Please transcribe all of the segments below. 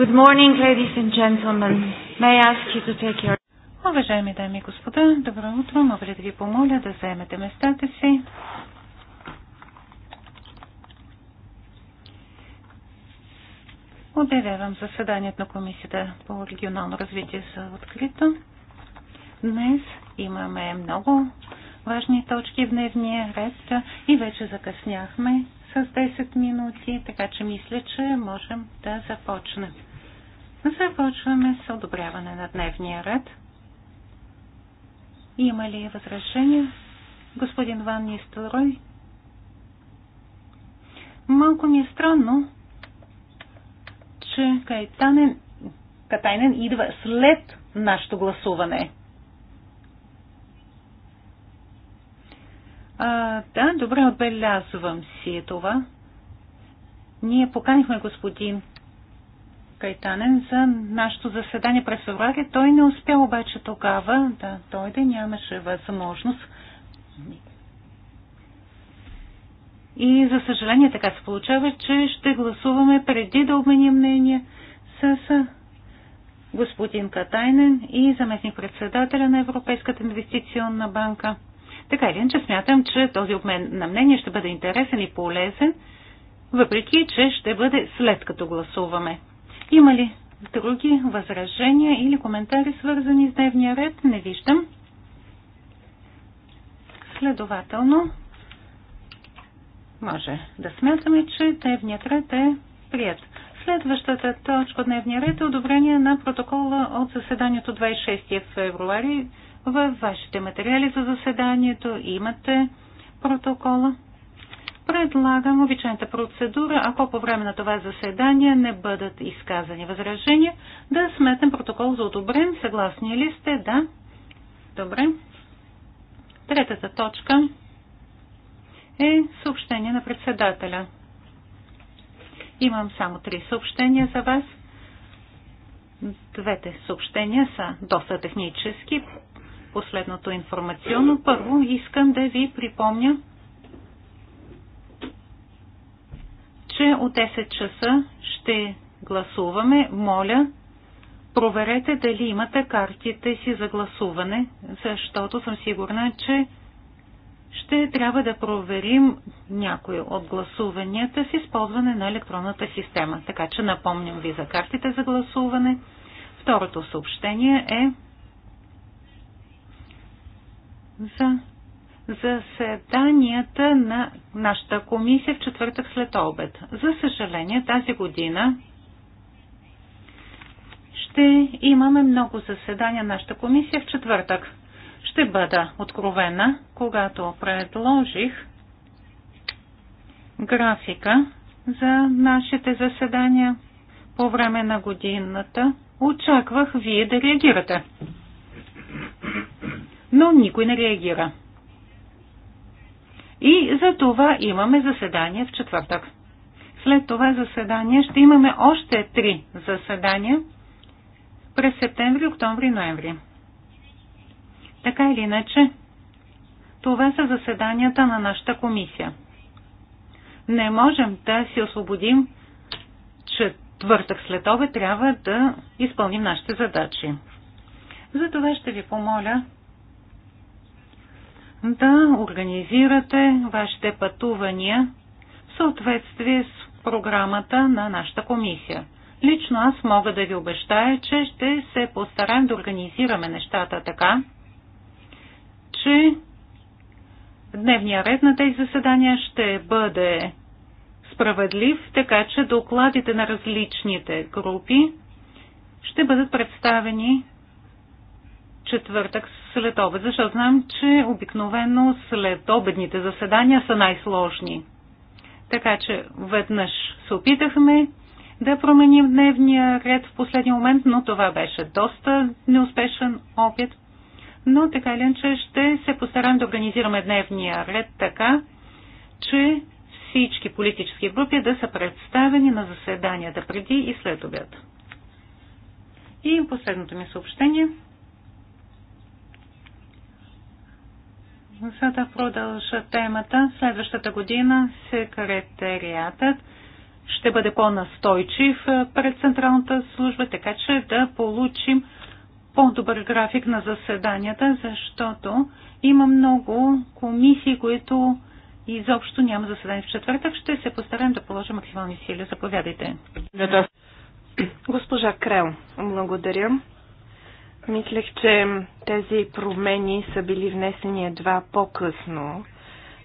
Good morning, ladies and gentlemen. May I ask you to take your... Уважаеми дами и господа, добро утро. Мога ли да ви помоля да заемете местата си? Обявявам заседанието на Комисията по регионално развитие за открито. Днес имаме много важни точки в дневния ред и вече закъсняхме с 10 минути, така че мисля, че можем да започнем. Започваме с одобряване на дневния ред. Има ли възражения? Господин Ван Нистелрой? Малко ми е странно, че Кайтанен, Катайнен идва след нашето гласуване. А, да, добре, отбелязвам си това. Ние поканихме господин Кайтанен за нашето заседание през февруари. Той не успя обаче тогава да дойде, нямаше възможност. И за съжаление така се получава, че ще гласуваме преди да обменим мнение с господин Катайнен и заместник председателя на Европейската инвестиционна банка. Така или иначе смятам, че този обмен на мнение ще бъде интересен и полезен, въпреки че ще бъде след като гласуваме. Има ли други възражения или коментари, свързани с дневния ред? Не виждам. Следователно, може да смятаме, че дневният ред е прият. Следващата точка от дневния ред е одобрение на протокола от заседанието 26 февруари. Във вашите материали за заседанието имате протокола. Предлагам обичайната процедура, ако по време на това заседание не бъдат изказани възражения, да сметнем протокол за одобрен. Съгласни ли сте? Да. Добре. Третата точка е съобщение на председателя. Имам само три съобщения за вас. Двете съобщения са доста технически. Последното информационно. Първо искам да ви припомня, че от 10 часа ще гласуваме. Моля, проверете дали имате картите си за гласуване, защото съм сигурна, че ще трябва да проверим някои от гласуванията с използване на електронната система. Така че напомням ви за картите за гласуване. Второто съобщение е за заседанията на нашата комисия в четвъртък след обед. За съжаление, тази година ще имаме много заседания на нашата комисия в четвъртък. Ще бъда откровена, когато предложих графика за нашите заседания по време на годината. Очаквах вие да реагирате. Но никой не реагира. И за това имаме заседание в четвъртък. След това заседание ще имаме още три заседания през септември, октомври, ноември. Така или иначе, това са заседанията на нашата комисия. Не можем да си освободим четвъртък след обед, трябва да изпълним нашите задачи. За това ще ви помоля да организирате вашите пътувания в съответствие с програмата на нашата комисия. Лично аз мога да ви обещая, че ще се постараем да организираме нещата така, че дневния ред на тези заседания ще бъде справедлив, така че докладите на различните групи ще бъдат представени четвъртък след обед, защото знам, че обикновено след обедните заседания са най-сложни. Така че веднъж се опитахме да променим дневния ред в последния момент, но това беше доста неуспешен опит. Но така или иначе ще се постараем да организираме дневния ред така, че всички политически групи да са представени на заседанията преди и след обед. И последното ми съобщение – За да продължа темата, следващата година секретариатът ще бъде по-настойчив е, пред Централната служба, така че да получим по-добър график на заседанията, защото има много комисии, които изобщо няма заседание в четвъртък. Ще се постараем да положим максимални сили. Заповядайте. Госпожа Крел, благодаря. Мислех, че тези промени са били внесени едва по-късно.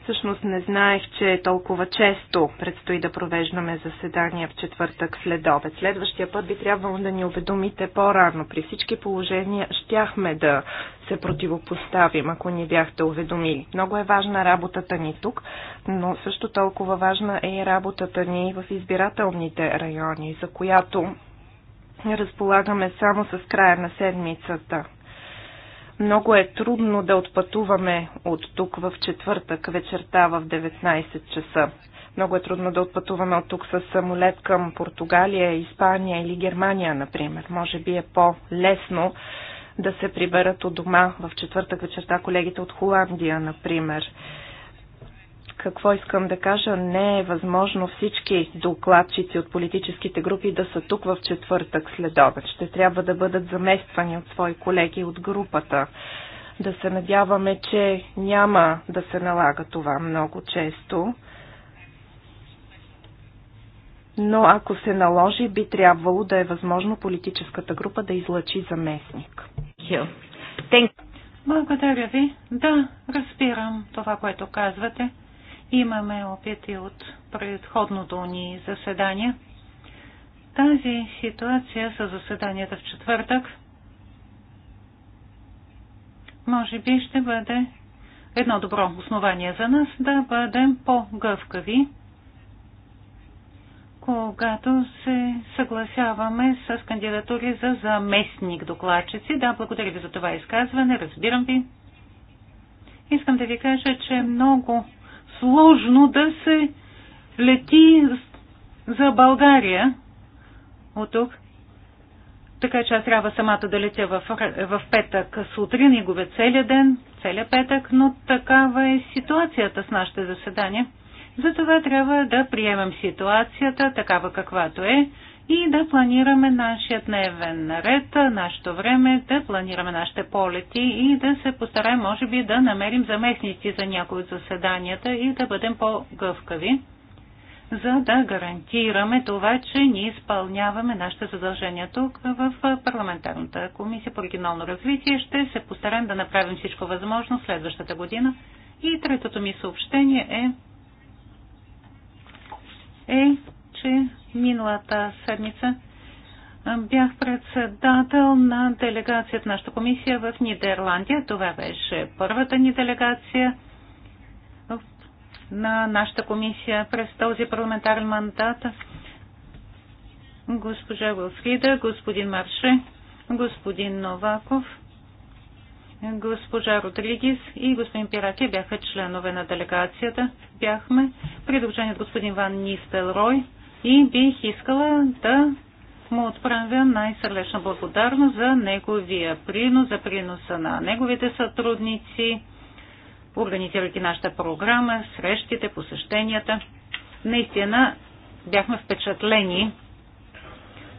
Всъщност не знаех, че толкова често предстои да провеждаме заседания в четвъртък след обед. Следващия път би трябвало да ни уведомите по-рано. При всички положения щяхме да се противопоставим, ако ни бяхте уведомили. Много е важна работата ни тук, но също толкова важна е и работата ни в избирателните райони, за която разполагаме само с края на седмицата. Много е трудно да отпътуваме от тук в четвъртък вечерта в 19 часа. Много е трудно да отпътуваме от тук с самолет към Португалия, Испания или Германия, например. Може би е по-лесно да се приберат от дома в четвъртък вечерта колегите от Холандия, например. Какво искам да кажа? Не е възможно всички докладчици от политическите групи да са тук в четвъртък след обед. Ще трябва да бъдат замествани от свои колеги от групата. Да се надяваме, че няма да се налага това много често но ако се наложи, би трябвало да е възможно политическата група да излъчи заместник. Благодаря ви. Да, разбирам това, което казвате. Имаме опити от предходното ни заседание. Тази ситуация с заседанията в четвъртък може би ще бъде едно добро основание за нас да бъдем по-гъвкави, когато се съгласяваме с кандидатури за заместник докладчици. Да, благодаря ви за това изказване, разбирам ви. Искам да ви кажа, че много сложно да се лети за България от тук. Така че аз трябва самата да летя в, в петък сутрин и губя целият ден, целият петък, но такава е ситуацията с нашите заседания. Затова трябва да приемем ситуацията такава каквато е и да планираме нашия дневен ред, нашето време, да планираме нашите полети и да се постараем, може би, да намерим заместници за някои от заседанията и да бъдем по-гъвкави, за да гарантираме това, че ни изпълняваме нашите задължения тук в парламентарната комисия по регионално развитие. Ще се постараем да направим всичко възможно следващата година. И третото ми съобщение е, е че миналата седмица бях председател на делегацията нашата комисия в Нидерландия. Това беше първата ни делегация на нашата комисия през този парламентарен мандат. Госпожа Вълфрида, господин Марше, господин Новаков, госпожа Родригис и господин Пираки бяха членове на делегацията. Бяхме придружени от господин Ван Нистелрой и бих искала да му отправя най-сърдечна благодарност за неговия принос, за приноса на неговите сътрудници, организирайки нашата програма, срещите, посещенията. Наистина бяхме впечатлени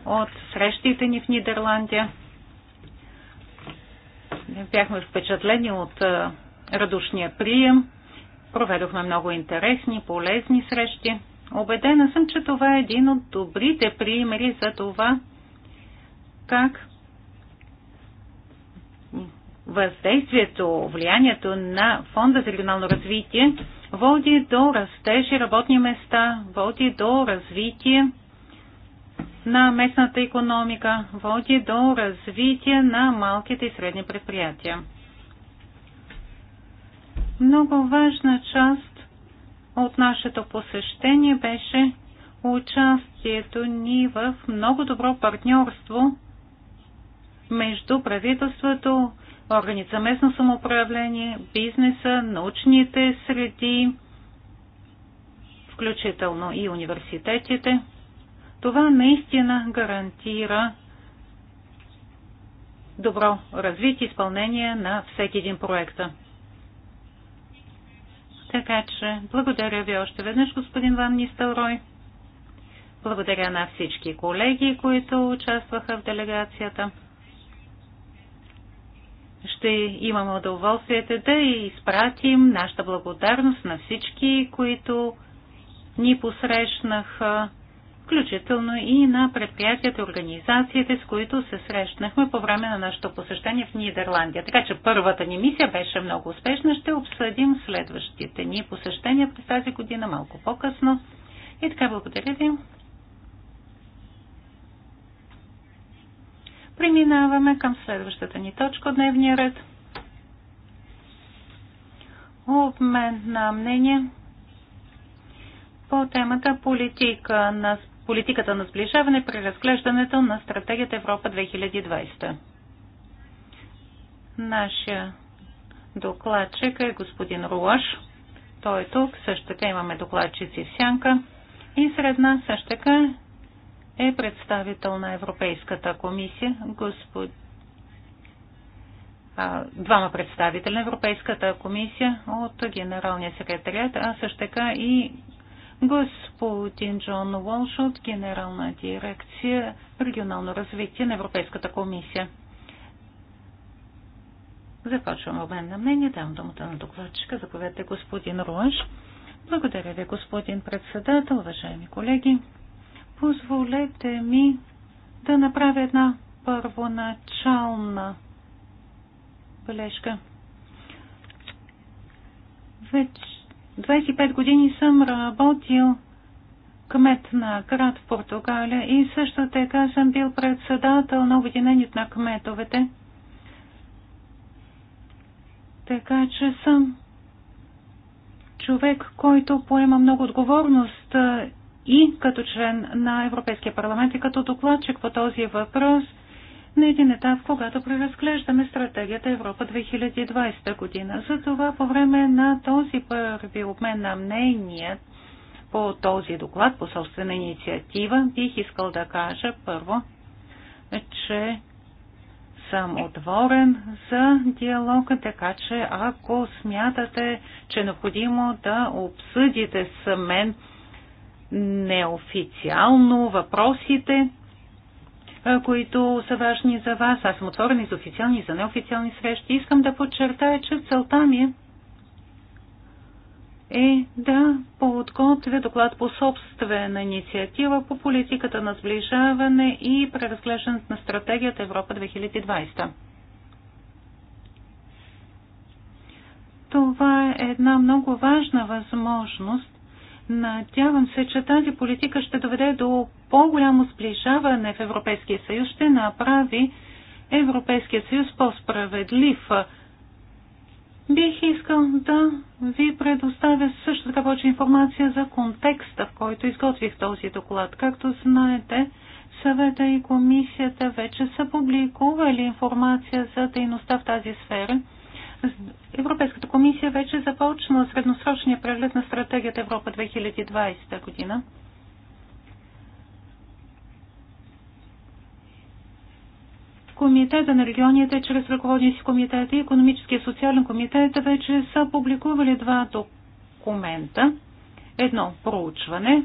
от срещите ни в Нидерландия. Бяхме впечатлени от радушния прием. Проведохме много интересни, полезни срещи. Обедена съм, че това е един от добрите примери за това, как въздействието, влиянието на Фонда за регионално развитие води до растежи работни места, води до развитие на местната економика, води до развитие на малките и средни предприятия. Много важна част от нашето посещение беше участието ни в много добро партньорство между правителството, органи за местно самоуправление, бизнеса, научните среди, включително и университетите. Това наистина гарантира добро развитие и изпълнение на всеки един проекта. Така че благодаря ви още веднъж, господин Ван Нистелрой. Благодаря на всички колеги, които участваха в делегацията. Ще имаме удоволствието да изпратим нашата благодарност на всички, които ни посрещнаха включително и на предприятията и организациите, с които се срещнахме по време на нашето посещение в Нидерландия. Така че първата ни мисия беше много успешна. Ще обсъдим следващите ни посещения през тази година малко по-късно. И така, благодаря ви. Преминаваме към следващата ни точка от дневния ред. Обмен на мнение по темата политика на политиката на сближаване при разглеждането на стратегията Европа 2020. Нашия докладчик е господин Руаш, Той е тук. Също така имаме докладчици в Сянка. И сред нас също така е представител на Европейската комисия, господ... а, двама представители на Европейската комисия от Генералния секретарят, а също така и господин Джон Уолш от Генерална дирекция регионално развитие на Европейската комисия. Започвам обмен на мнение. давам думата на докладчика. Заповядайте, господин Руаш. Благодаря ви, господин председател, уважаеми колеги. Позволете ми да направя една първоначална бележка. Вече 25 години съм работил кмет на град в Португалия и също така съм бил председател на Обединението на кметовете. Така че съм човек, който поема много отговорност и като член на Европейския парламент и като докладчик по този въпрос – на един етап, когато преразглеждаме стратегията Европа 2020 година. Затова по време на този първи обмен на мнения по този доклад, по собствена инициатива, бих искал да кажа първо, че съм отворен за диалог, така че ако смятате, че е необходимо да обсъдите с мен неофициално въпросите, които са важни за вас. Аз съм отворена и за официални, и за неофициални срещи. Искам да подчертая, че целта ми е да подготвя доклад по собствена инициатива по политиката на сближаване и преразглеждането на стратегията Европа 2020. Това е една много важна възможност Надявам се, че тази политика ще доведе до по-голямо сближаване в Европейския съюз, ще направи Европейския съюз по-справедлив. Бих искал да ви предоставя също така повече информация за контекста, в който изготвих този доклад. Както знаете, съвета и комисията вече са публикували информация за дейността в тази сфера – Европейската комисия вече започна средносрочния преглед на стратегията Европа 2020 година. Комитета на регионите чрез ръководния си комитет и економическия и социален комитет вече са публикували два документа. Едно проучване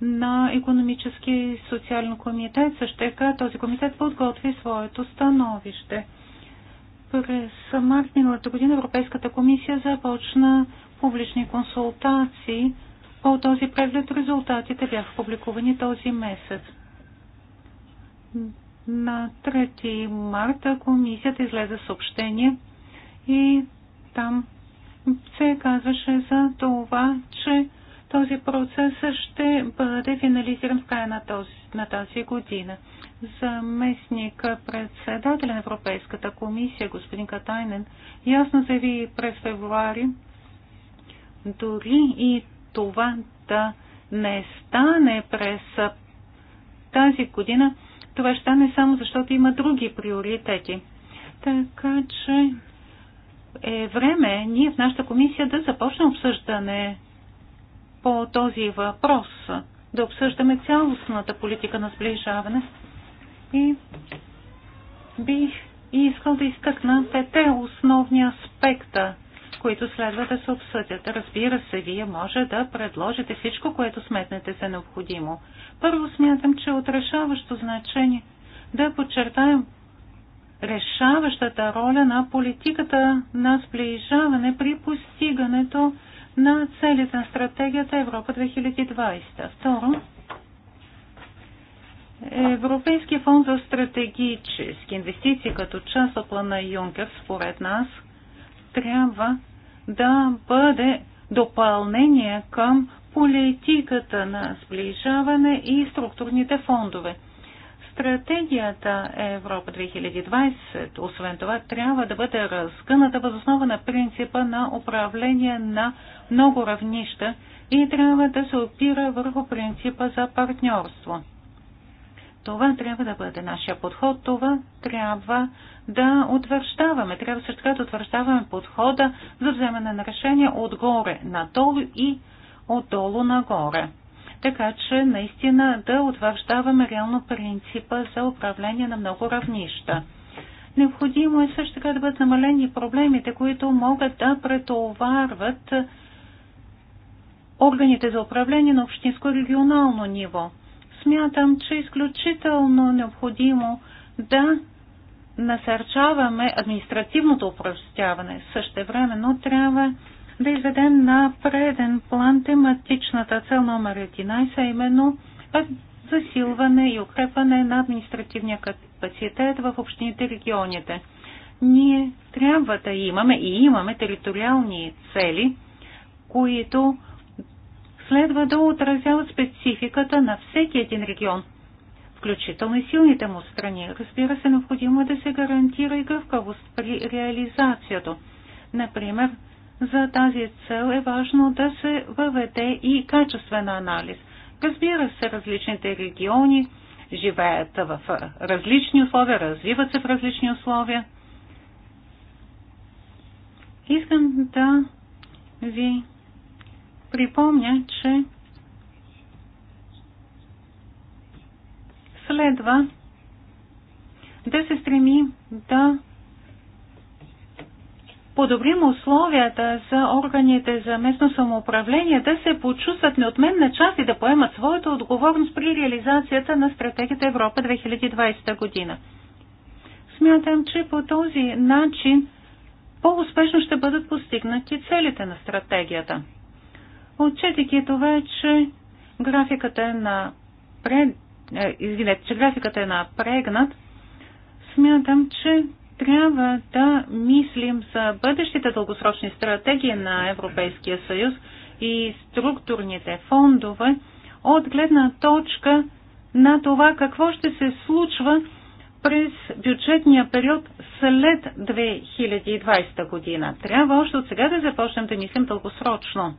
на економически и социален комитет. Също така този комитет подготви своето становище – през март миналата година Европейската комисия започна публични консултации по този преглед. Резултатите бяха публикувани този месец. На 3 марта комисията излезе съобщение и там се казваше за това, че този процес ще бъде финализиран в края на, този, на тази година заместник председател на Европейската комисия, господин Катайнен, ясно заяви през февруари, дори и това да не стане през тази година, това ще стане само защото има други приоритети. Така че е време ние в нашата комисия да започнем обсъждане по този въпрос, да обсъждаме цялостната политика на сближаване и бих искал да изтъкна пете основни аспекта, които следва да се обсъдят. Разбира се, вие може да предложите всичко, което сметнете за необходимо. Първо смятам, че е от решаващо значение да подчертаем решаващата роля на политиката на сближаване при постигането на целите на стратегията Европа 2020. Второ, Европейския фонд за стратегически инвестиции като част от плана Юнкер, според нас, трябва да бъде допълнение към политиката на сближаване и структурните фондове. Стратегията Европа 2020, освен това, трябва да бъде разгъната въз основа на принципа на управление на много равнища и трябва да се опира върху принципа за партньорство. Това трябва да бъде нашия подход, това трябва да утвърждаваме. Трябва също така да утвърждаваме подхода за вземане на решения отгоре надолу и отдолу нагоре. Така че наистина да утвърждаваме реално принципа за управление на много равнища. Необходимо е също така да бъдат намалени проблемите, които могат да претоварват органите за управление на общинско и регионално ниво смятам, че е изключително необходимо да насърчаваме административното упростяване. Също трябва да изведем на преден план тематичната цел номер 11, а именно засилване и укрепване на административния капацитет в общините и регионите. Ние трябва да имаме и имаме териториални цели, които следва да отразяват спецификата на всеки един регион, включително и силните му страни. Разбира се, необходимо е да се гарантира и гъвкавост при реализацията. Например, за тази цел е важно да се въведе и качествен анализ. Разбира се, различните региони живеят в различни условия, развиват се в различни условия. Искам да ви припомня, че следва да се стреми да подобрим условията за органите за местно самоуправление да се почувстват неотменна част и да поемат своята отговорност при реализацията на стратегията Европа 2020 година. Смятам, че по този начин по-успешно ще бъдат постигнати целите на стратегията отчетейки е това, че графиката е на пре, е, Извинете, че графиката е напрегнат, смятам, че трябва да мислим за бъдещите дългосрочни стратегии на Европейския съюз и структурните фондове от гледна точка на това какво ще се случва през бюджетния период след 2020 година. Трябва още от сега да започнем да мислим дългосрочно.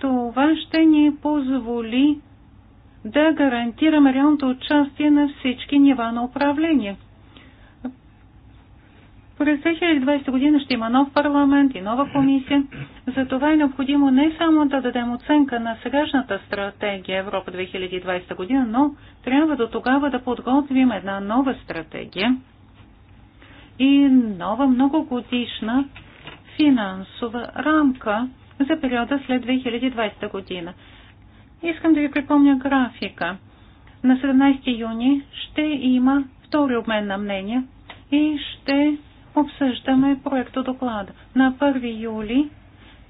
Това ще ни позволи да гарантираме реалното участие на всички нива на управление. През 2020 година ще има нов парламент и нова комисия. За това е необходимо не само да дадем оценка на сегашната стратегия Европа 2020 година, но трябва до тогава да подготвим една нова стратегия и нова многогодишна финансова рамка, за периода след 2020 година. Искам да ви припомня графика. На 17 юни ще има втори обмен на мнения и ще обсъждаме проекто доклада. На 1 юли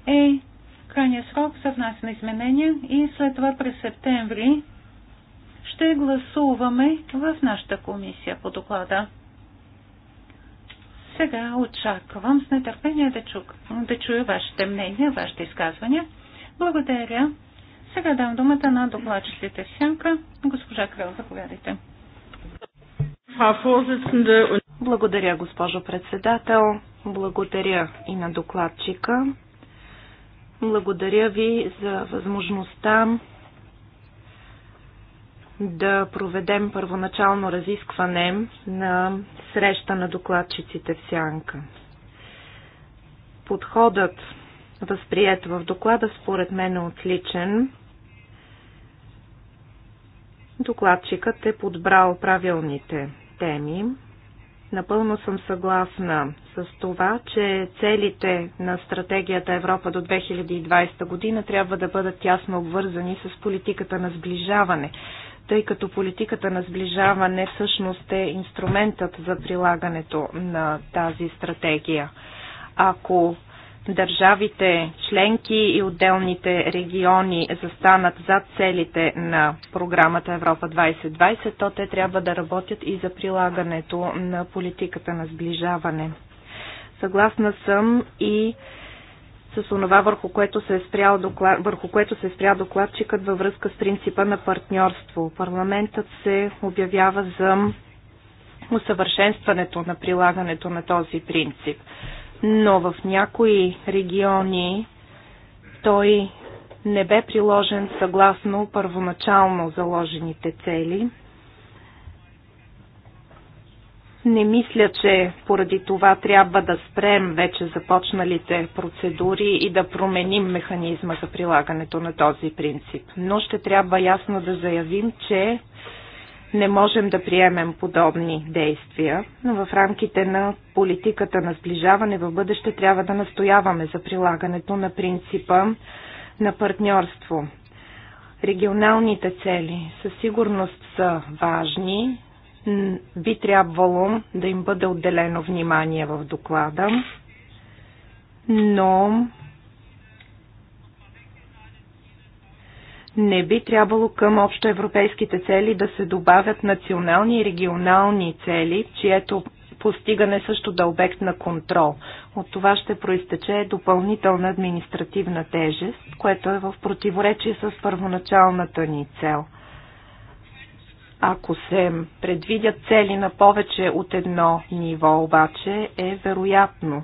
е крайния срок за внасяне изменения и след това през септември ще гласуваме в нашата комисия по доклада. Сега очаквам с нетърпение да, чук, да чуя вашите мнения, вашите изказвания. Благодаря. Сега дам думата на докладчиците сянка. Госпожа Крал, заповядайте. Благодаря, госпожо председател. Благодаря и на докладчика. Благодаря ви за възможността да проведем първоначално разискване на среща на докладчиците в Сянка. Подходът, възприят в доклада, според мен е отличен. Докладчикът е подбрал правилните теми. Напълно съм съгласна с това, че целите на стратегията Европа до 2020 година трябва да бъдат тясно обвързани с политиката на сближаване тъй като политиката на сближаване всъщност е инструментът за прилагането на тази стратегия. Ако държавите членки и отделните региони застанат зад целите на програмата Европа 2020, то те трябва да работят и за прилагането на политиката на сближаване. Съгласна съм и с онова, върху което се е спрял, доклад, върху което се е спрял докладчикът във връзка с принципа на партньорство. Парламентът се обявява за усъвършенстването на прилагането на този принцип. Но в някои региони той не бе приложен съгласно първоначално заложените цели – не мисля, че поради това трябва да спрем вече започналите процедури и да променим механизма за прилагането на този принцип. Но ще трябва ясно да заявим, че не можем да приемем подобни действия, но в рамките на политиката на сближаване в бъдеще трябва да настояваме за прилагането на принципа на партньорство. Регионалните цели със сигурност са важни, би трябвало да им бъде отделено внимание в доклада, но не би трябвало към общоевропейските цели да се добавят национални и регионални цели, чието постигане също да е обект на контрол. От това ще проистече допълнителна административна тежест, което е в противоречие с първоначалната ни цел – ако се предвидят цели на повече от едно ниво, обаче е вероятно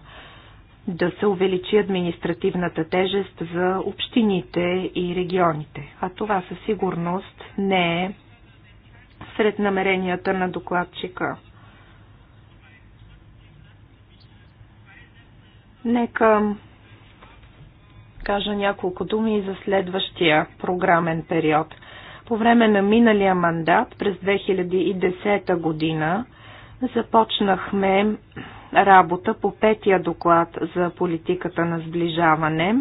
да се увеличи административната тежест за общините и регионите. А това със сигурност не е сред намеренията на докладчика. Нека кажа няколко думи за следващия програмен период – по време на миналия мандат през 2010 година започнахме работа по петия доклад за политиката на сближаване.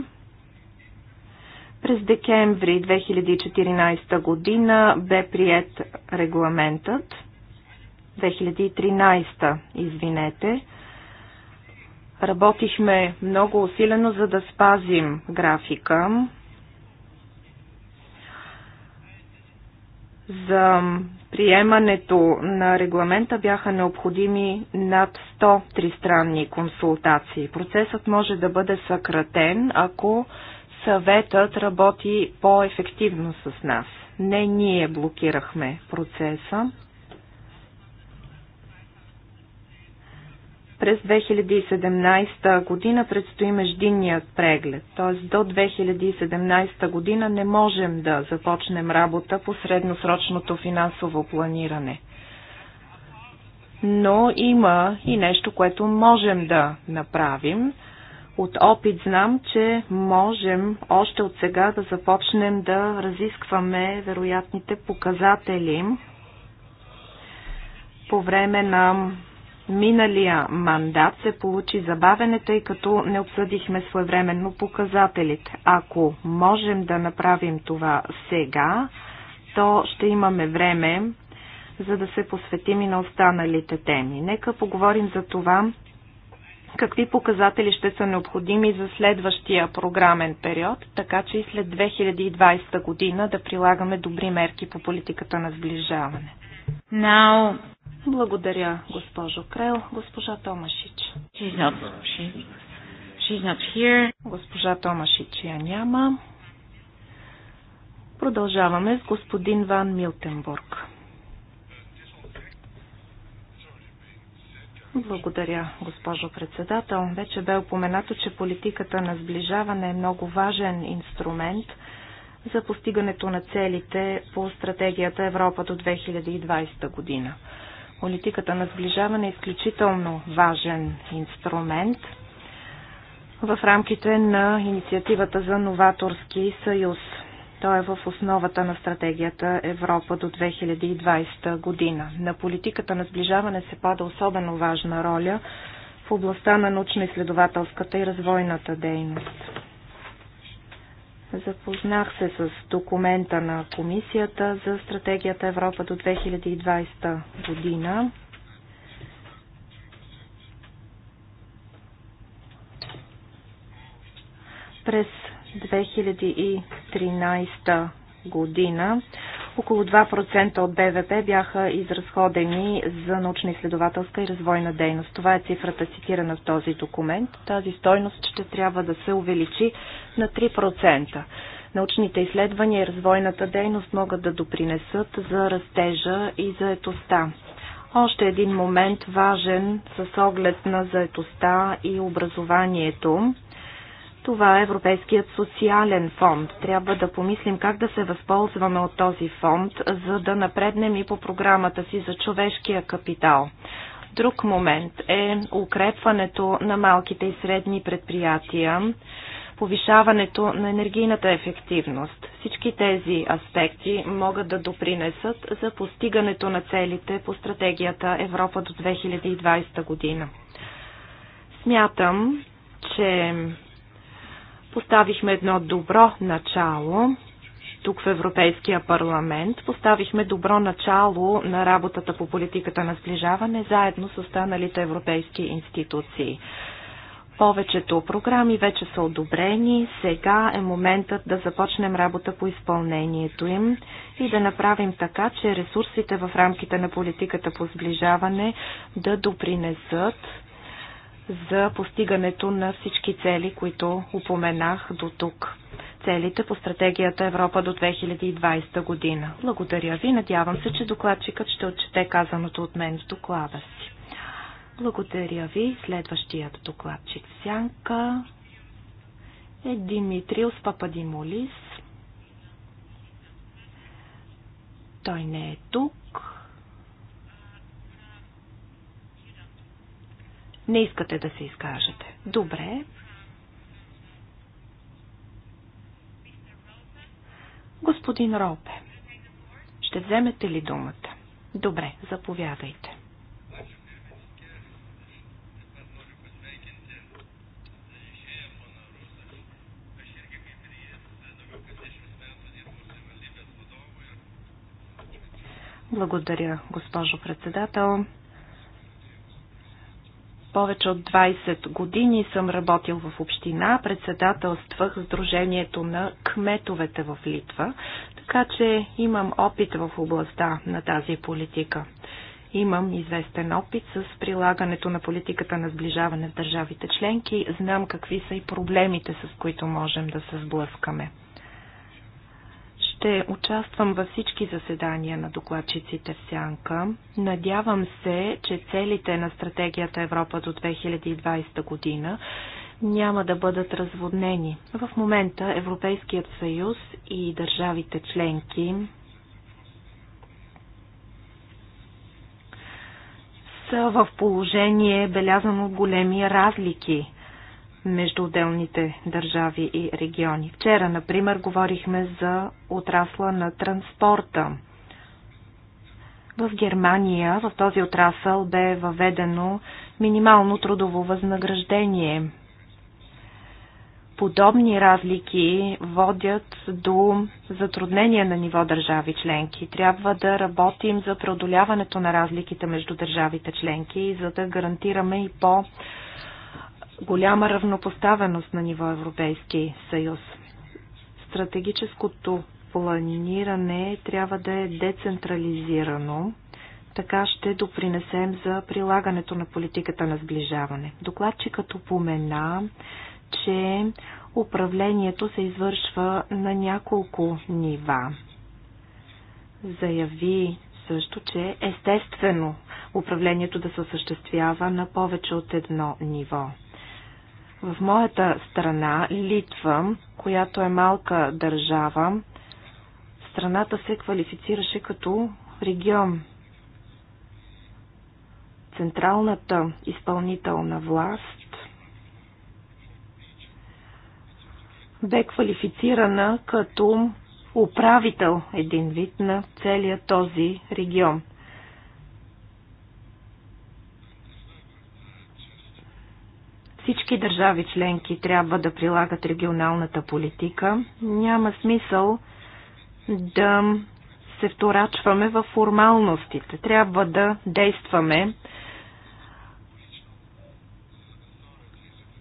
През декември 2014 година бе прият регламентът 2013, извинете. Работихме много усилено, за да спазим графика. За приемането на регламента бяха необходими над 100 тристранни консултации. Процесът може да бъде съкратен, ако съветът работи по-ефективно с нас. Не ние блокирахме процеса. През 2017 година предстои междинният преглед, т.е. до 2017 година не можем да започнем работа по средносрочното финансово планиране. Но има и нещо, което можем да направим. От опит знам, че можем още от сега да започнем да разискваме вероятните показатели по време на миналия мандат се получи забавене, тъй като не обсъдихме своевременно показателите. Ако можем да направим това сега, то ще имаме време, за да се посветим и на останалите теми. Нека поговорим за това, какви показатели ще са необходими за следващия програмен период, така че и след 2020 година да прилагаме добри мерки по политиката на сближаване. Now... Благодаря, госпожо Крел. Госпожа Томашич. She's not, she, she's not here. Госпожа Томашич я няма. Продължаваме с господин Ван Милтенбург. Благодаря, госпожо председател. Вече бе упоменато, че политиката на сближаване е много важен инструмент за постигането на целите по стратегията Европа до 2020 година. Политиката на сближаване е изключително важен инструмент в рамките на инициативата за новаторски съюз. Той е в основата на стратегията Европа до 2020 година. На политиката на сближаване се пада особено важна роля в областта на научно-изследователската и развойната дейност. Запознах се с документа на Комисията за стратегията Европа до 2020 година. През 2013 година около 2% от БВП бяха изразходени за научно-изследователска и развойна дейност. Това е цифрата цитирана в този документ. Тази стойност ще трябва да се увеличи на 3%. Научните изследвания и развойната дейност могат да допринесат за растежа и заетостта. Още един момент важен с оглед на заетостта и образованието това е Европейският социален фонд. Трябва да помислим как да се възползваме от този фонд, за да напреднем и по програмата си за човешкия капитал. Друг момент е укрепването на малките и средни предприятия, повишаването на енергийната ефективност. Всички тези аспекти могат да допринесат за постигането на целите по стратегията Европа до 2020 година. Смятам, че Поставихме едно добро начало тук в Европейския парламент. Поставихме добро начало на работата по политиката на сближаване заедно с останалите европейски институции. Повечето програми вече са одобрени. Сега е моментът да започнем работа по изпълнението им и да направим така, че ресурсите в рамките на политиката по сближаване да допринесат за постигането на всички цели, които упоменах до тук. Целите по стратегията Европа до 2020 година. Благодаря ви. Надявам се, че докладчикът ще отчете казаното от мен в доклада си. Благодаря ви. Следващият докладчик Сянка е Димитриус Пападимолис. Той не е тук. Не искате да се изкажете. Добре. Господин Ропе, ще вземете ли думата? Добре, заповядайте. Благодаря, госпожо председател. Повече от 20 години съм работил в община, председателствах Сдружението на кметовете в Литва, така че имам опит в областта на тази политика. Имам известен опит с прилагането на политиката на сближаване в държавите членки. Знам какви са и проблемите, с които можем да се сблъскаме. Ще участвам във всички заседания на докладчиците в Сянка. Надявам се, че целите на стратегията Европа до 2020 година няма да бъдат разводнени. В момента Европейският съюз и държавите членки са в положение белязано от големи разлики между отделните държави и региони. Вчера, например, говорихме за отрасла на транспорта. В Германия в този отрасъл бе въведено минимално трудово възнаграждение. Подобни разлики водят до затруднения на ниво държави членки. Трябва да работим за преодоляването на разликите между държавите членки, за да гарантираме и по- голяма равнопоставеност на ниво Европейски съюз. Стратегическото планиране трябва да е децентрализирано, така ще допринесем за прилагането на политиката на сближаване. Докладчикът упомена, че управлението се извършва на няколко нива. Заяви също, че естествено управлението да се осъществява на повече от едно ниво. В моята страна, Литва, която е малка държава, страната се квалифицираше като регион. Централната изпълнителна власт бе квалифицирана като управител един вид на целия този регион. Всички държави членки трябва да прилагат регионалната политика. Няма смисъл да се вторачваме в формалностите. Трябва да действаме,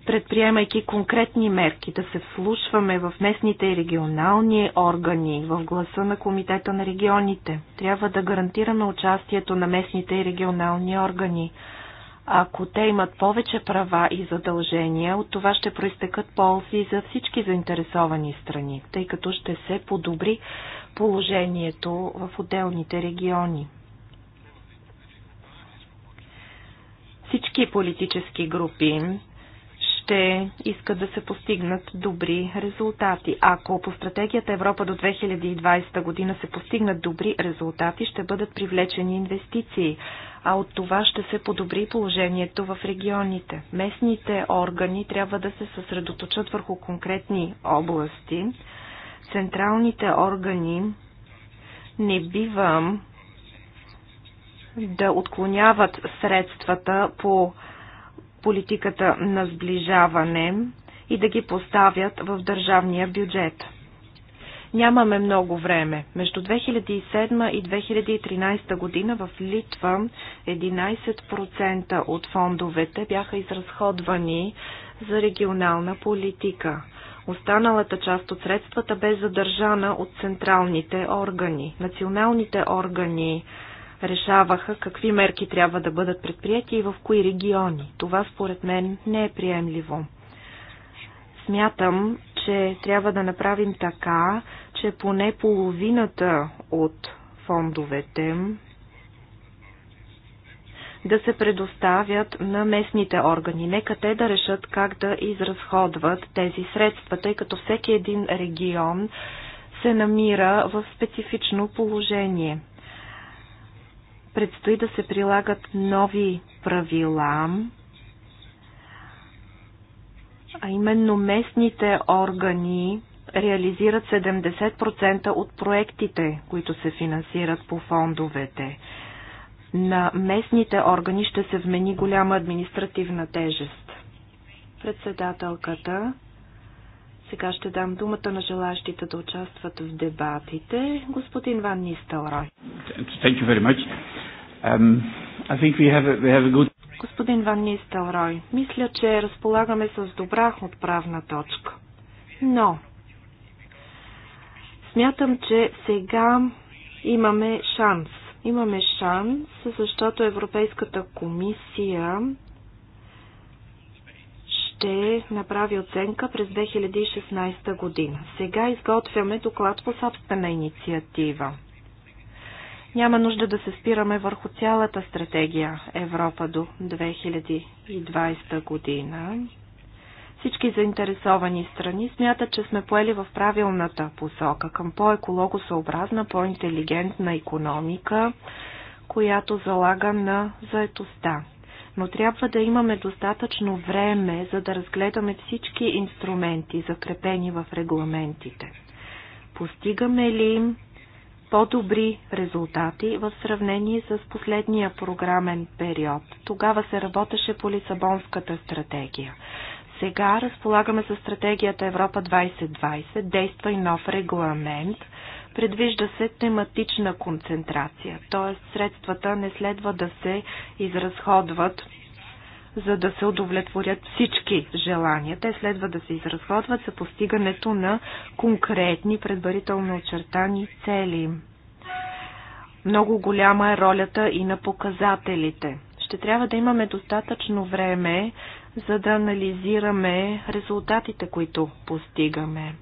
предприемайки конкретни мерки, да се вслушваме в местните и регионални органи, в гласа на Комитета на регионите. Трябва да гарантираме участието на местните и регионални органи. Ако те имат повече права и задължения, от това ще проистекат ползи за всички заинтересовани страни, тъй като ще се подобри положението в отделните региони. Всички политически групи ще искат да се постигнат добри резултати. Ако по стратегията Европа до 2020 година се постигнат добри резултати, ще бъдат привлечени инвестиции а от това ще се подобри положението в регионите. Местните органи трябва да се съсредоточат върху конкретни области. Централните органи не бива да отклоняват средствата по политиката на сближаване и да ги поставят в държавния бюджет. Нямаме много време. Между 2007 и 2013 година в Литва 11% от фондовете бяха изразходвани за регионална политика. Останалата част от средствата бе задържана от централните органи. Националните органи решаваха какви мерки трябва да бъдат предприяти и в кои региони. Това според мен не е приемливо. Смятам, че трябва да направим така, че поне половината от фондовете да се предоставят на местните органи. Нека те да решат как да изразходват тези средства, тъй като всеки един регион се намира в специфично положение. Предстои да се прилагат нови правила а именно местните органи реализират 70% от проектите, които се финансират по фондовете. На местните органи ще се вмени голяма административна тежест. Председателката сега ще дам думата на желащите да участват в дебатите. Господин Ван Нистелрой. Um, Господин Ван Нистелрой, мисля, че разполагаме с добра отправна точка. Но, смятам, че сега имаме шанс. Имаме шанс, защото Европейската комисия ще направи оценка през 2016 година. Сега изготвяме доклад по собствена инициатива. Няма нужда да се спираме върху цялата стратегия Европа до 2020 година. Всички заинтересовани страни смятат, че сме поели в правилната посока към по-екологосъобразна, по-интелигентна економика, която залага на заетостта. Но трябва да имаме достатъчно време, за да разгледаме всички инструменти, закрепени в регламентите. Постигаме ли по-добри резултати в сравнение с последния програмен период. Тогава се работеше по Лисабонската стратегия. Сега разполагаме с стратегията Европа 2020, действа и нов регламент. Предвижда се тематична концентрация, т.е. средствата не следва да се изразходват за да се удовлетворят всички желания. Те следва да се изразходват за постигането на конкретни предварително очертани цели. Много голяма е ролята и на показателите. Ще трябва да имаме достатъчно време, за да анализираме резултатите, които постигаме.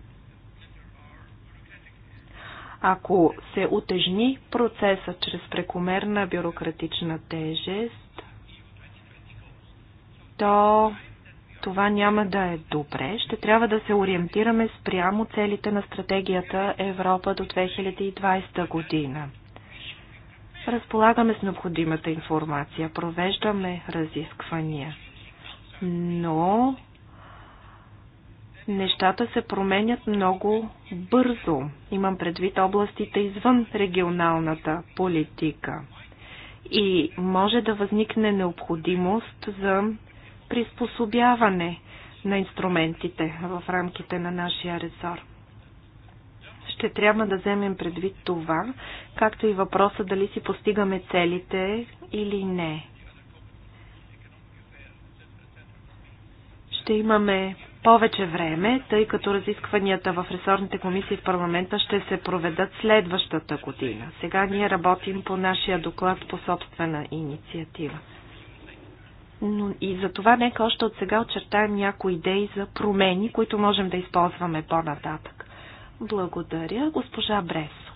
Ако се утежни процеса чрез прекомерна бюрократична тежест, то това няма да е добре. Ще трябва да се ориентираме спрямо целите на стратегията Европа до 2020 година. Разполагаме с необходимата информация, провеждаме разисквания, но нещата се променят много бързо. Имам предвид областите извън регионалната политика и може да възникне необходимост за приспособяване на инструментите в рамките на нашия ресор. Ще трябва да вземем предвид това, както и въпроса дали си постигаме целите или не. Ще имаме повече време, тъй като разискванията в ресорните комисии в парламента ще се проведат следващата година. Сега ние работим по нашия доклад по собствена инициатива. Но и за това нека още от сега очертаем някои идеи за промени, които можем да използваме по-нататък. Благодаря, госпожа Бресо.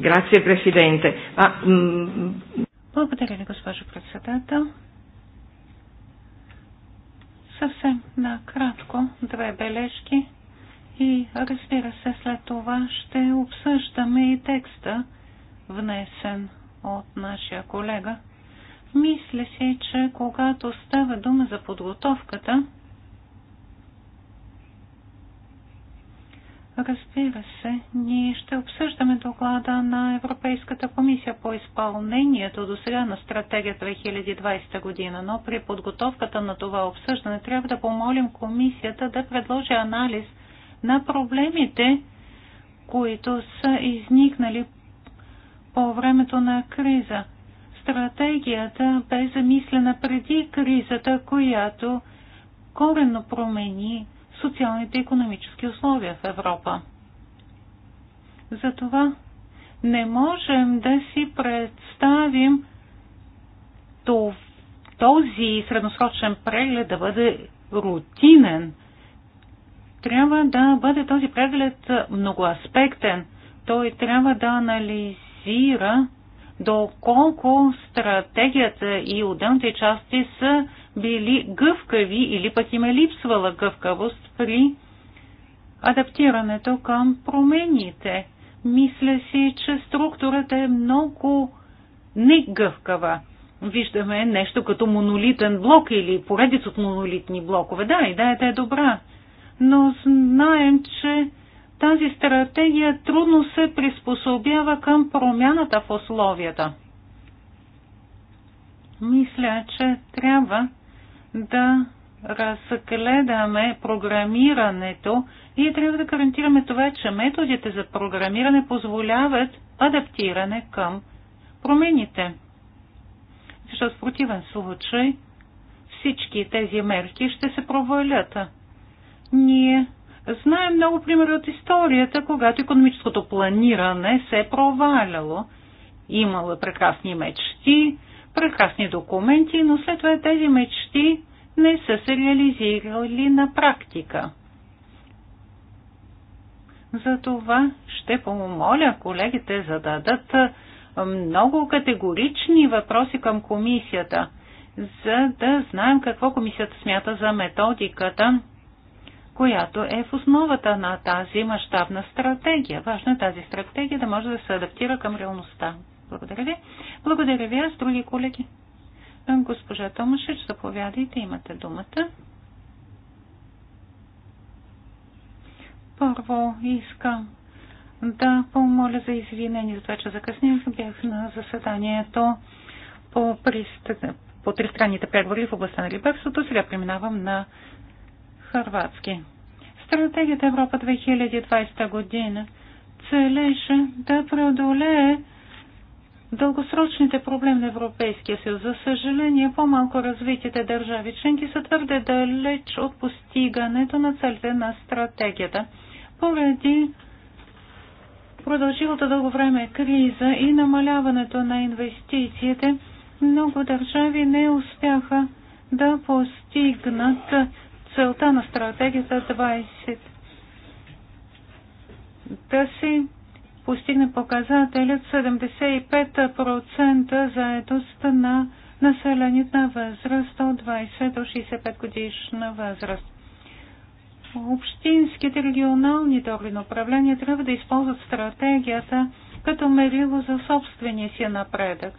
Грация, президенте. А, Благодаря ви, госпожо председател. Съвсем накратко две бележки и разбира се след това ще обсъждаме и текста, внесен от нашия колега мисля се, че когато става дума за подготовката, Разбира се, ние ще обсъждаме доклада на Европейската комисия по изпълнението до сега на стратегия 2020 година, но при подготовката на това обсъждане трябва да помолим комисията да предложи анализ на проблемите, които са изникнали по времето на криза. Стратегията бе замислена преди кризата, която коренно промени социалните и економически условия в Европа. Затова не можем да си представим този средносрочен преглед да бъде рутинен. Трябва да бъде този преглед многоаспектен. Той трябва да анализира доколко стратегията и отделните части са били гъвкави или пък им е липсвала гъвкавост при адаптирането към промените. Мисля си, че структурата е много негъвкава. Виждаме нещо като монолитен блок или поредица от монолитни блокове. Да, идеята е добра, но знаем, че тази стратегия трудно се приспособява към промяната в условията. Мисля, че трябва да разгледаме програмирането и трябва да гарантираме това, че методите за програмиране позволяват адаптиране към промените. Защото в противен случай всички тези мерки ще се провалят. Ние Знаем много примери от историята, когато економическото планиране се е проваляло. Имало е прекрасни мечти, прекрасни документи, но след това тези мечти не са се реализирали на практика. Затова ще помоля колегите зададат много категорични въпроси към комисията, за да знаем какво комисията смята за методиката която е в основата на тази мащабна стратегия. Важно е тази стратегия да може да се адаптира към реалността. Благодаря ви. Благодаря ви. Аз други колеги. Госпожа Томашич, заповядайте, имате думата. Първо искам да помоля за извинение за това, че закъсних. Бях на заседанието по, прист... по тристранните преговори в областта на либерството. Сега преминавам на Харватски. Стратегията Европа 2020 година целеше да преодолее дългосрочните проблеми на Европейския съюз. За съжаление, по-малко развитите държави членки са твърде далеч от постигането на целите на стратегията. Поради продължилото дълго време криза и намаляването на инвестициите, много държави не успяха да постигнат целта на стратегията 20 да се постигне показателят 75% заедост на населението на възраст от 20 до 65 годишна възраст. Общинските регионалните органи управления трябва да използват стратегията като мерило за собствения си напредък.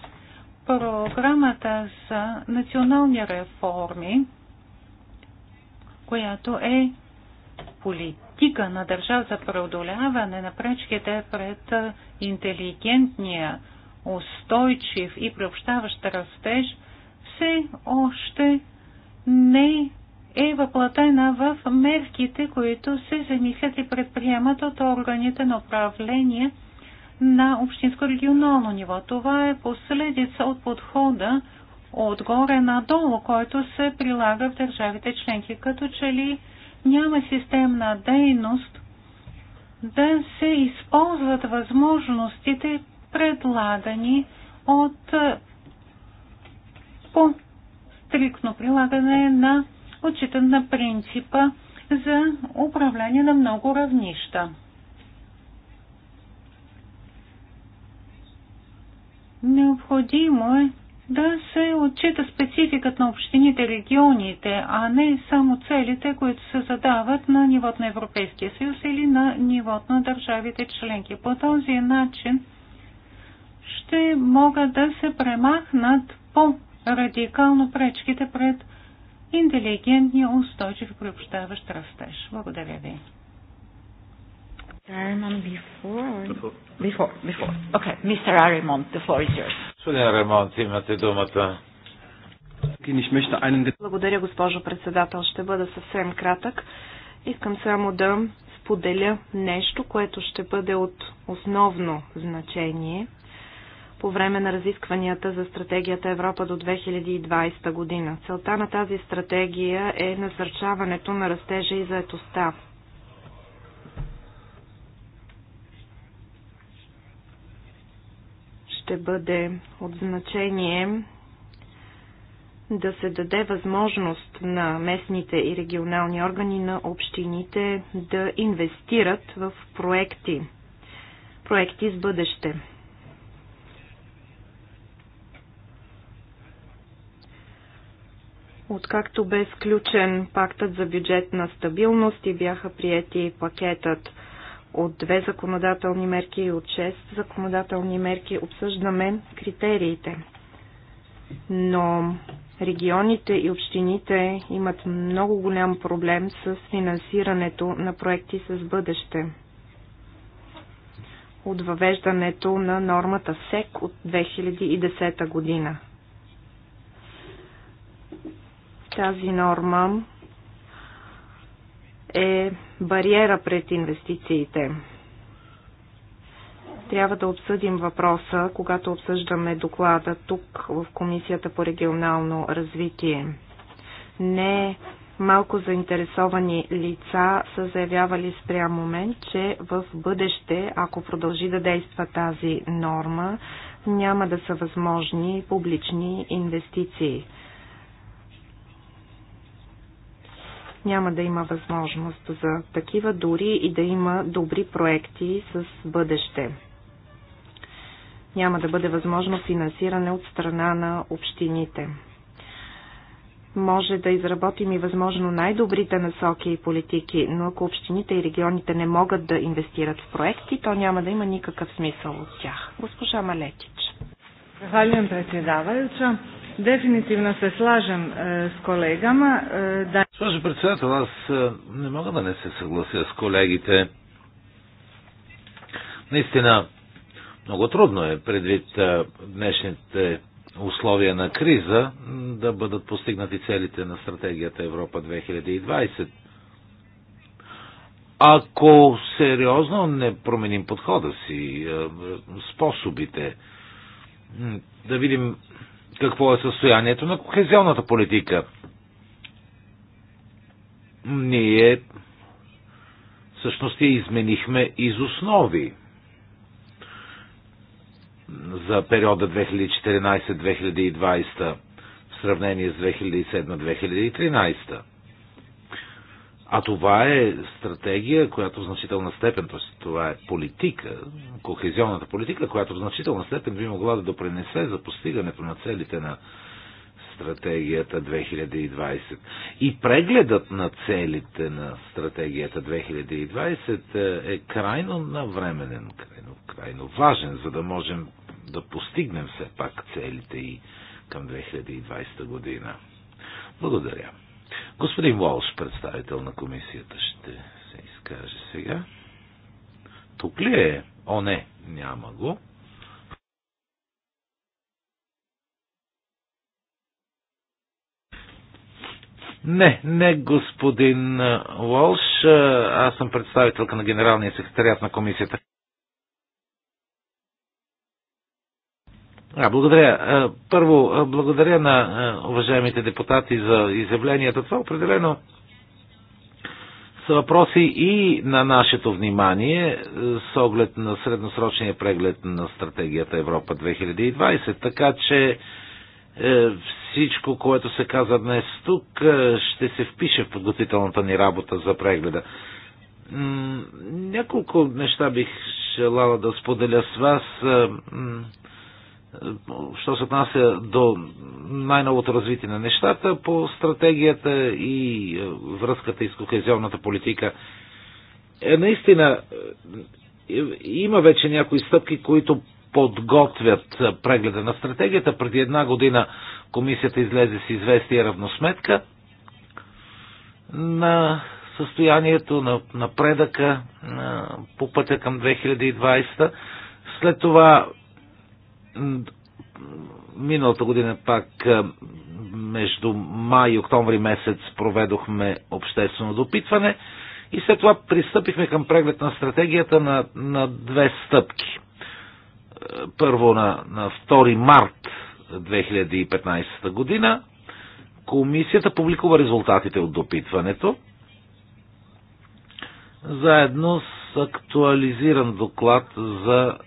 Програмата за национални реформи която е политика на държава за преодоляване на пречките пред интелигентния, устойчив и приобщаващ растеж, все още не е въплатена в мерките, които се замислят и предприемат от органите на управление на общинско-регионално ниво. Това е последица от подхода, отгоре надолу, който се прилага в държавите членки, като че ли няма системна дейност да се използват възможностите предлагани от е, по-стрикно прилагане на отчитане на принципа за управление на много равнища. Необходимо е да се отчита спецификът на общините регионите, а не само целите, които се задават на нивото на Европейския съюз или на нивото на държавите членки. По този начин ще могат да се премахнат по-радикално пречките пред интелигентния, устойчив приобщаващ растеж. Благодаря ви. Before. Before, before. Okay, Mr. the floor is yours. Благодаря, госпожо председател. Ще бъда съвсем кратък. Искам само да споделя нещо, което ще бъде от основно значение по време на разискванията за стратегията Европа до 2020 година. Целта на тази стратегия е насърчаването на растежа и заетостта. ще бъде от значение да се даде възможност на местните и регионални органи на общините да инвестират в проекти, проекти с бъдеще. Откакто бе сключен пактът за бюджетна стабилност и бяха приети пакетът от две законодателни мерки и от шест законодателни мерки обсъждаме критериите. Но регионите и общините имат много голям проблем с финансирането на проекти с бъдеще. От въвеждането на нормата СЕК от 2010 година. Тази норма е бариера пред инвестициите. Трябва да обсъдим въпроса, когато обсъждаме доклада тук в Комисията по регионално развитие. Не малко заинтересовани лица са заявявали спрямо мен, че в бъдеще, ако продължи да действа тази норма, няма да са възможни публични инвестиции. няма да има възможност за такива, дори и да има добри проекти с бъдеще. Няма да бъде възможно финансиране от страна на общините. Може да изработим и възможно най-добрите насоки и политики, но ако общините и регионите не могат да инвестират в проекти, то няма да има никакъв смисъл от тях. Госпожа Малетич. Zahvaljujem predsjedavajuća. Definitivno se slažem e, s колегама. E, да... председател, аз е, не мога да не се съглася с колегите. Наистина, много трудно е предвид е, днешните условия на криза да бъдат постигнати целите на стратегията Европа 2020. Ако сериозно не променим подхода си, е, способите, да видим какво е състоянието на кохезионната политика. Ние всъщност я изменихме из основи за периода 2014-2020 в сравнение с 2007-2013. А това е стратегия, която в значителна степен, т.е. това е политика, кохезионната политика, която в значителна степен би могла да допринесе за постигането на целите на стратегията 2020. И прегледът на целите на стратегията 2020 е, е крайно навременен, крайно, крайно важен, за да можем да постигнем все пак целите и към 2020 година. Благодаря. Господин Волш, представител на комисията, ще се изкаже сега. Тук ли е? О, не, няма го. Не, не господин Волш. Аз съм представителка на генералния секретарят на комисията. А, благодаря. Първо, благодаря на уважаемите депутати за изявленията. Това определено са въпроси и на нашето внимание с оглед на средносрочния преглед на стратегията Европа 2020. Така че е, всичко, което се каза днес тук, е, ще се впише в подготвителната ни работа за прегледа. Няколко неща бих желала да споделя с вас що се отнася до най-новото развитие на нещата по стратегията и е, връзката и с кохезионната политика. Е, наистина, е, има вече някои стъпки, които подготвят е, прегледа на стратегията. Преди една година комисията излезе с известие равносметка на състоянието, на напредъка по пътя към 2020. След това Миналата година пак е, между май и октомври месец проведохме обществено допитване и след това пристъпихме към преглед на стратегията на, на две стъпки. Е, първо на, на 2 март 2015 година комисията публикува резултатите от допитването заедно с актуализиран доклад за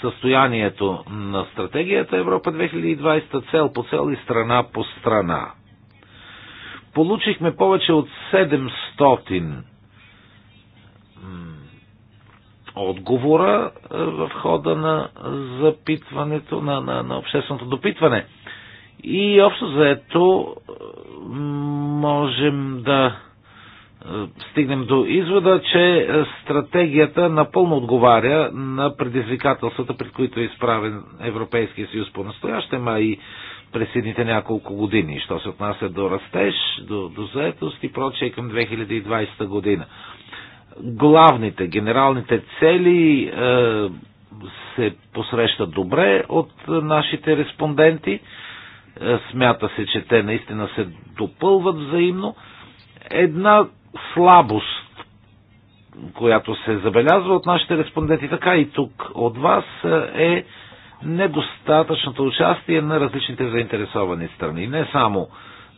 състоянието на стратегията Европа 2020 цел по цел и страна по страна. Получихме повече от 700 отговора е, в хода на запитването, на, на, на общественото допитване. И общо заето можем да е, стигнем до извода, че е, стратегията напълно отговаря на предизвикателствата, пред които е изправен Европейския съюз по настояще, а и през едните няколко години, що се отнася до растеж, до, до заетост и прочее към 2020 година. Главните, генералните цели е, се посрещат добре от нашите респонденти. Е, смята се, че те наистина се допълват взаимно. Една слабост, която се забелязва от нашите респонденти, така и тук от вас е недостатъчното участие на различните заинтересовани страни. Не само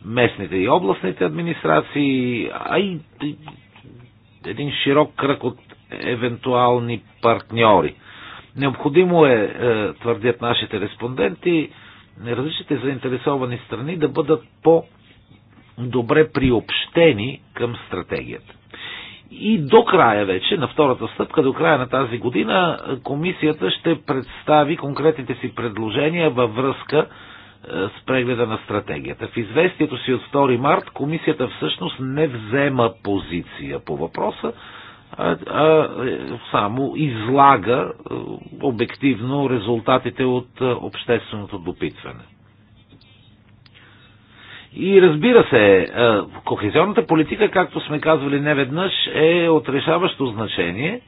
местните и областните администрации, а и един широк кръг от евентуални партньори. Необходимо е, е твърдят нашите респонденти, различните заинтересовани страни да бъдат по- добре приобщени към стратегията. И до края вече, на втората стъпка, до края на тази година, комисията ще представи конкретните си предложения във връзка е, с прегледа на стратегията. В известието си от 2 март комисията всъщност не взема позиция по въпроса, а, а е, само излага е, обективно резултатите от общественото допитване. И разбира се, е, кохезионната политика, както сме казвали неведнъж, е от решаващо значение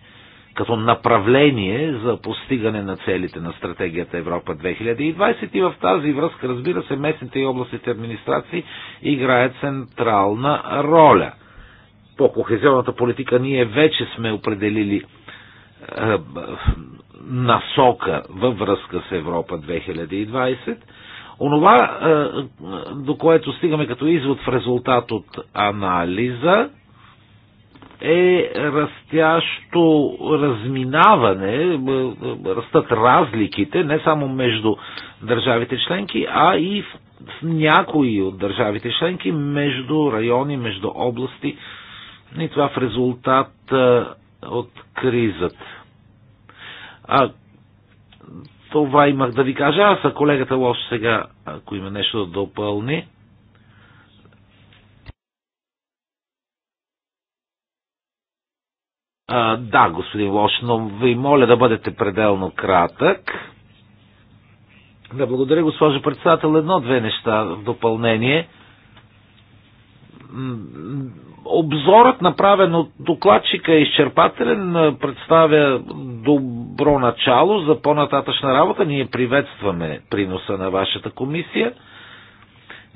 като направление за постигане на целите на стратегията Европа 2020 и в тази връзка, разбира се, местните и областните администрации играят централна роля. По кохезионната политика ние вече сме определили е, насока във връзка с Европа 2020 Онова, е, до което стигаме като извод в резултат от анализа, е растящо разминаване, е, е, растат разликите не само между държавите членки, а и в някои от държавите членки, между райони, между области и това в резултат от кризата. А, това имах да ви кажа. Аз, а колегата Лош сега, ако има нещо да допълни. А, да, господин Лош, но ви моля да бъдете пределно кратък. Да, благодаря, госпожо председател. Едно-две неща в допълнение – Обзорът, направен от докладчика, е изчерпателен, представя добро начало за по-нататъчна работа. Ние приветстваме приноса на вашата комисия.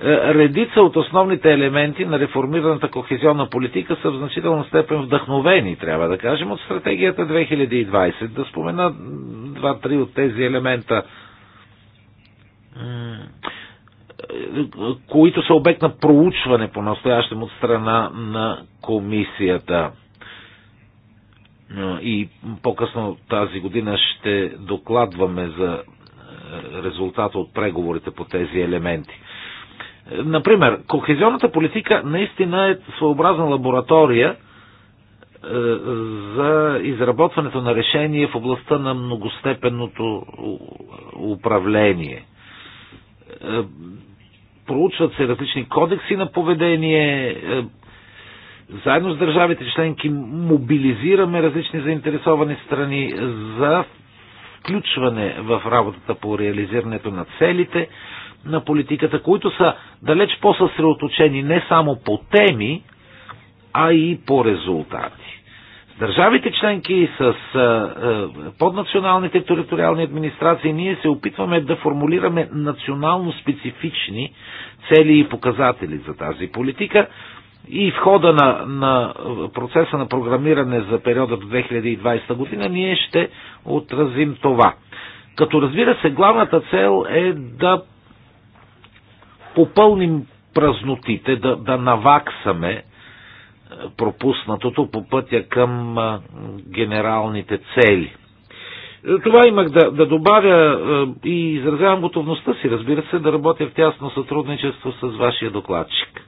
Е, редица от основните елементи на реформираната кохезионна политика са в значителна степен вдъхновени, трябва да кажем, от стратегията 2020. Да спомена два-три от тези елемента които са обект на проучване по настоящем от страна на комисията. И по-късно тази година ще докладваме за е, резултата от преговорите по тези елементи. Е, например, кохезионната политика наистина е своеобразна лаборатория е, за изработването на решение в областта на многостепенното управление – е, проучват се различни кодекси на поведение, е, заедно с държавите членки мобилизираме различни заинтересовани страни за включване в работата по реализирането на целите на политиката, които са далеч по-съсредоточени не само по теми, а и по резултати държавите членки, с поднационалните териториални администрации, ние се опитваме да формулираме национално специфични цели и показатели за тази политика. И в хода на, на процеса на програмиране за периода до 2020 година ние ще отразим това. Като разбира се, главната цел е да попълним празнотите, да, да наваксаме пропуснатото по пътя към генералните цели. Това имах да, да добавя и изразявам готовността си, разбира се, да работя в тясно сътрудничество с вашия докладчик.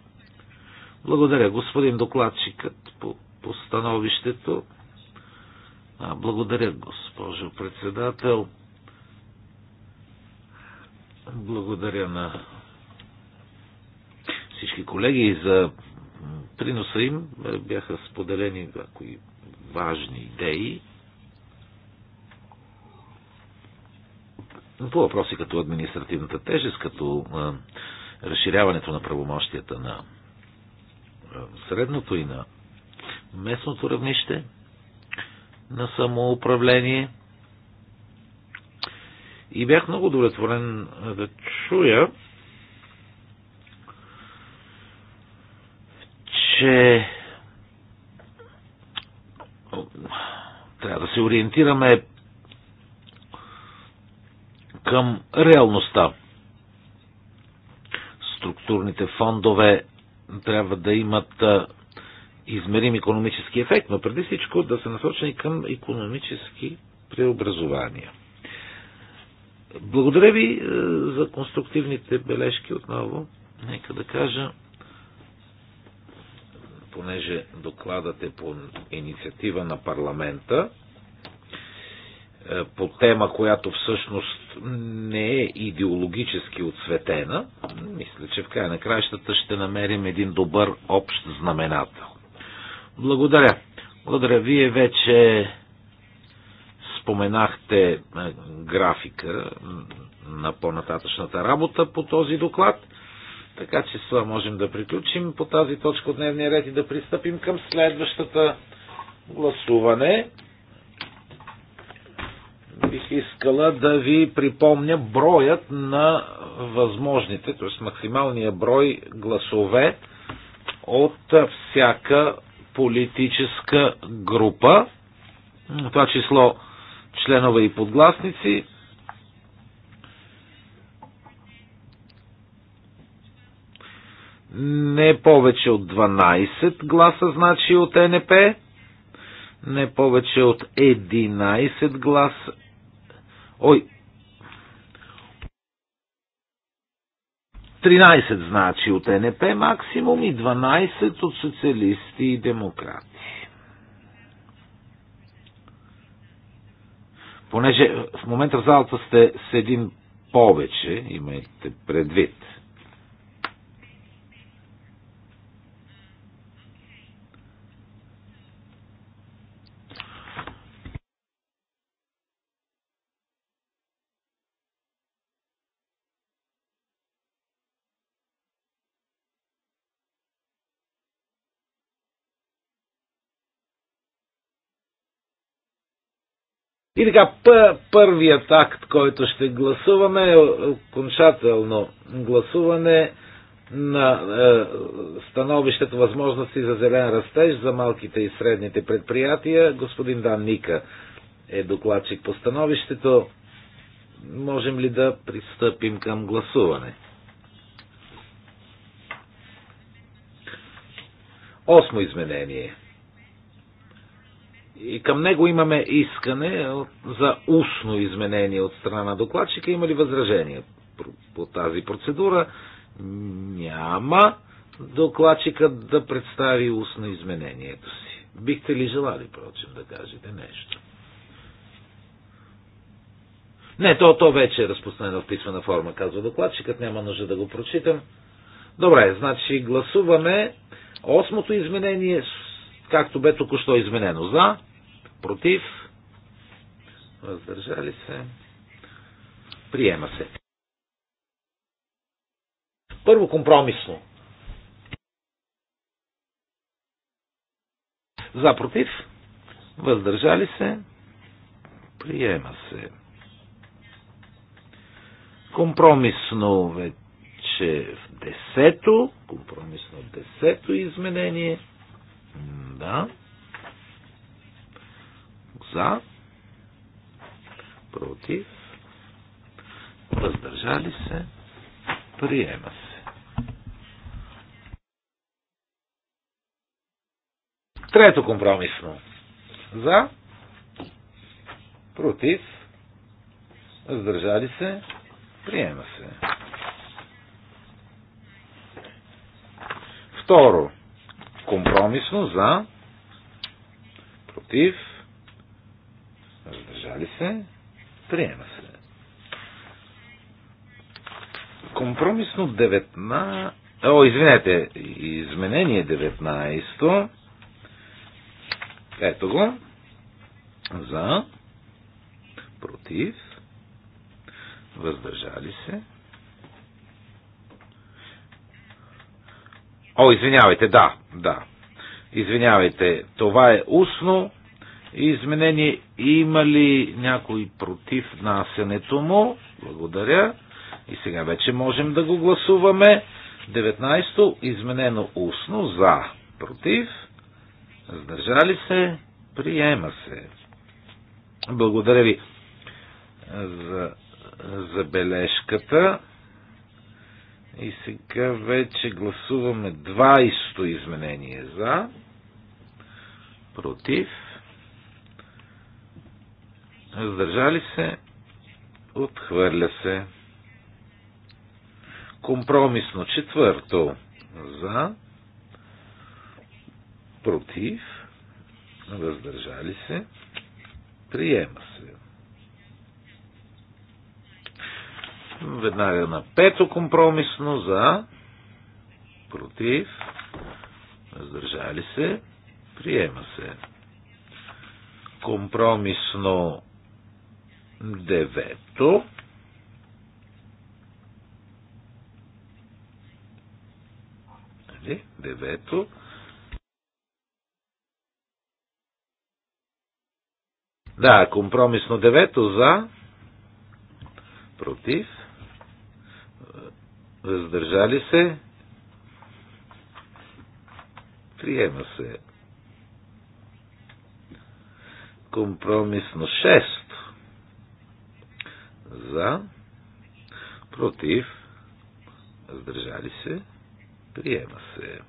Благодаря, господин докладчикът, по, по становището. А, благодаря, госпожо председател. Благодаря на всички колеги за приноса им е, бяха споделени някои важни идеи по въпроси като административната тежест, като е, разширяването на правомощията на е, средното и на местното равнище на самоуправление. И бях много удовлетворен да чуя, че трябва да се ориентираме към реалността. Структурните фондове трябва да имат измерим економически ефект, но преди всичко да се насочени към економически преобразования. Благодаря ви за конструктивните бележки отново. Нека да кажа, понеже докладът е по инициатива на парламента, е, по тема, която всъщност не е идеологически отсветена, мисля, че в края на краищата ще намерим един добър общ знаменател. Благодаря. Благодаря. Вие вече споменахте е, графика на по-нататъчната работа по този доклад. Така че с това можем да приключим по тази точка от дневния ред и да пристъпим към следващата гласуване. Бих искала да ви припомня броят на възможните, т.е. максималния брой гласове от всяка политическа група, това число членове и подгласници. не повече от 12 гласа, значи от НП, не повече от 11 гласа. Ой, 13 значи от НП максимум и 12 от социалисти и демократи. Понеже в момента в залата сте с един повече, имайте предвид – И така, първият акт, който ще гласуваме, е окончателно гласуване на е, становището възможности за зелен растеж за малките и средните предприятия. Господин Дан Ника е докладчик по становището. Можем ли да пристъпим към гласуване? Осмо изменение – и към него имаме искане за устно изменение от страна на докладчика. Има ли възражение по тази процедура? Няма докладчикът да представи устно изменението си. Бихте ли желали, прочим, да кажете нещо? Не, то, то вече е разпространено в писмена форма, казва докладчикът, няма нужда да го прочитам. Добре, значи гласуваме осмото изменение, както бе току-що изменено. За, против, въздържали се, приема се. Първо компромисно. За против, въздържали се, приема се. Компромисно вече в десето, компромисно десето изменение. Да за, против, въздържали се, приема се. Трето компромисно. За, против, въздържали се, приема се. Второ, компромисно за, против, Въздържали се. Приема се. Компромисно 19... О, извинете, изменение 19. Ето го. За. Против. Въздържали се. О, извинявайте, да, да. Извинявайте, това е устно изменение има ли някой против насенето му? Благодаря. И сега вече можем да го гласуваме. 19-то изменено устно за, против, сдържали се, приема се. Благодаря ви за забележката. И сега вече гласуваме 20-то изменение за, против, Сдържали се, отхвърля се. Компромисно четвърто за, против, въздържали се, приема се. Веднага на пето компромисно за, против, въздържали се, приема се. Компромисно Девето. Нали? Девето. Да, компромисно девето за, против, въздържали се, приема се. Компромисно шест. За. Против. Въздържали се. Приема се.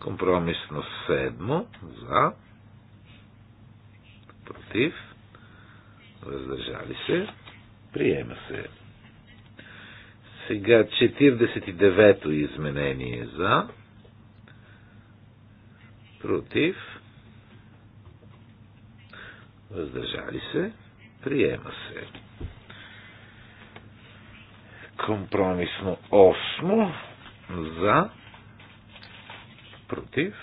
Компромисно седмо. За. Против. Въздържали се. Приема се. Сега 49-то изменение за. Против. Въздържали се. Приема се. Компромисно 8 за против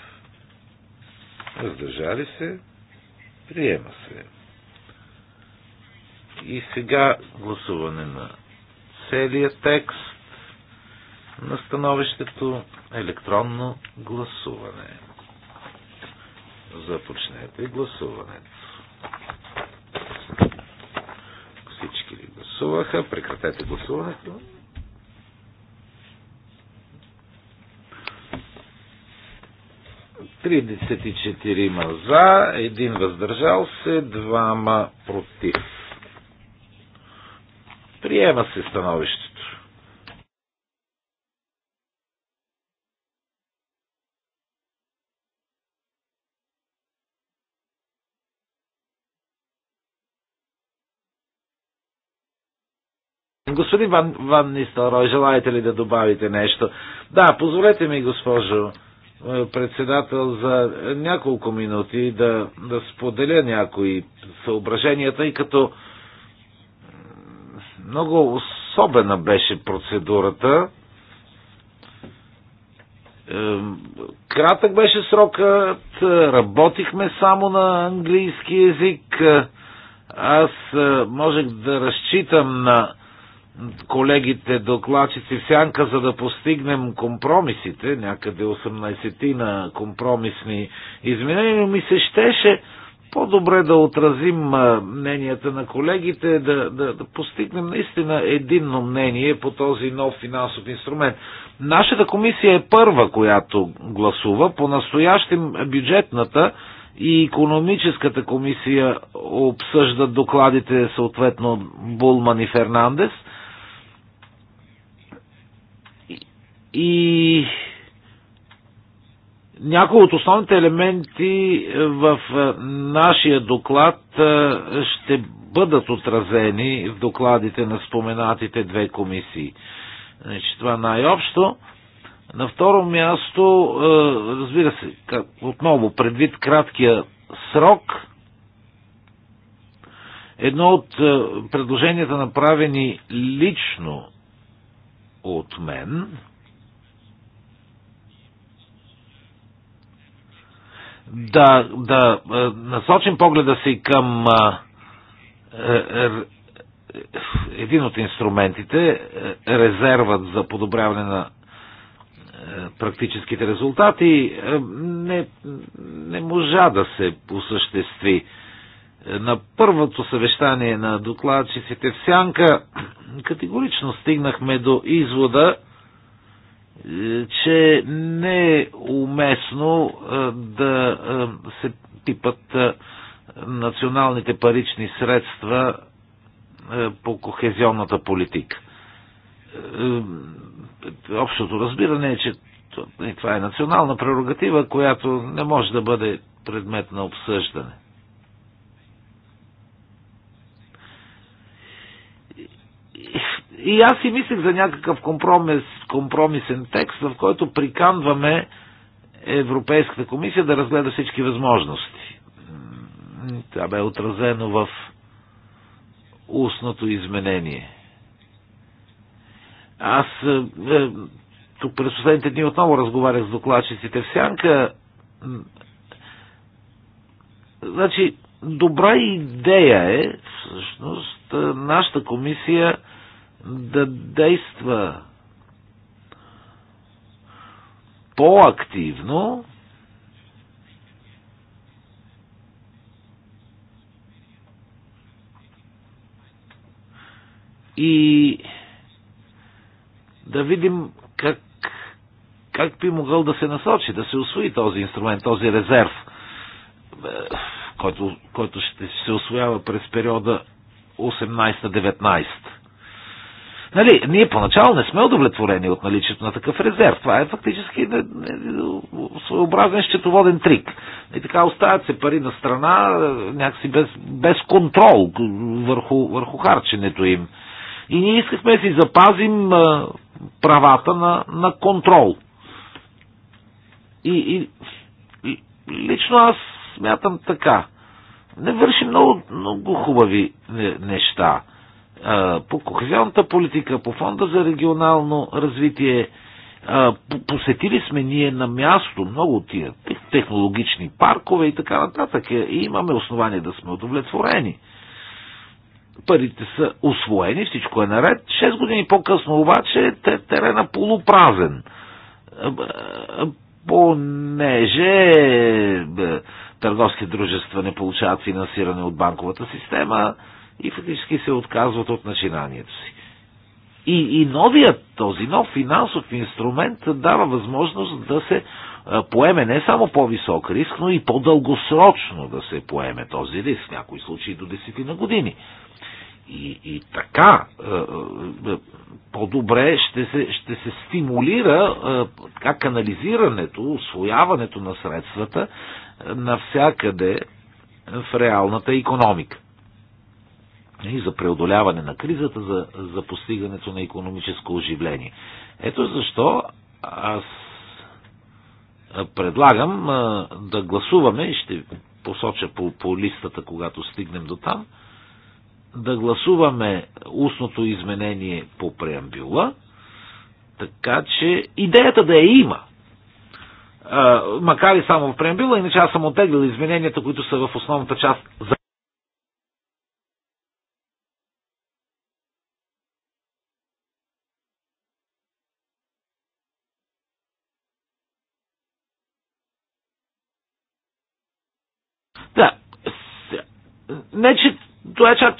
въздържали се. Приема се. И сега гласуване на целия текст на становището електронно гласуване. Започнете гласуването. гласуваха. Прекратете гласуването. Тридесет и четирима за, един въздържал се, двама против. Приема се становището. Господин Ван, Ван Нистелрой, желаете ли да добавите нещо? Да, позволете ми, госпожо е, председател, за няколко минути да, да споделя някои съображенията, и като много особена беше процедурата. Кратък беше срокът, работихме само на английски язик. Аз е, можех да разчитам на колегите докладчици в сянка, за да постигнем компромисите, някъде 18 на компромисни изменения, но ми се щеше по-добре да отразим мненията на колегите, да, да, да постигнем наистина единно мнение по този нов финансов инструмент. Нашата комисия е първа, която гласува. По настоящем бюджетната и економическата комисия обсъждат докладите съответно Булман и Фернандес – И някои от основните елементи в е, нашия доклад е, ще бъдат отразени в докладите на споменатите две комисии. Значи, това най-общо. На второ място, е, разбира се, как, отново предвид краткия срок, едно от предложенията направени лично от мен, да, да насочим погледа си към е, е, е, един от инструментите, резервът за подобряване на практическите резултати, не, не можа да се осъществи. На първото съвещание на докладчиците в Сянка категорично стигнахме до извода, че не е уместно да се пипат националните парични средства по кохезионната политика. Е, е, общото разбиране е, че е, това е национална прерогатива, която не може да бъде предмет на обсъждане. И аз си мислех за някакъв компромис компромисен текст, в който приканваме Европейската комисия да разгледа всички възможности. Това бе отразено в устното изменение. Аз е, е, тук през последните дни отново разговарях с докладчиците в Сянка. Значи, добра идея е, всъщност, е, нашата комисия да действа по-активно и да видим как, как би могъл да се насочи, да се освои този инструмент, този резерв, е, който, който ще се освоява през периода 18-19. Нали, ние поначало не сме удовлетворени от наличието на такъв резерв. Това е фактически не, не, своеобразен счетоводен трик. И така оставят се пари на страна е, някакси без, без контрол върху, върху харченето им. И ние искахме да си запазим а, е, правата на, на контрол. И, и, и лично аз смятам така. Не върши много, много хубави е, неща по кохезионната политика, по фонда за регионално развитие. Посетили сме ние на място много от тия технологични паркове и така нататък. Е, и имаме основание да сме удовлетворени. Парите са освоени, всичко е наред. Шест години по-късно обаче терена полупразен. Понеже търговски дружества не получават финансиране от банковата система, и фактически се отказват от начинанието си. И, и новият, този нов финансов инструмент дава възможност да се поеме не само по-висок риск, но и по-дългосрочно да се поеме този риск, в някои случаи до десетина години. И, и така по-добре ще се, ще се стимулира така, канализирането, освояването на средствата навсякъде в реалната економика и нали, за преодоляване на кризата, за, за постигането на економическо оживление. Ето защо аз предлагам да гласуваме и ще посоча по, по листата, когато стигнем до там, да гласуваме устното изменение по преамбюла, така че идеята да я има. А, макар и само в преамбюла, иначе аз съм отеглил измененията, които са в основната част за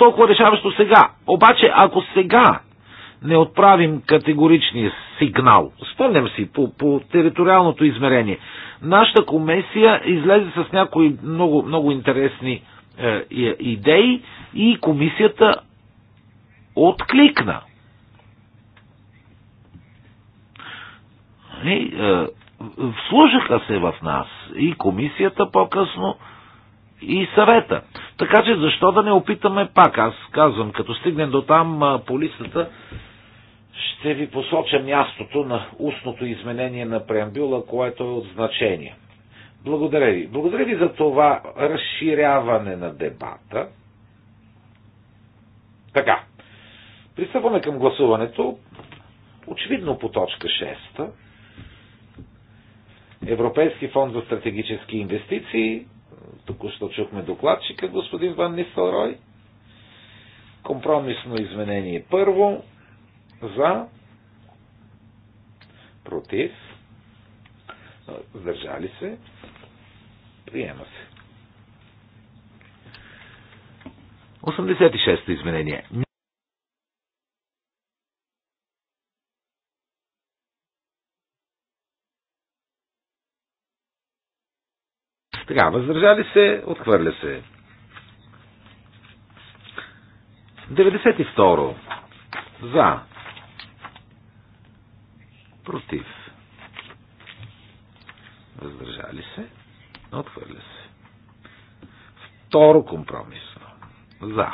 толкова решаващо сега. Обаче, ако сега не отправим категоричния сигнал, спомням си, по, по териториалното измерение, нашата комисия излезе с някои много, много интересни е, идеи и комисията откликна. И, нали, е, вслужиха се в нас и комисията по-късно, и съвета. Така че защо да не опитаме пак? Аз казвам, като стигнем до там по листата, ще ви посоча мястото на устното изменение на преамбюла, което е от значение. Благодаря ви. Благодаря ви за това разширяване на дебата. Така. Пристъпваме към гласуването. Очевидно по точка 6. Европейски фонд за стратегически инвестиции. Току-що чухме докладчика, господин Ван Нисълрой. Компромисно изменение първо. За. Против. Сдържали се. Приема се. 86-то изменение. Така, въздържали се, отхвърля се. 92. За. Против. Въздържали се. Отхвърля се. Второ компромисно. За.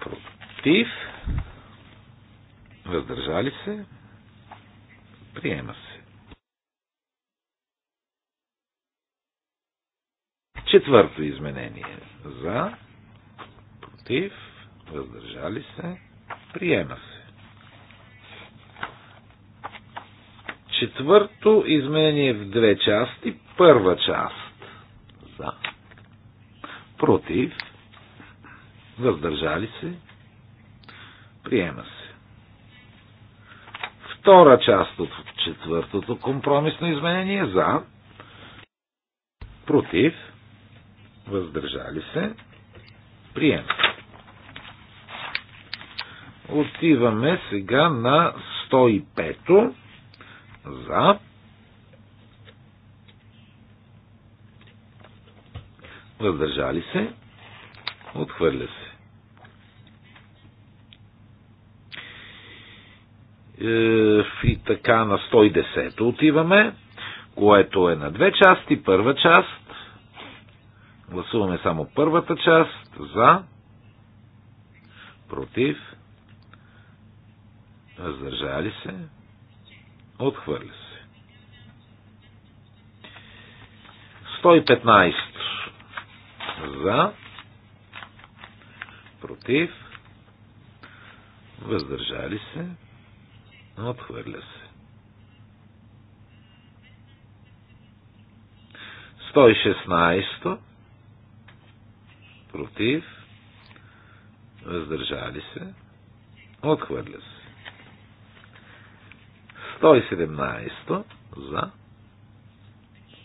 Против. Въздържали се. Приема се. Четвърто изменение. За, против, въздържали се, приема се. Четвърто изменение в две части. Първа част. За, против, въздържали се, приема се. Втора част от четвъртото компромисно изменение за, против, въздържали се, приема. Отиваме сега на 105 за въздържали се, отхвърля се. Е, и така на 110 отиваме, което е на две части. Първа част Гласуваме само първата част. За. Против. Въздържали се. Отхвърля се. 115. За. Против. Въздържали се. Отхвърля се. 116 против, въздържали се, отхвърля се. 117 за,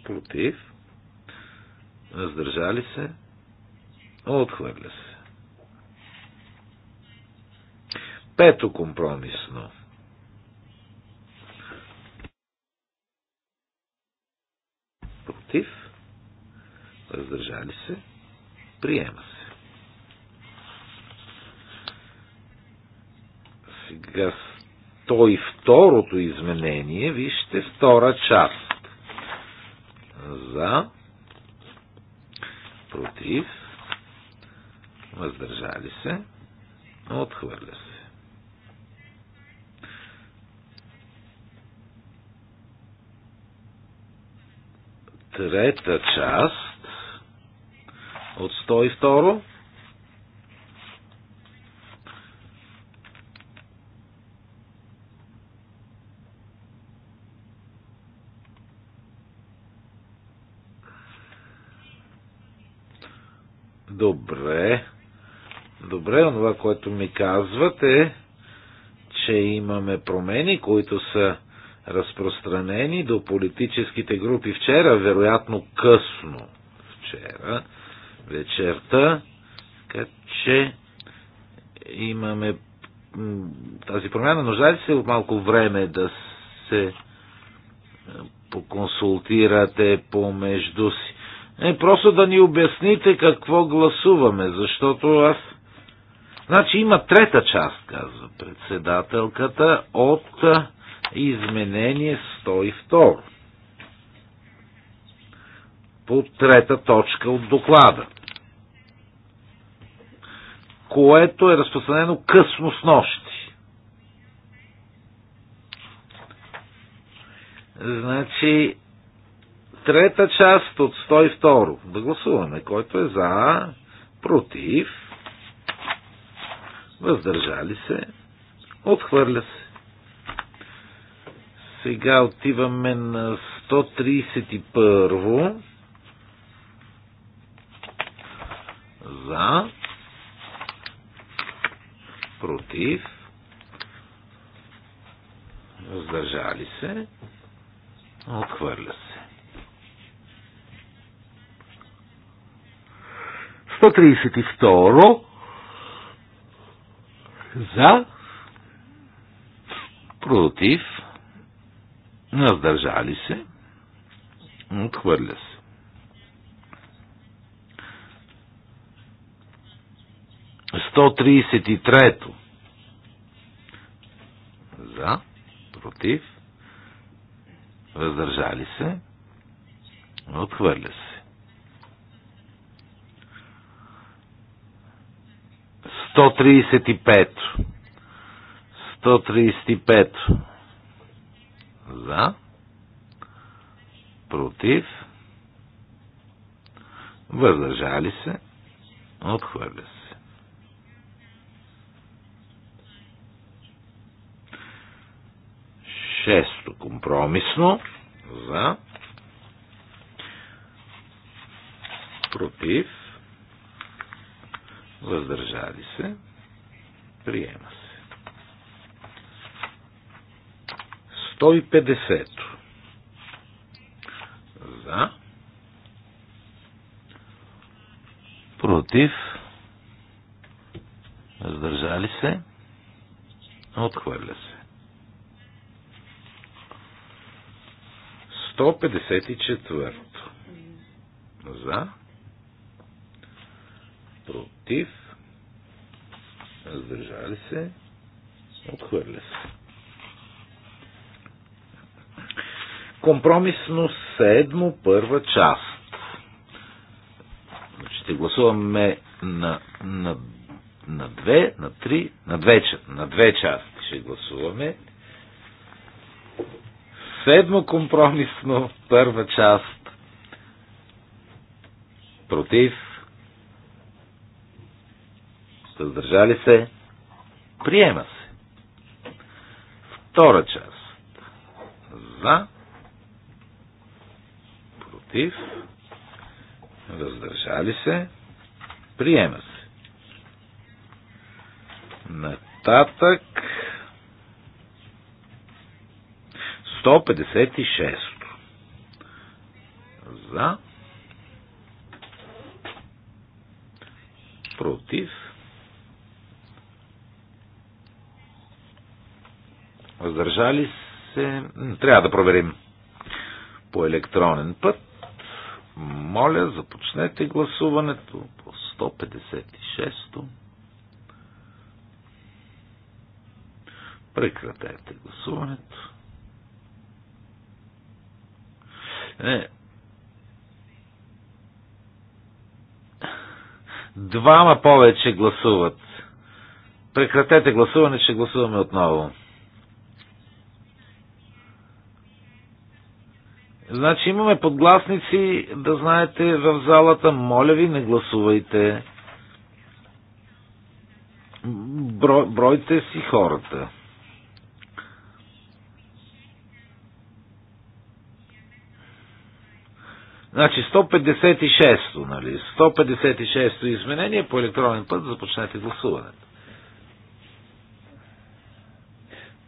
против, въздържали се, отхвърля се. Пето компромисно. Против, въздържали се, Приема се. Сега 102-то изменение, вижте, втора част. За, против, въздържали се, отхвърля се. трета част от 102. Добре. Добре, това, което ми казвате, че имаме промени, които са разпространени до политическите групи вчера, вероятно късно вчера вечерта, така че имаме тази промяна. Нуждае се от малко време да се е, поконсултирате помежду си. Е, просто да ни обясните какво гласуваме, защото аз... Значи има трета част, казва председателката, от е, изменение 102. По трета точка от доклада което е разпространено късно с нощи. Значи, трета част от 102. Да гласуваме. Който е за, против, въздържали се, отхвърля се. Сега отиваме на 131. За против, въздържали се, отхвърля се. 132 за, против, въздържали се, отхвърля се. 133-то. За, против, въздържали се, отхвърля се. 135. 135. За. Против. Въздържали се. Отхвърля се. Шесто компромисно за против въздържали се приема се. 150 за против въздържали се отхвърля се. 154. За. Против. Раздържали се. Отхвърля се. Компромисно седмо първа част. Значи ще гласуваме на, на, на две, на три, на две, на две части ще гласуваме Седмо компромисно, първа част. Против. Съдържали се. Приема се. Втора част. За. Против. Въздържали се. Приема се. Нататък 156. За. Против. Въздържали се. Трябва да проверим по електронен път. Моля, започнете гласуването по 156-то. Прекратете гласуването. Е. Двама повече гласуват. Прекратете гласуване, ще гласуваме отново. Значи имаме подгласници, да знаете, в залата. Моля ви, не гласувайте. Бро, бройте си хората. Значи 156-то, нали? 156-то изменение по електронен път започнете гласуването.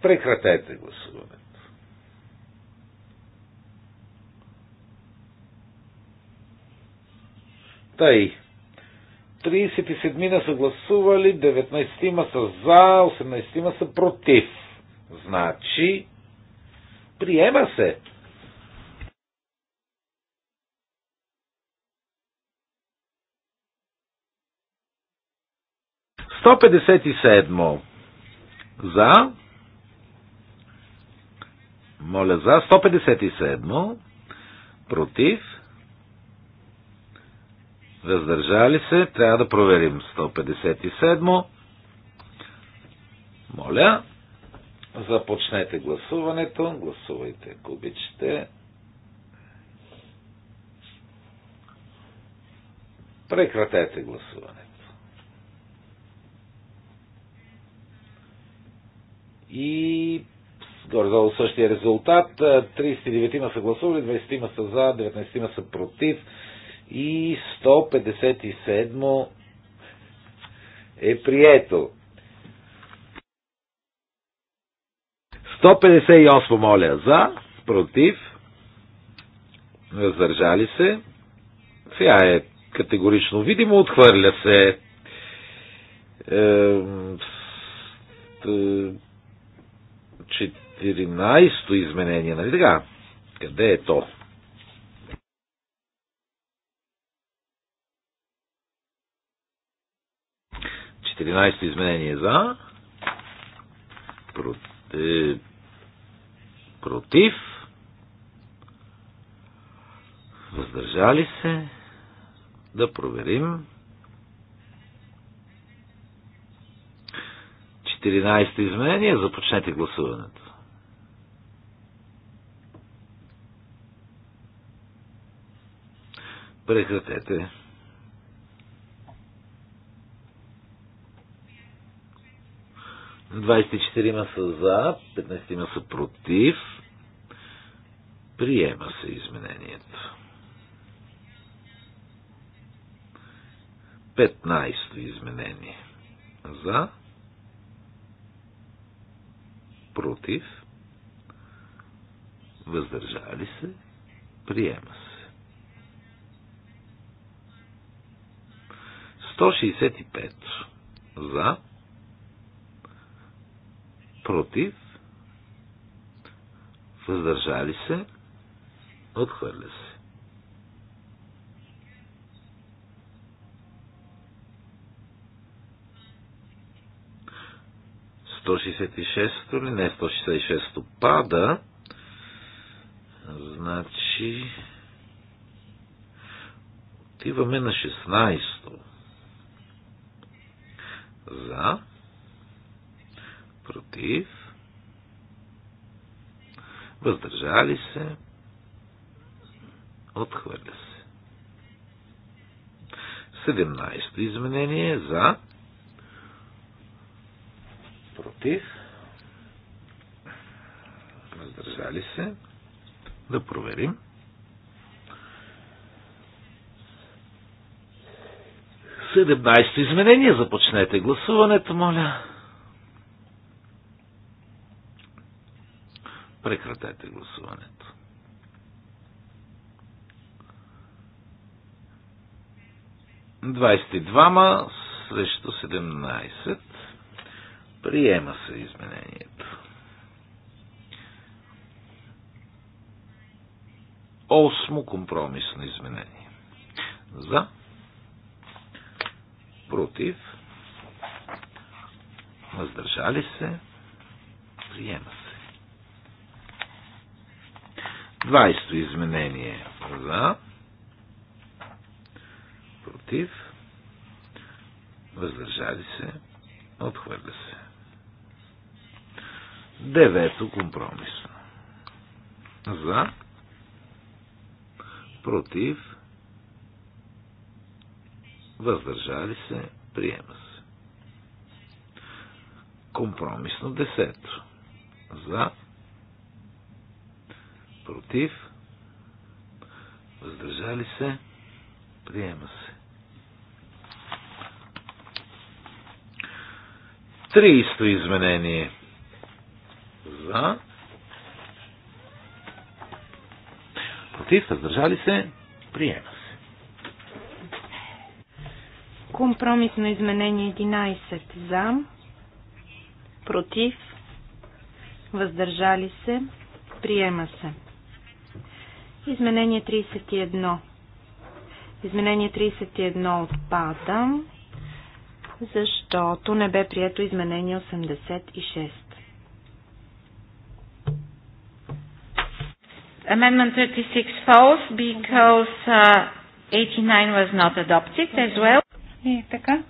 Прекратете гласуването. Тъй. 37 ми са гласували, 19-ма са за, 18-ма са против. Значи, приема се. 157 за. Моля за. 157 против. Въздържали се. Трябва да проверим. 157. Моля. Започнете гласуването. Гласувайте, ако обичате. Прекратете гласуването. и горе-долу същия резултат. 39-ма са гласували, 20-ма са за, 19-ма са против и 157 е прието. 158 моля за, против, въздържали се. Сега е категорично видимо, отхвърля се. Е, 14-то изменение, нали така? Къде е то? Четиринайсто изменение за. Против. Въздържали се. Да проверим. 14 изменение. Започнете гласуването. Прекратете. Двадесет четирима са за, 15 са против. Приема се изменението. 15 изменение. За против, въздържали се, приема се. 165 за, против, въздържали се, отхвърля се. 166-то ли? Не, 166-то пада. Значи... Отиваме на 16-то. За. Против. Въздържали се. Отхвърля се. 17-то изменение за против, въздържали се, да проверим. Седемнайсто изменение, започнете гласуването, моля. Прекратете гласуването. Двадесет и двама срещу седемнайсет. Приема се изменението. Осмо компромисно изменение. За. Против. Въздържали се. Приема се. Двайсто изменение. За. Против. Въздържали се. Отхвърля се. Девето компромисно. За. Против. Въздържали се. Приема се. Компромисно десето. За. Против. Въздържали се. Приема се. 30 изменение. За. Против, въздържали се, приема се. Компромисно изменение 11 за. Против, въздържали се, приема се. Изменение 31. Изменение 31 отпада, защото не бе прието изменение 86. Amendment 36 falls because uh, 89 was not adopted as well. И така,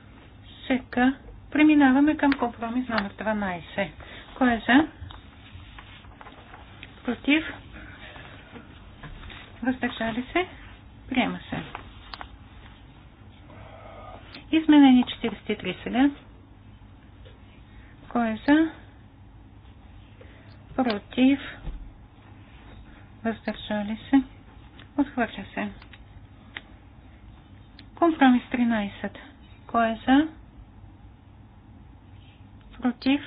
сега преминаваме към компромис номер 12. Кой е за? Против? Въздържали се? Приема се. Изменени 43 сега. Кой е за? Против? въздържали се, отхвърля се. Компромис 13. Кой е за? Против?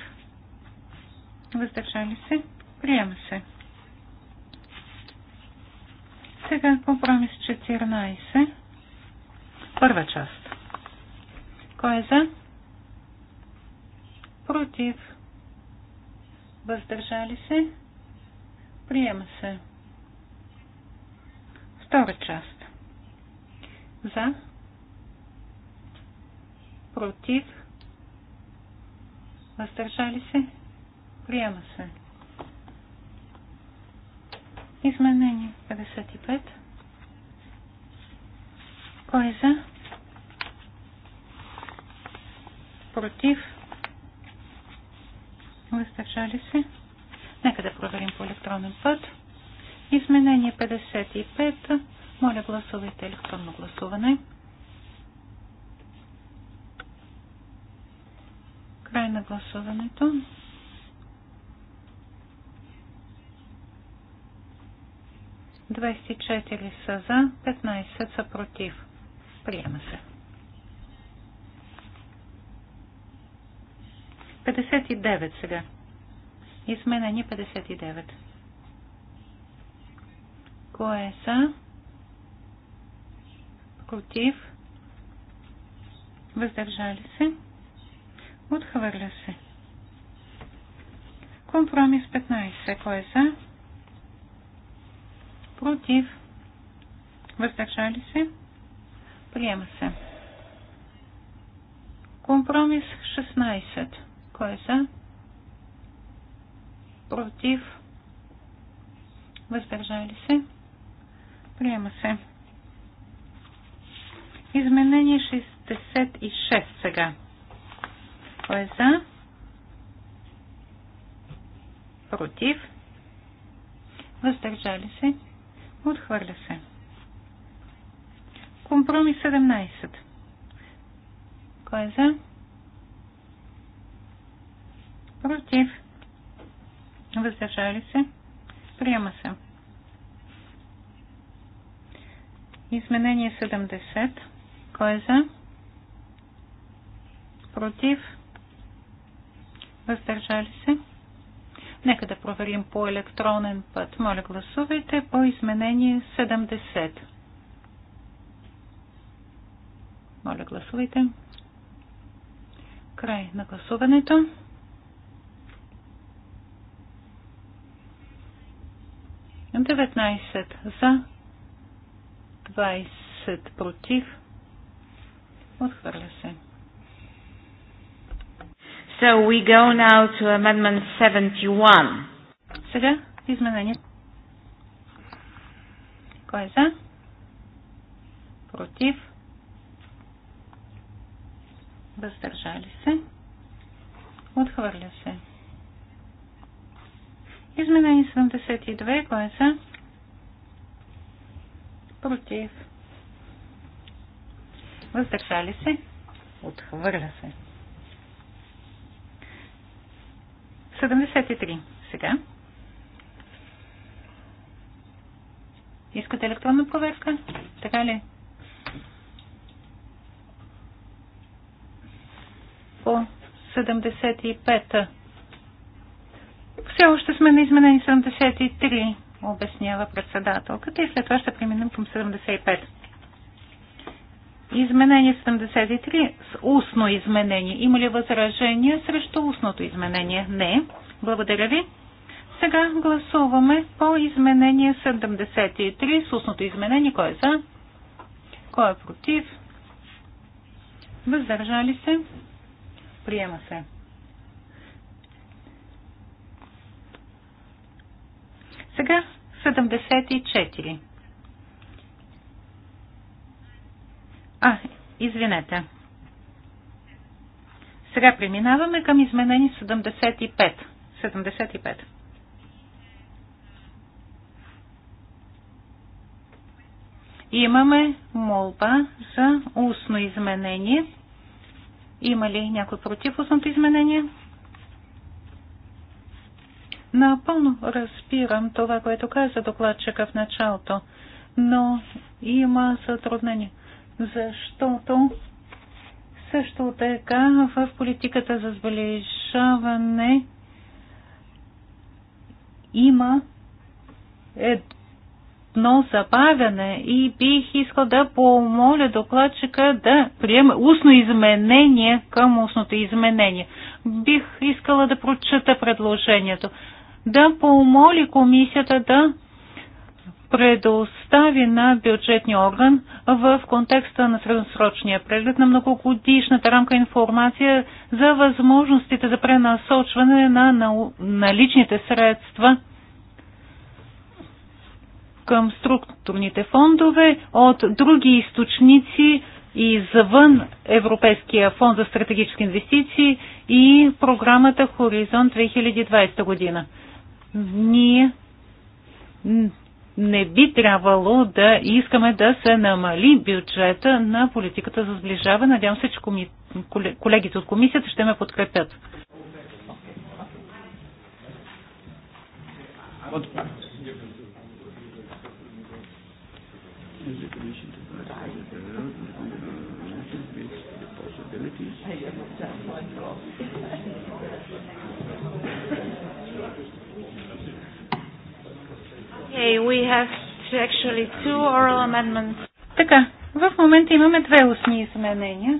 Въздържали се? Приема се. Сега компромис 14. Първа част. Кой е за? Против? Въздържали се? Приема се. Втора част. За. Против. Въздържали се. Приема се. Изменение 55. Кой е за? Против? Въздържали се? Нека да проверим по електронен път. Изменение 55. Моля гласувайте електронно гласуване. Край на гласуването. Двадесет са за, 15 са против. Приема се. 59 сега. Изменение 59. Кой са? Е Против? Въздържали се? Отхвърля се. Компромис 15. Кой са? Е Против? Въздържали се? Приема се. Компромис 16. Кой са? Е Против? Въздържали се? Приема се. Изменение 66 сега. Кой е за? Против? Въздържали се? Отхвърля се. Компромис 17. Кой е за? Против? Въздържали се? Приема се. Изменение 70. Кой е за? Против? Въздържали се? Нека да проверим по електронен път. Моля, гласувайте по изменение 70. Моля, гласувайте. Край на гласуването. Деветнайсет за, 20 против. Отхвърля се. So we go now to amendment 71. Сега изменение. Кой е за? Против. Въздържали се. Отхвърля се. Изменение 72. Кой е за? против, въздържали се, отхвърля се. 73 сега. Искате електронна проверка? Така ли? По 75. Все още сме на изменени 73 обяснява председателката и след това ще преминем към 75. Изменение 73 с устно изменение. Има ли възражение срещу устното изменение? Не. Благодаря ви. Сега гласуваме по изменение 73 с устното изменение. Кой е за? Кой е против? Въздържали се? Приема се. Сега 74. А, извинете. Сега преминаваме към изменени 75. 75. Имаме молба за устно изменение. Има ли някой против устното изменение? Напълно разбирам това, което каза докладчика в началото, но има затруднение, защото също така в политиката за сближаване има едно забавяне и бих искал да помоля докладчика да приеме устно изменение към устното изменение. Бих искала да прочета предложението да помоли комисията да предостави на бюджетния орган в контекста на средносрочния преглед на многогодишната рамка информация за възможностите за пренасочване на наличните средства към структурните фондове от други източници и завън Европейския фонд за стратегически инвестиции и програмата Хоризонт 2020 година ние не би трябвало да искаме да се намали бюджета на политиката за сближаване. Надявам се, че коми... колегите от комисията ще ме подкрепят. Is Okay, we have actually two oral amendments. Така, в момента имаме две устни изменения.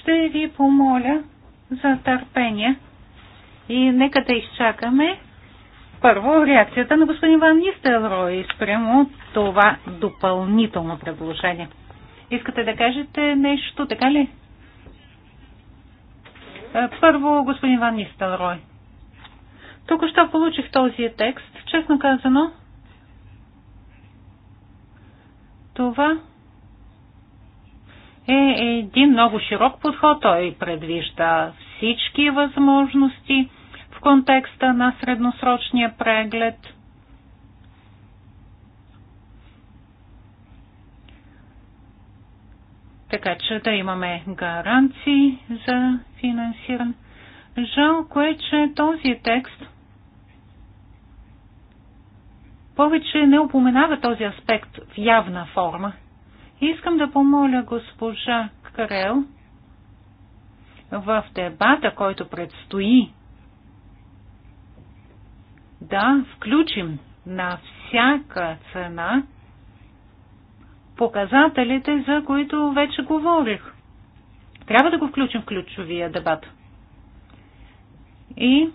Ще ви помоля за търпение и нека да изчакаме първо реакцията на господин Ван Нистелрой спрямо това допълнително предложение. Искате да кажете нещо, така ли? Е, първо господин Ван Нистелрой. Току-що получих този текст. Честно казано, това е един много широк подход. Той предвижда всички възможности в контекста на средносрочния преглед. Така че да имаме гаранции за финансиране. Жалко е, че този текст повече не упоменава този аспект в явна форма. И искам да помоля госпожа Крел в дебата, който предстои, да включим на всяка цена показателите, за които вече говорих. Трябва да го включим в ключовия дебат. И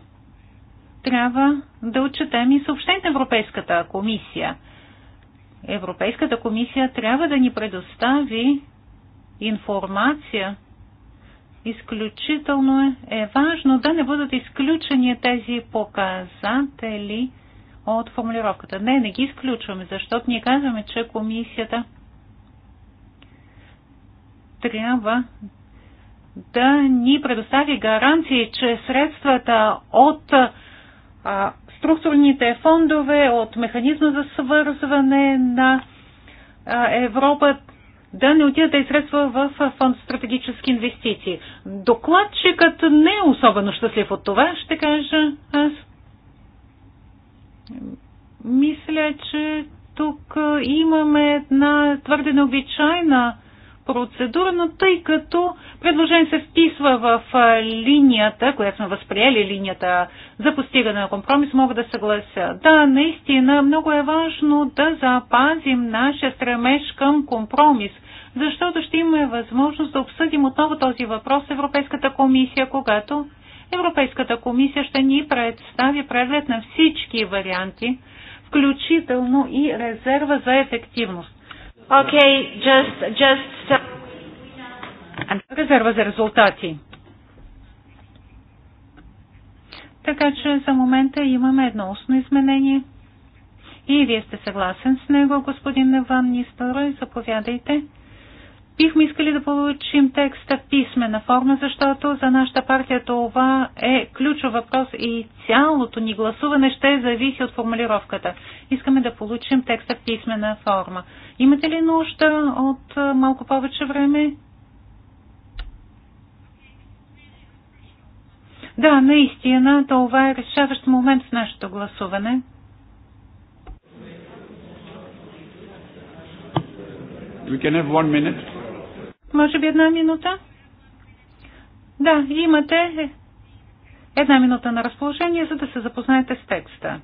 трябва да отчетем и съобщен Европейската комисия. Европейската комисия трябва да ни предостави информация. Изключително е, е важно да не бъдат изключени тези показатели от формулировката. Не, не ги изключваме, защото ние казваме, че комисията трябва да ни предостави гаранции, че средствата от а, структурните фондове, от механизма за свързване на а, Европа, да не отидат и средства в фонд стратегически инвестиции. Докладчикът не е особено щастлив от това, ще кажа аз. Мисля, че тук имаме една твърде необичайна процедура, но тъй като предложение се вписва в линията, която сме възприели линията за постигане на компромис, мога да съглася. Да, наистина много е важно да запазим нашия стремеж към компромис, защото ще имаме възможност да обсъдим отново този въпрос с Европейската комисия, когато Европейската комисия ще ни представи преглед на всички варианти, включително и резерва за ефективност. Okay, just, just... Резерва за резултати. Така че за момента имаме едно устно изменение. И вие сте съгласен с него, господин Неван Нистора, и заповядайте. Бихме искали да получим текста в писмена форма, защото за нашата партия това е ключов въпрос и цялото ни гласуване ще зависи от формулировката. Искаме да получим текста в писмена форма. Имате ли нужда от малко повече време? Да, наистина, това е решаващ момент в нашето гласуване. We can have one minute. Може би една минута? Да, имате една минута на разположение, за да се запознаете с текста.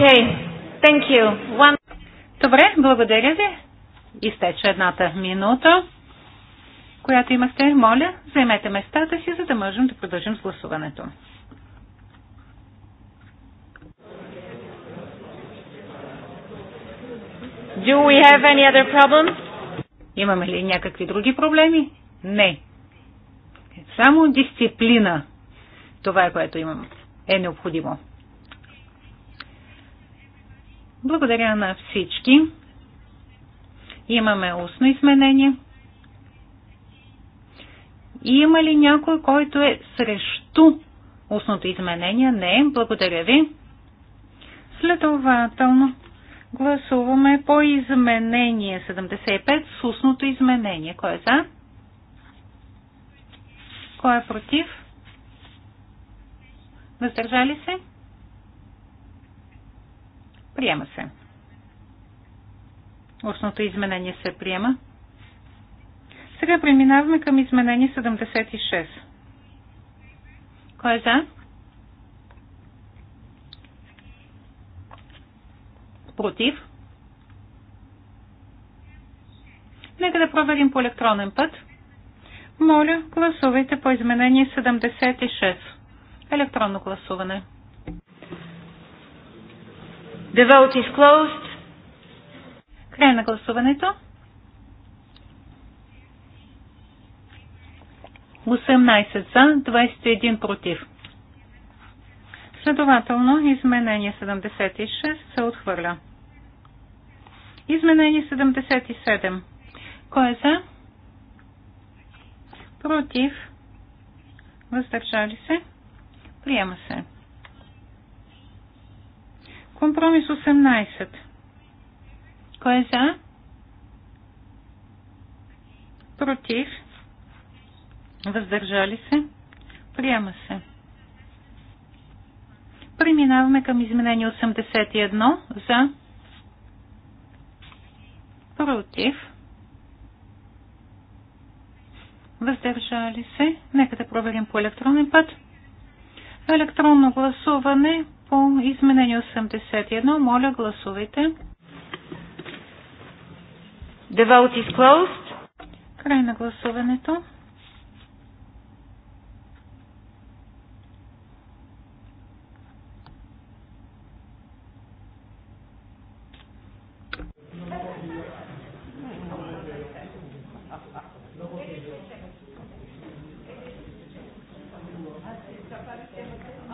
Okay. Thank you. One... Добре, благодаря ви. Изтече едната минута, която имахте. Моля, займете местата си, за да можем да продължим с гласуването. Do we have any other problems? Имаме ли някакви други проблеми? Не. Само дисциплина. Това е което имам. Е необходимо. Благодаря на всички. Имаме устно изменение. Има ли някой, който е срещу устното изменение? Не. Благодаря ви. Следователно, гласуваме по изменение 75 с устното изменение. Кой е за? Кой е против? Въздържали се? Приема се. Устното изменение се приема. Сега преминаваме към изменение 76. Кой е за? Против? Нека да проверим по електронен път. Моля, гласувайте по изменение 76. Електронно гласуване. The vote is closed. Край на гласуването. 18 за, 21 против. Следователно, изменение 76 се отхвърля. Изменение 77. Кой е за? Против. Въздържали се. Приема се. Компромис 18. Кой е за? Против. Въздържали се. Приема се. Преминаваме към изменение 81 за против. Въздържали се. Нека да проверим по електронен път. Електронно гласуване по изменение 81. Моля, гласувайте. The vote is closed. Край на гласуването.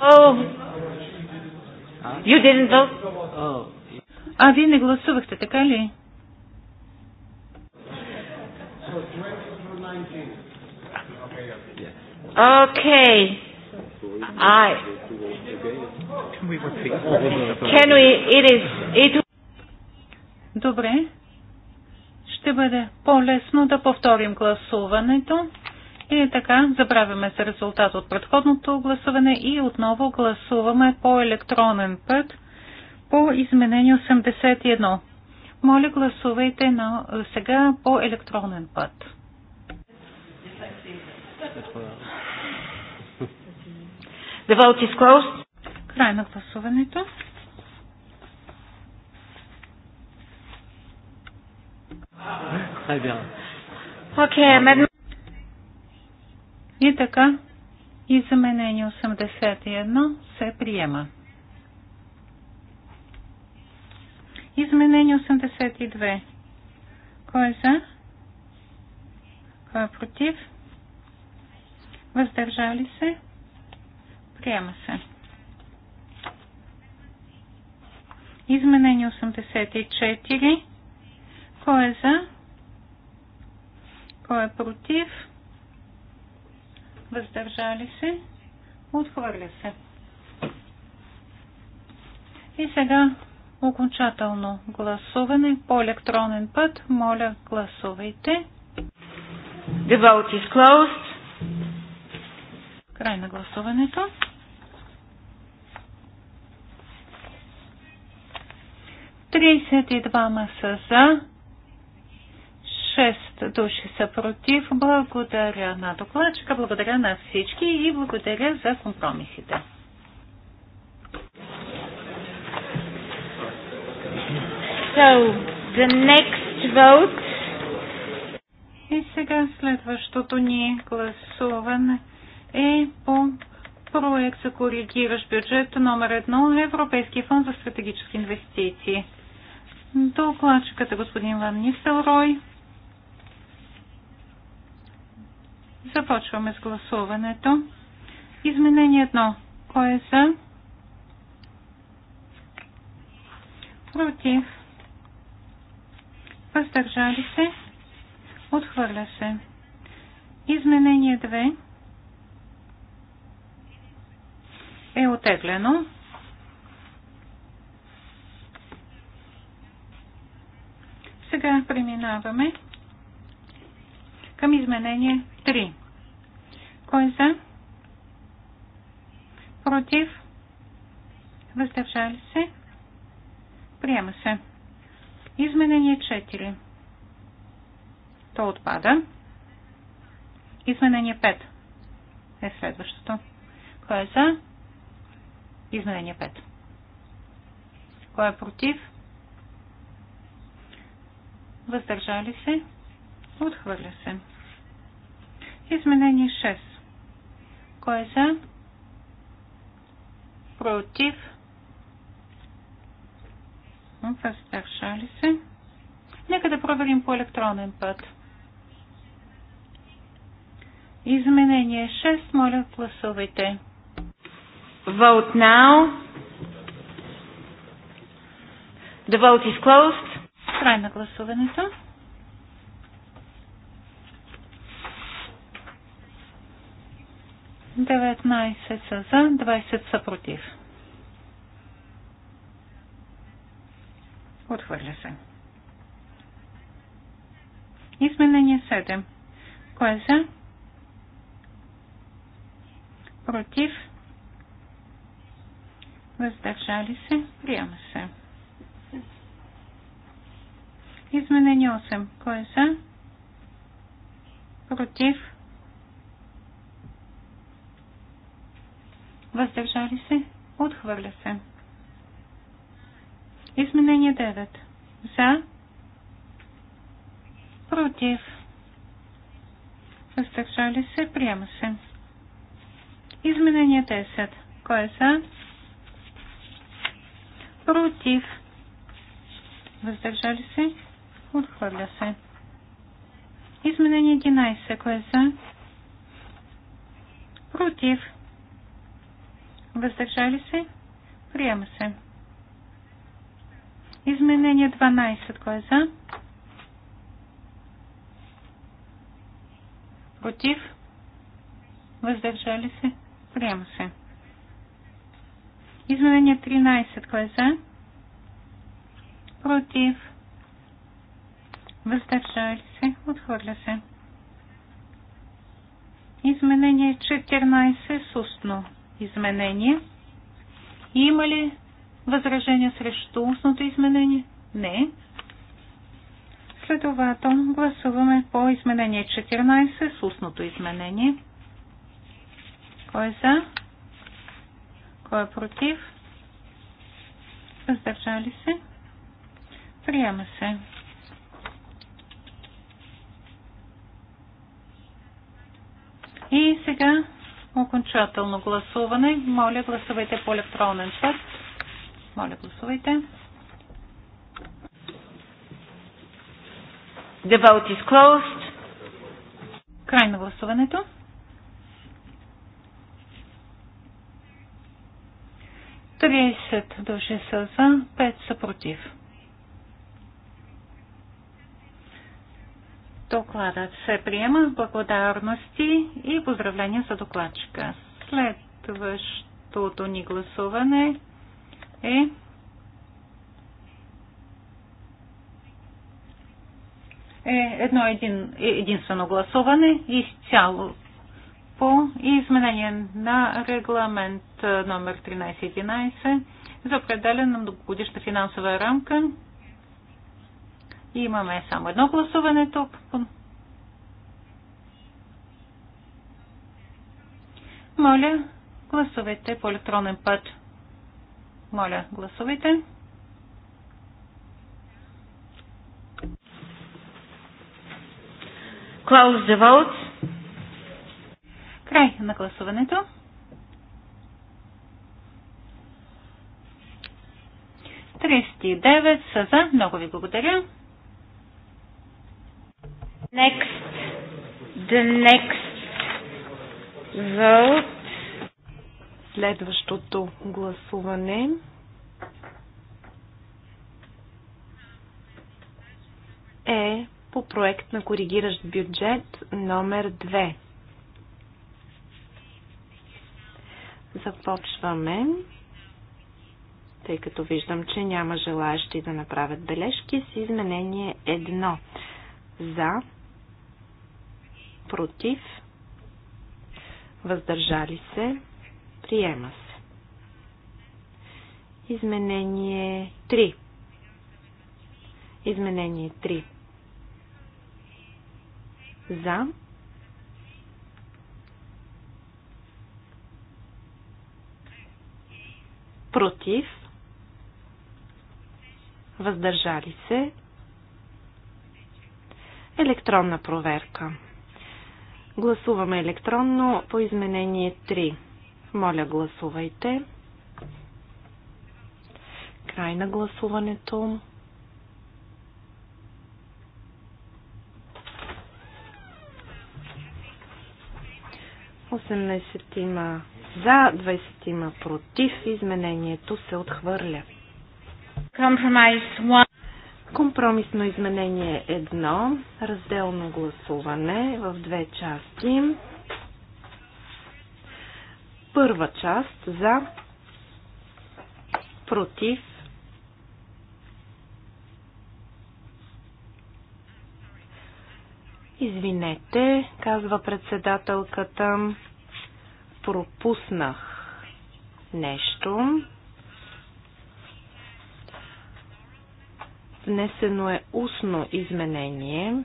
Oh, You didn't vote? А, вие не гласувахте, така ли? Okay. I... Can we... It is... It... Добре. Ще бъде по-лесно да повторим гласуването. И така, забравяме се резултат от предходното гласуване и отново гласуваме по електронен път по изменение 81. Моля, гласувайте на, сега по електронен път. The vote is closed. Край на гласуването. Okay, I'm и така, изменение 81 се приема. Изменение 82. Кой е за? Кой е против? Въздържали се? Приема се. Изменение 84. Кой е за? Кой е против? въздържали се, отхвърля се. И сега окончателно гласуване по електронен път. Моля, гласувайте. The vote is closed. Край на гласуването. Тридесет и двама са за, 6 души са против. Благодаря на докладчика, благодаря на всички и благодаря за компромисите. So, the next vote. И сега следващото ни гласуване е по проект за коригиращ бюджет номер 1 Европейския фонд за стратегически инвестиции. Докладчиката е господин Ван Рой. Започваме с гласуването. Изменение 1. Кой е за? Против. Въздържали се. Отхвърля се. Изменение 2 е отеглено. Сега преминаваме към изменение 3. Кой за? Против? Въздържали се? Приема се. Изменение 4. То отпада. Изменение 5 е следващото. Кой е за? Изменение 5. Кой е против? Въздържали се? Отхвърля се. Изменение 6. Кой е за? Против? Въздържали се. Нека да проверим по електронен път. Изменение 6. Моля, гласувайте. Vote now. The vote is closed. Край на гласуването. 19 са за, 20 са против. Отхвърля се. Изменение 7. Кой е за? Против. Въздържали се. Приема се. Изменение 8. Кой е за? Против. въздържали се, отхвърля се. Изменение 9. За, против, въздържали се, приема се. Изменение 10. Кой е за? Против. Въздържали се? Отхвърля се. Изменение 11. Кое е за? Против. Въздържали се? Приема се. Изменение 12. Кой е за? Против? Въздържали се? Приема се. Изменение 13. Кой е за? Против? Въздържали се? Отхвърля се. Изменение 14. Сусно изменение. Има ли възражение срещу устното изменение? Не. Следователно гласуваме по изменение 14 с устното изменение. Кой е за? Кой е против? Въздържали се? Приема се. И сега Окончателно гласуване. Моля, гласувайте по електронен път. Моля, гласувайте. The vote is closed. Край на гласуването. Тридесет души са за, пет са против. Докладът се приема с благодарности и поздравления за докладчика. Следващото ни гласуване е е едно един, е единствено гласуване изцяло по изменение на регламент номер 1311 за на многогодишна финансова рамка Имаме само едно гласуване тук. Моля, гласувайте по електронен път. Моля, гласувайте. Close the Край на гласуването. Тридесет и девет са за. Много ви благодаря. Next, the next vote. Следващото гласуване. е по проект на коригиращ бюджет номер 2. Започваме, тъй като виждам, че няма желаящи да направят бележки с изменение 1. За, против, въздържали се, приема се. Изменение 3. Изменение 3. За. Против. Въздържали се. Електронна проверка. Гласуваме електронно по изменение 3. Моля, гласувайте. Край на гласуването. има за, 20 против. Изменението се отхвърля. Компромис 1. Компромисно изменение 1, разделно гласуване в две части. Първа част за, против, Извинете, казва председателката, пропуснах нещо. Внесено е устно изменение.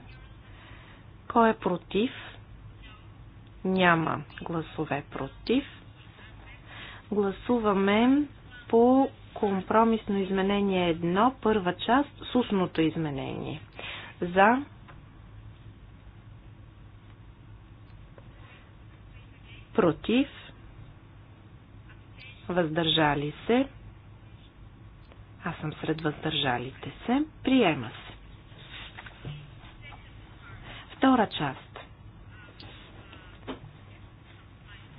Кой е против? Няма гласове против. Гласуваме по компромисно изменение 1, първа част, с устното изменение. За против, въздържали се, аз съм сред въздържалите се. Приема се. Втора част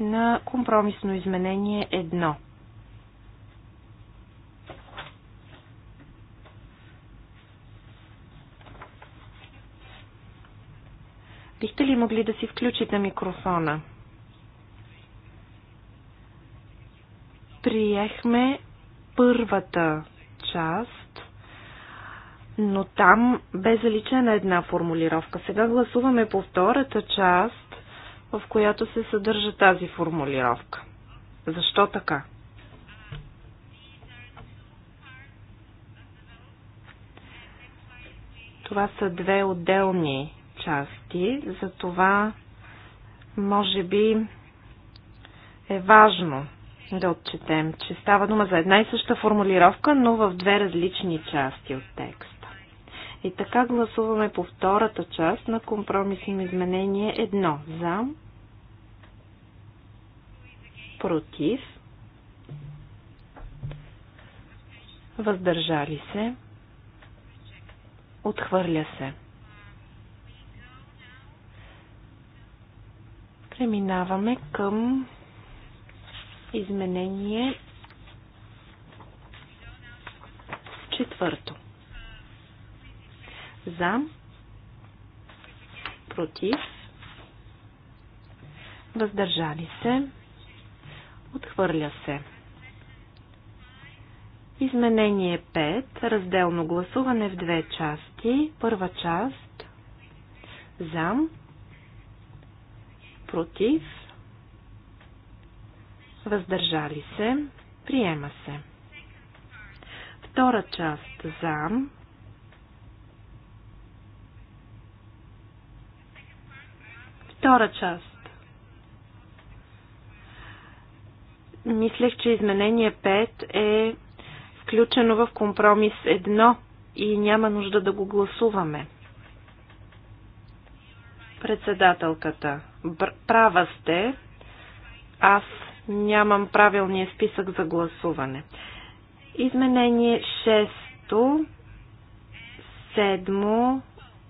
на компромисно изменение едно. Бихте ли могли да си включите микрофона? Приехме първата част, но там бе заличена една формулировка. Сега гласуваме по втората част, в която се съдържа тази формулировка. Защо така? Това са две отделни части, затова може би е важно да отчетем, че става дума за една и съща формулировка, но в две различни части от текста. И така гласуваме по втората част на компромисно изменение 1. За, против, въздържали се, отхвърля се. Преминаваме към Изменение четвърто. За, против, въздържали се, отхвърля се. Изменение 5. Разделно гласуване в две части. Първа част за, против, въздържали се, приема се. Втора част за, втора част. Мислех, че изменение 5 е включено в компромис 1 и няма нужда да го гласуваме. Председателката, права сте, аз Нямам правилния списък за гласуване. Изменение 6, 7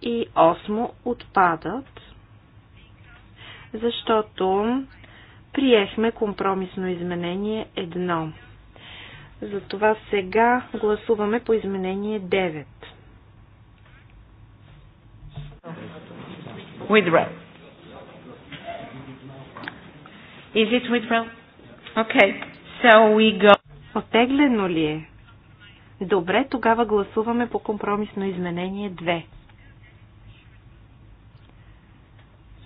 и 8 отпадат, защото приехме компромисно изменение 1. Затова сега гласуваме по изменение 9. Withdraw. Is it withdraw? Okay, so we go. Отеглено ли е? Добре, тогава гласуваме по компромисно изменение 2.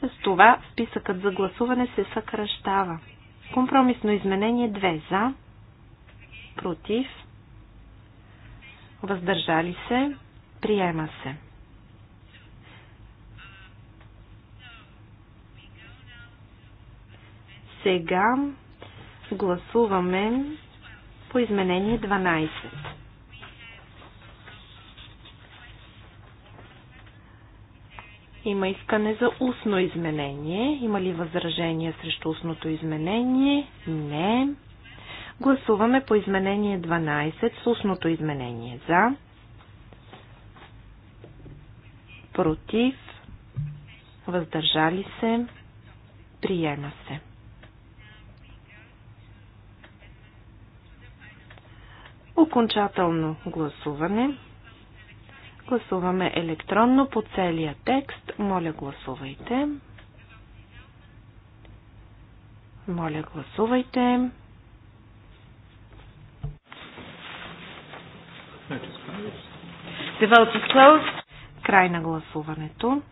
С това списъкът за гласуване се съкръщава. Компромисно изменение 2 за, против, въздържали се, приема се. Сега Гласуваме по изменение 12. Има искане за устно изменение. Има ли възражение срещу устното изменение? Не. Гласуваме по изменение 12 с устното изменение. За. Против. Въздържали се. Приема се. Окончателно гласуване. Гласуваме електронно по целия текст. Моля, гласувайте. Моля, гласувайте. The vote is closed. Край на гласуването.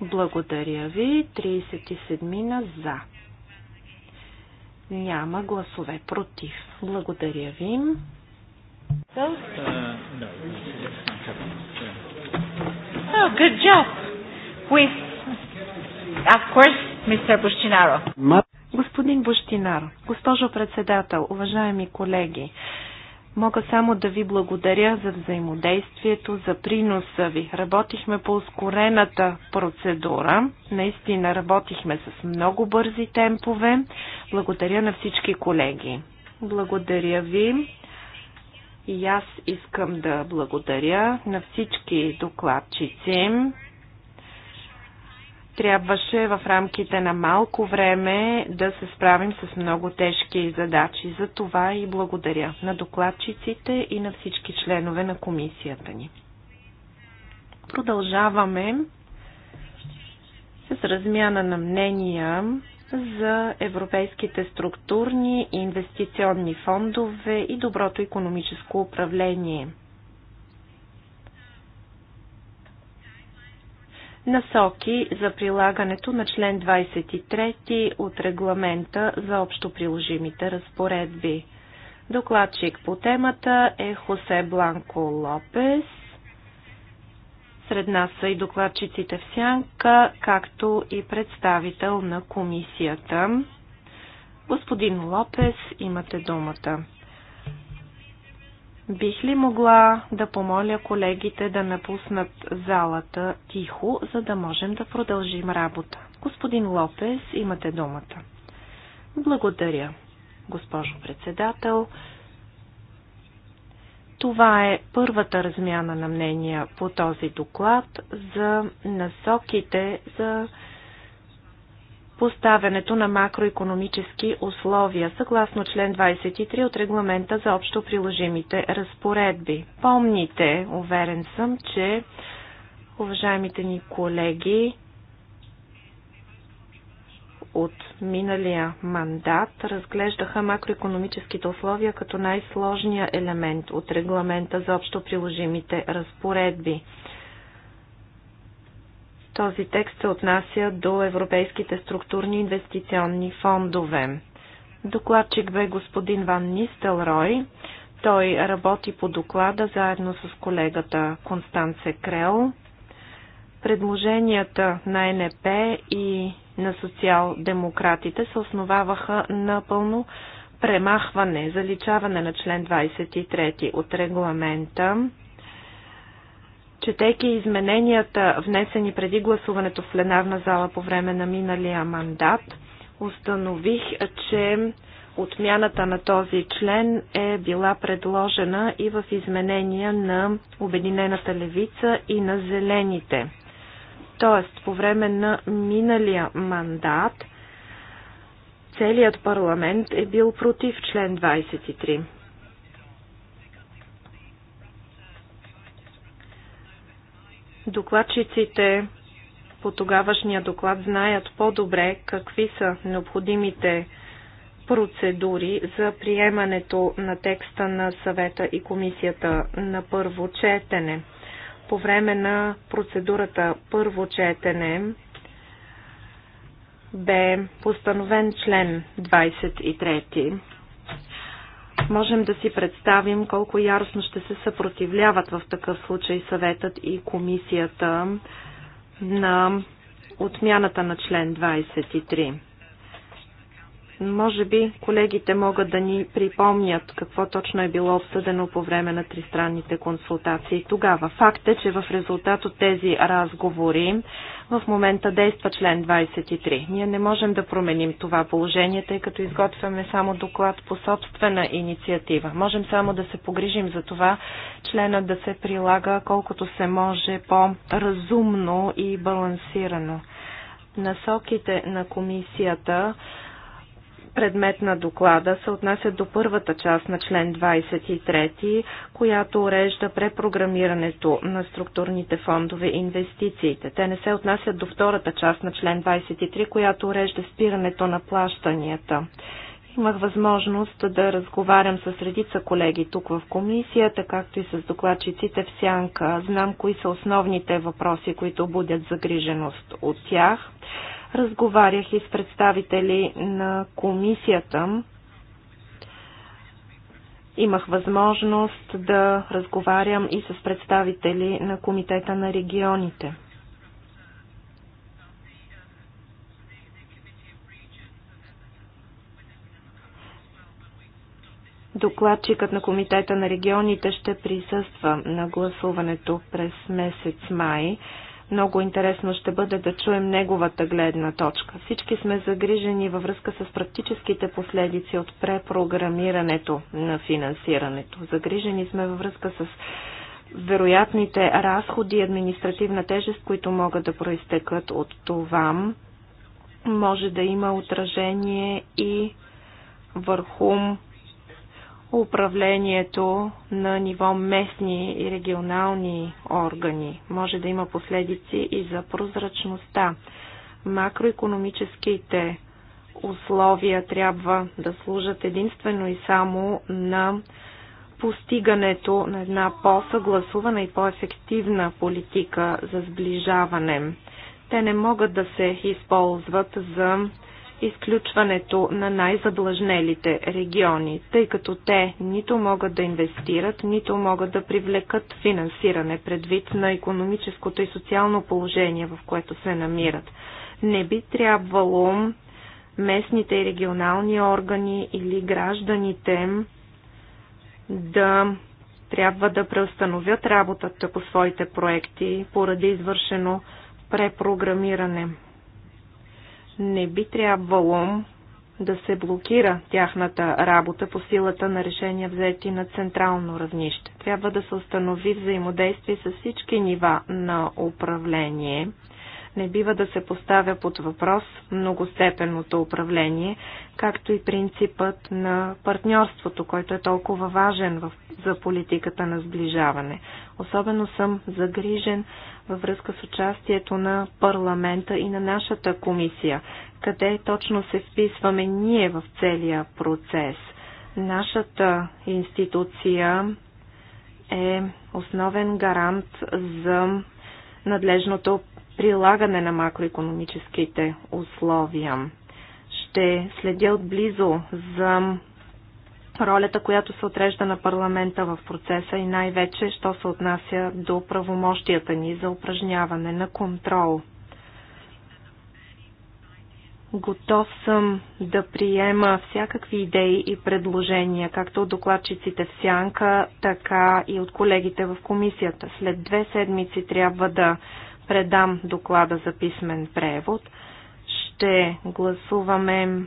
Благодаря ви. 37 на за. Няма гласове против. Благодаря ви. Oh, good job. With, of course, Mr. Bustinaro. Господин Бущинаро, госпожо председател, уважаеми колеги, Мога само да ви благодаря за взаимодействието, за приноса ви. Работихме по ускорената процедура. Наистина работихме с много бързи темпове. Благодаря на всички колеги. Благодаря ви. И аз искам да благодаря на всички докладчици, трябваше в рамките на малко време да се справим с много тежки задачи. За това и благодаря на докладчиците и на всички членове на комисията ни. Продължаваме с размяна на мнения за европейските структурни и инвестиционни фондове и доброто економическо управление – насоки за прилагането на член 23 от регламента за общо приложимите разпоредби. Докладчик по темата е Хосе Бланко Лопес. Сред нас са и докладчиците в сянка, както и представител на комисията. Господин Лопес, имате думата. Бих ли могла да помоля колегите да напуснат залата тихо, за да можем да продължим работа? Господин Лопес, имате думата. Благодаря, госпожо председател. Това е първата размяна на мнения по този доклад за насоките за поставянето на макроекономически условия, съгласно член 23 от регламента за общо приложимите разпоредби. Помните, уверен съм, че уважаемите ни колеги от миналия мандат разглеждаха макроекономическите условия като най-сложния елемент от регламента за общо приложимите разпоредби. Този текст се отнася до европейските структурни инвестиционни фондове. Докладчик бе господин Ван Нистелрой. Той работи по доклада заедно с колегата Констанце Крел. Предложенията на НП и на социал-демократите се основаваха на пълно премахване, заличаване на член 23 от регламента Четейки измененията, внесени преди гласуването в пленарна зала по време на миналия мандат, установих, че отмяната на този член е била предложена и в изменения на Обединената левица и на Зелените. Тоест, по време на миналия мандат, целият парламент е бил против член 23. Докладчиците по тогавашния доклад знаят по-добре какви са необходимите процедури за приемането на текста на съвета и комисията на първо четене. По време на процедурата първо четене бе постановен член 23 можем да си представим колко яростно ще се съпротивляват в такъв случай съветът и комисията на отмяната на член 23. Може би колегите могат да ни припомнят какво точно е било обсъдено по време на тристранните консултации тогава. Факт е, че в резултат от тези разговори в момента действа член 23. Ние не можем да променим това положение, тъй като изготвяме само доклад по собствена инициатива. Можем само да се погрижим за това члена да се прилага колкото се може по-разумно и балансирано насоките на комисията предмет на доклада се отнася до първата част на член 23, която урежда препрограмирането на структурните фондове и инвестициите. Те не се отнасят до втората част на член 23, която урежда спирането на плащанията. Имах възможност да разговарям с редица колеги тук в комисията, както и с докладчиците в Сянка. Знам кои са основните въпроси, които будят загриженост от тях. Разговарях и с представители на комисията. Имах възможност да разговарям и с представители на Комитета на регионите. Докладчикът на Комитета на регионите ще присъства на гласуването през месец май. Много интересно ще бъде да чуем неговата гледна точка. Всички сме загрижени във връзка с практическите последици от препрограмирането на финансирането. Загрижени сме във връзка с вероятните разходи и административна тежест, които могат да проистекат от това. Може да има отражение и върху управлението на ниво местни и регионални органи. Може да има последици и за прозрачността. Макроекономическите условия трябва да служат единствено и само на постигането на една по-съгласувана и по-ефективна политика за сближаване. Те не могат да се използват за изключването на най-задлъжнелите региони, тъй като те нито могат да инвестират, нито могат да привлекат финансиране предвид на економическото и социално положение, в което се намират. Не би трябвало местните и регионални органи или гражданите да трябва да преустановят работата по своите проекти поради извършено препрограмиране не би трябвало да се блокира тяхната работа по силата на решения взети на централно равнище. Трябва да се установи взаимодействие с всички нива на управление. Не бива да се поставя под въпрос многостепенното управление, както и принципът на партньорството, който е толкова важен в, за политиката на сближаване. Особено съм загрижен във връзка с участието на парламента и на нашата комисия. Къде точно се вписваме ние в целия процес? Нашата институция е основен гарант за надлежното прилагане на макроекономическите условия. Ще следя отблизо за ролята, която се отрежда на парламента в процеса и най-вече, що се отнася до правомощията ни за упражняване на контрол. Готов съм да приема всякакви идеи и предложения, както от докладчиците в Сянка, така и от колегите в комисията. След две седмици трябва да предам доклада за писмен превод. Ще гласуваме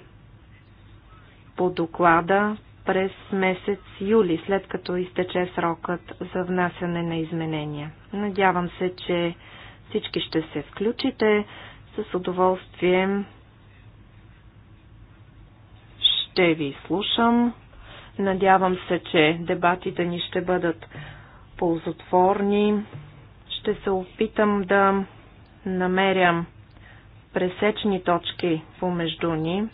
по доклада през месец юли, след като изтече срокът за внасяне на изменения. Надявам се, че всички ще се включите. С удоволствие ще ви слушам. Надявам се, че дебатите ни ще бъдат ползотворни. Ще се опитам да намерям пресечни точки помежду ни,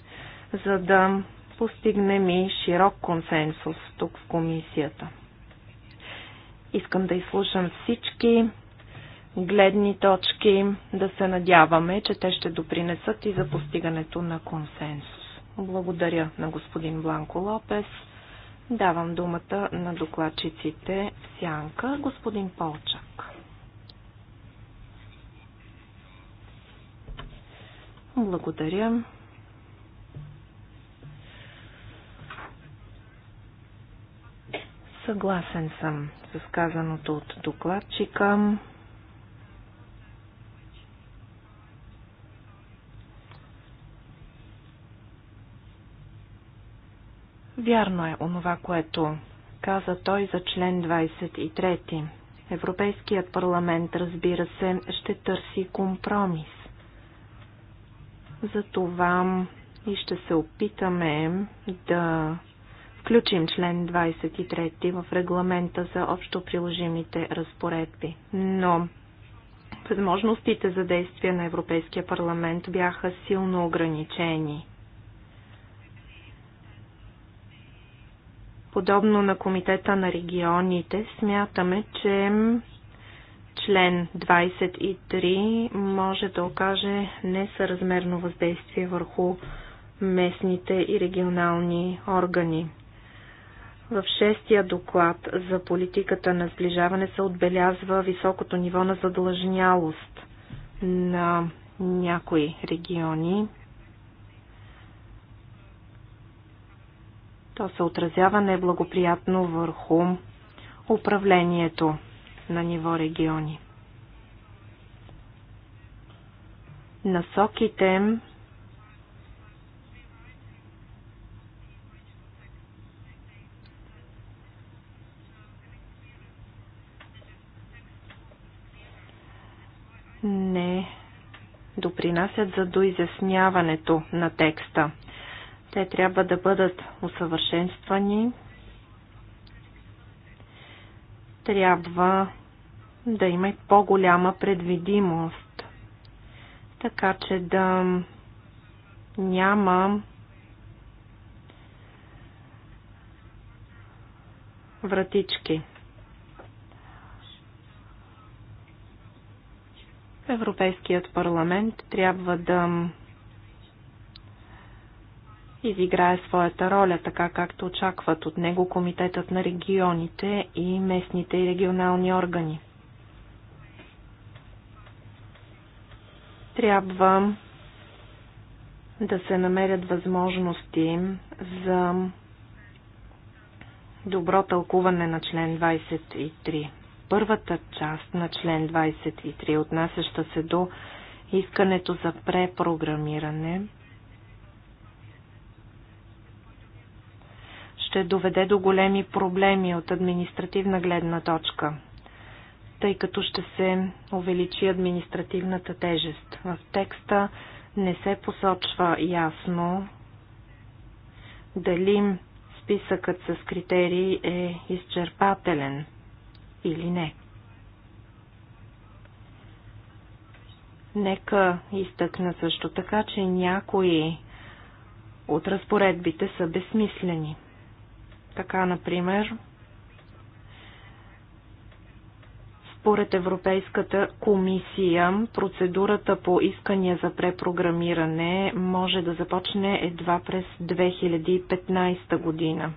за да постигнем и широк консенсус тук в комисията. Искам да изслушам всички гледни точки, да се надяваме, че те ще допринесат и за постигането на консенсус. Благодаря на господин Бланко Лопес. Давам думата на докладчиците Сянка, господин Полчак. Благодаря. Съгласен съм с казаното от докладчика. Вярно е онова, което каза той за член 23. Европейският парламент, разбира се, ще търси компромис. Затова и ще се опитаме да включим член 23 в регламента за общо приложимите разпоредби. Но възможностите за действие на Европейския парламент бяха силно ограничени. Подобно на Комитета на регионите, смятаме, че член 23 може да окаже несъразмерно въздействие върху местните и регионални органи. В шестия доклад за политиката на сближаване се отбелязва високото ниво на задлъжнялост на някои региони. То се отразява неблагоприятно върху управлението на ниво региони. Насоките не допринасят за доизясняването на текста. Те трябва да бъдат усъвършенствани. Трябва да има и по-голяма предвидимост, така че да няма вратички. Европейският парламент трябва да изиграе своята роля, така както очакват от него Комитетът на регионите и местните и регионални органи. Трябва да се намерят възможности за добро тълкуване на член 23 първата част на член 23, отнасяща се до искането за препрограмиране, ще доведе до големи проблеми от административна гледна точка, тъй като ще се увеличи административната тежест. В текста не се посочва ясно дали списъкът с критерии е изчерпателен – или не. Нека изтъкна също така, че някои от разпоредбите са безсмислени. Така, например, според Европейската комисия, процедурата по искания за препрограмиране може да започне едва през 2015 година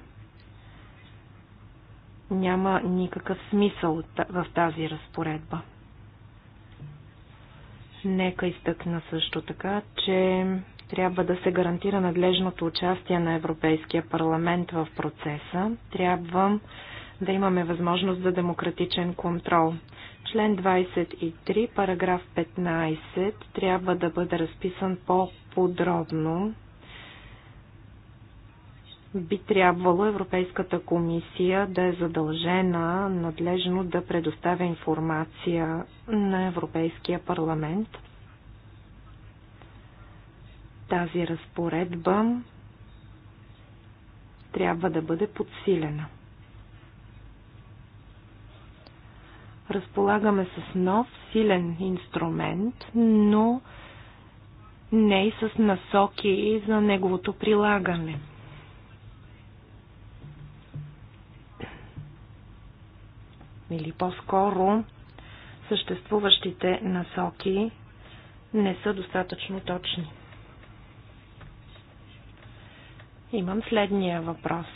няма никакъв смисъл в тази разпоредба. Нека изтъкна също така, че трябва да се гарантира надлежното участие на Европейския парламент в процеса. Трябва да имаме възможност за демократичен контрол. Член 23, параграф 15 трябва да бъде разписан по-подробно би трябвало Европейската комисия да е задължена надлежно да предоставя информация на Европейския парламент. Тази разпоредба трябва да бъде подсилена. Разполагаме с нов силен инструмент, но не и с насоки за неговото прилагане. или по-скоро съществуващите насоки не са достатъчно точни. Имам следния въпрос.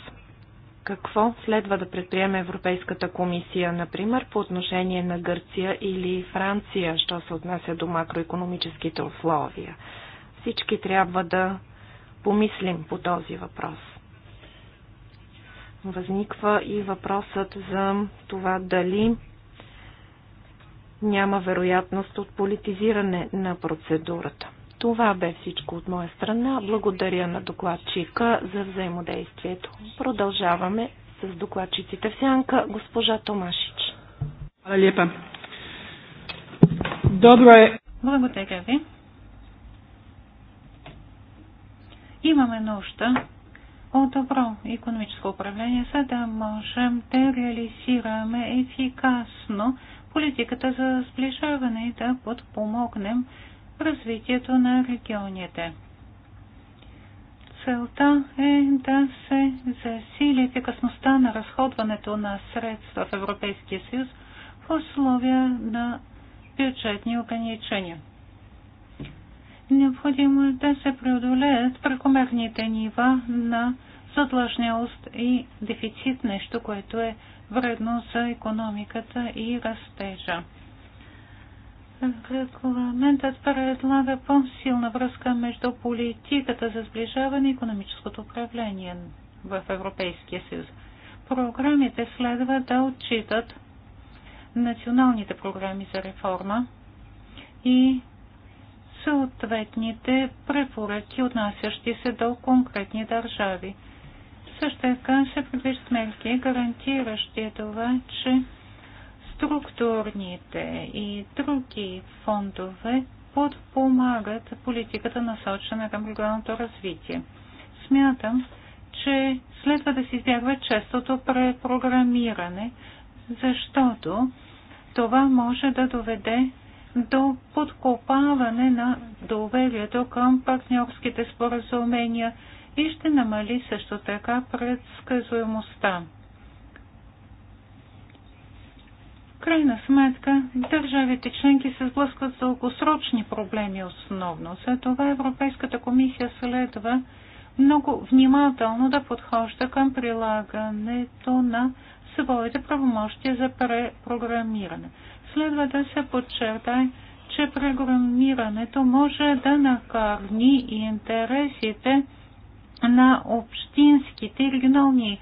Какво следва да предприеме Европейската комисия, например, по отношение на Гърция или Франция, що се отнася до макроекономическите условия? Всички трябва да помислим по този въпрос възниква и въпросът за това дали няма вероятност от политизиране на процедурата. Това бе всичко от моя страна. Благодаря на докладчика за взаимодействието. Продължаваме с докладчиците в сянка, госпожа Томашич. Hvala lijepa. Dobro Благодаря ви. Имаме нужда от добро економическо управление, за да можем да реализираме ефикасно политиката за сближаване и да подпомогнем развитието на регионите. Целта е да се засили ефикасността на разходването на средства в Европейския съюз в условия на бюджетни ограничения. Необходимо е да се преодолеят прекомерните нива на задлъжнялост и дефицит, нещо, което е вредно за економиката и растежа. Регламентът предлага по-силна връзка между политиката за сближаване и економическото управление в Европейския съюз. Програмите следва да отчитат националните програми за реформа и съответните препоръки, отнасящи се до конкретни държави. Също така се предвиждат мерки, гарантиращи това, че структурните и други фондове подпомагат политиката насочена към регионалното развитие. Смятам, че следва да се избягва честото препрограмиране, защото това може да доведе до подкопаване на доверието към партньорските споразумения и ще намали също така предсказуемостта. В крайна сметка, държавите членки се сблъскват с дългосрочни проблеми основно. За това Европейската комисия следва много внимателно да подхожда към прилагането на своите правомощия за препрограмиране. Следва да се подчертай, че програмирането може да накърни и интересите на общинските и регионални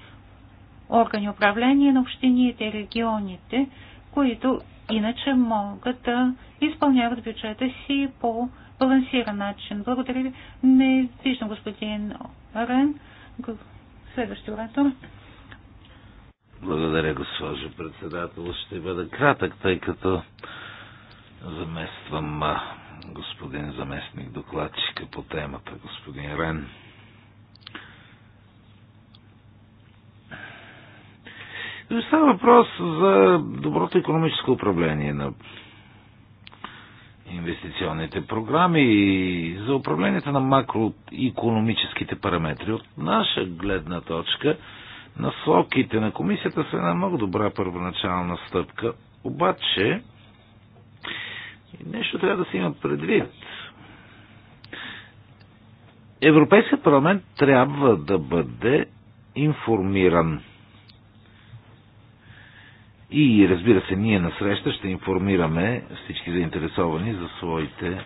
органи управление на общините и регионите, които иначе могат да изпълняват бюджета си по балансиран начин. Благодаря ви. Не виждам господин Рен. Следващия оратор. Благодаря, госпожо председател. Ще бъда кратък, тъй като замествам господин заместник докладчика по темата, господин Рен. Става въпрос за доброто економическо управление на инвестиционните програми и за управлението на макроекономическите параметри. От наша гледна точка – насоките на комисията са една много добра първоначална стъпка. Обаче, нещо трябва да се има предвид. Европейският парламент трябва да бъде информиран. И разбира се, ние на среща ще информираме всички заинтересовани за своите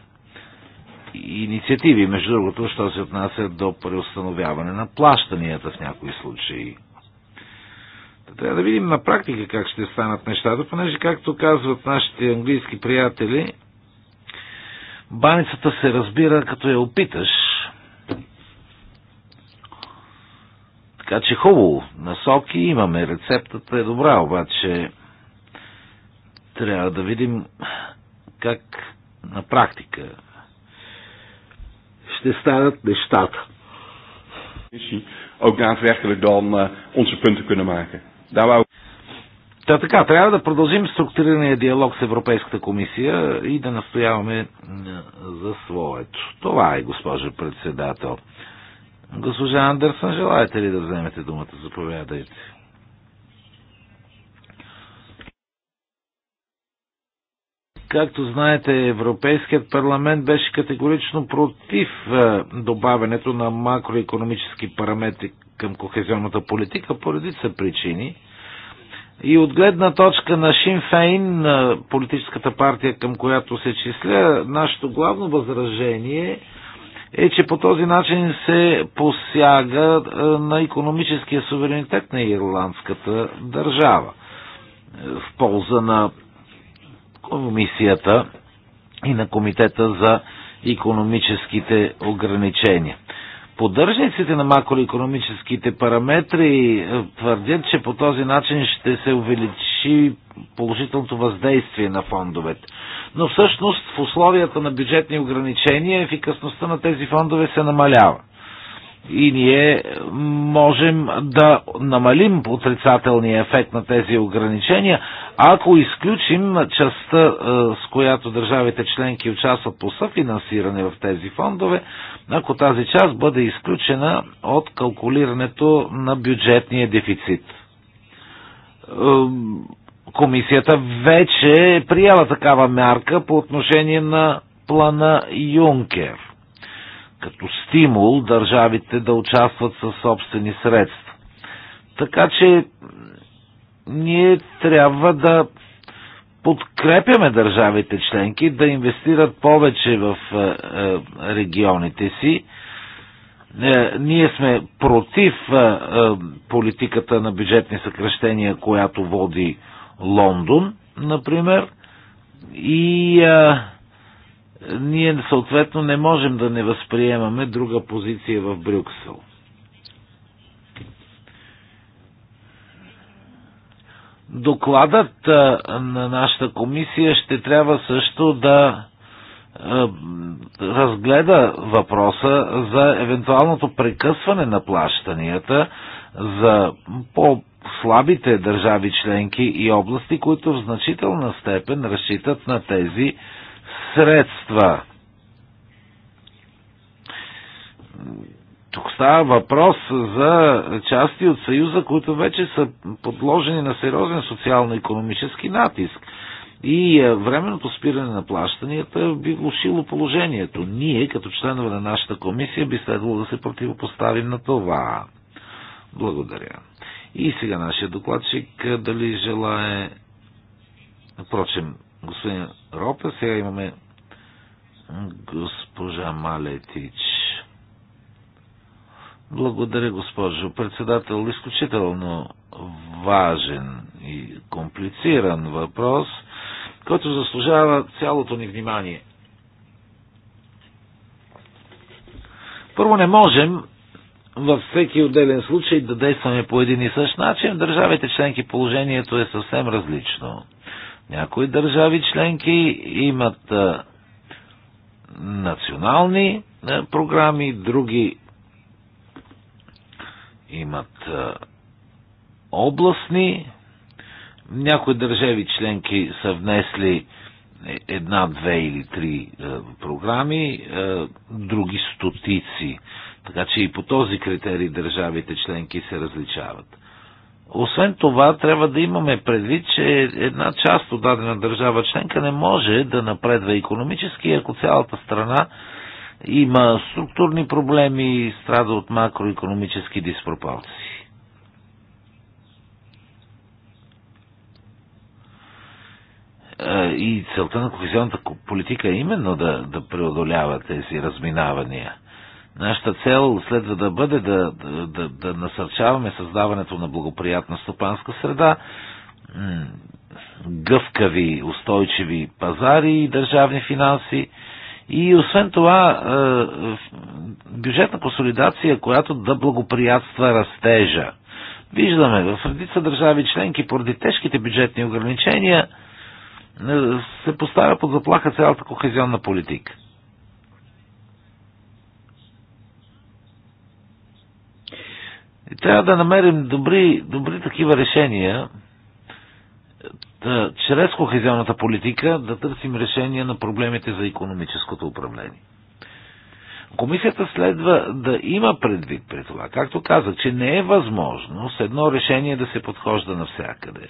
инициативи. Между другото, що се отнася до преустановяване на плащанията в някои случаи. Трябва да видим на практика как ще станат нещата, понеже, както казват нашите английски приятели, баницата се разбира като я опиташ. Така че хубаво, насоки имаме, рецептата е добра, обаче трябва да видим как на практика ще станат нещата. Ook daadwerkelijk dan uh, onze punten kunnen maken. Давай. Та така, трябва да продължим структурирания диалог с Европейската комисия и да настояваме за своето. Това е, госпожа председател. Госпожа Андерсън, желаете ли да вземете думата? Заповядайте. Както знаете, Европейският парламент беше категорично против е, добавянето на макроекономически параметри към кохезионната политика по редица причини. И от гледна точка на Шинфейн, е, политическата партия, към която се числя, нашето главно възражение е, че по този начин се посяга е, на економическия суверенитет на ирландската държава в полза на комисията и на комитета за економическите ограничения. Поддържниците на макроекономическите параметри е, твърдят, че по този начин ще се увеличи положителното въздействие на фондовете. Но всъщност в условията на бюджетни ограничения ефикасността на тези фондове се намалява и ние можем да намалим отрицателния ефект на тези ограничения, ако изключим частта, е, с която държавите членки участват по съфинансиране в тези фондове, ако тази част бъде изключена от калкулирането на бюджетния дефицит. Комисията вече е приела такава мярка по отношение на плана Юнкер – като стимул държавите да участват със собствени средства. Така че ние трябва да подкрепяме държавите членки да инвестират повече в е, е, регионите си. Е, ние сме против политиката на бюджетни съкрещения, която води Лондон, например. И а, ние съответно не можем да не възприемаме друга позиция в Брюксел. Докладът на нашата комисия ще трябва също да разгледа въпроса за евентуалното прекъсване на плащанията за по-слабите държави членки и области, които в значителна степен разчитат на тези средства. Тук става въпрос за части от Съюза, които вече са подложени на сериозен социално-економически натиск. И е, временното спиране на плащанията би влушило положението. Ние, като членове на нашата комисия, би следвало да се противопоставим на това. Благодаря. И сега нашия докладчик е, дали желае... Впрочем, господин Ропе, сега имаме госпожа Малетич. Благодаря, госпожо председател. Изключително важен и комплициран въпрос, който заслужава цялото ни внимание. Първо не можем във всеки отделен случай да действаме по един и същ начин. В държавите членки положението е съвсем различно. Някои държави членки имат национални е, програми, други имат е, областни. Някои държави членки са внесли е, една, две или три програми, други стотици. Така че и по този критерий държавите членки се различават. Освен това, трябва да имаме предвид, че една част от дадена държава членка не може да напредва економически, ако цялата страна има структурни проблеми и страда от макроекономически диспропорции. и целта на кохезионната политика е именно да, да преодолява тези разминавания. Нашата цел следва да бъде да, да, да насърчаваме създаването на благоприятна стопанска среда, гъвкави, устойчиви пазари и държавни финанси. И освен това, е, бюджетна консолидация, която да благоприятства растежа. Виждаме, в редица държави членки, поради тежките бюджетни ограничения, е, се поставя под заплаха цялата кохезионна политика. И трябва да намерим добри, добри такива решения, да, чрез кохезионната политика, да търсим решение на проблемите за економическото управление. Комисията следва да има предвид при това, както казах, че не е възможно с едно решение да се подхожда навсякъде.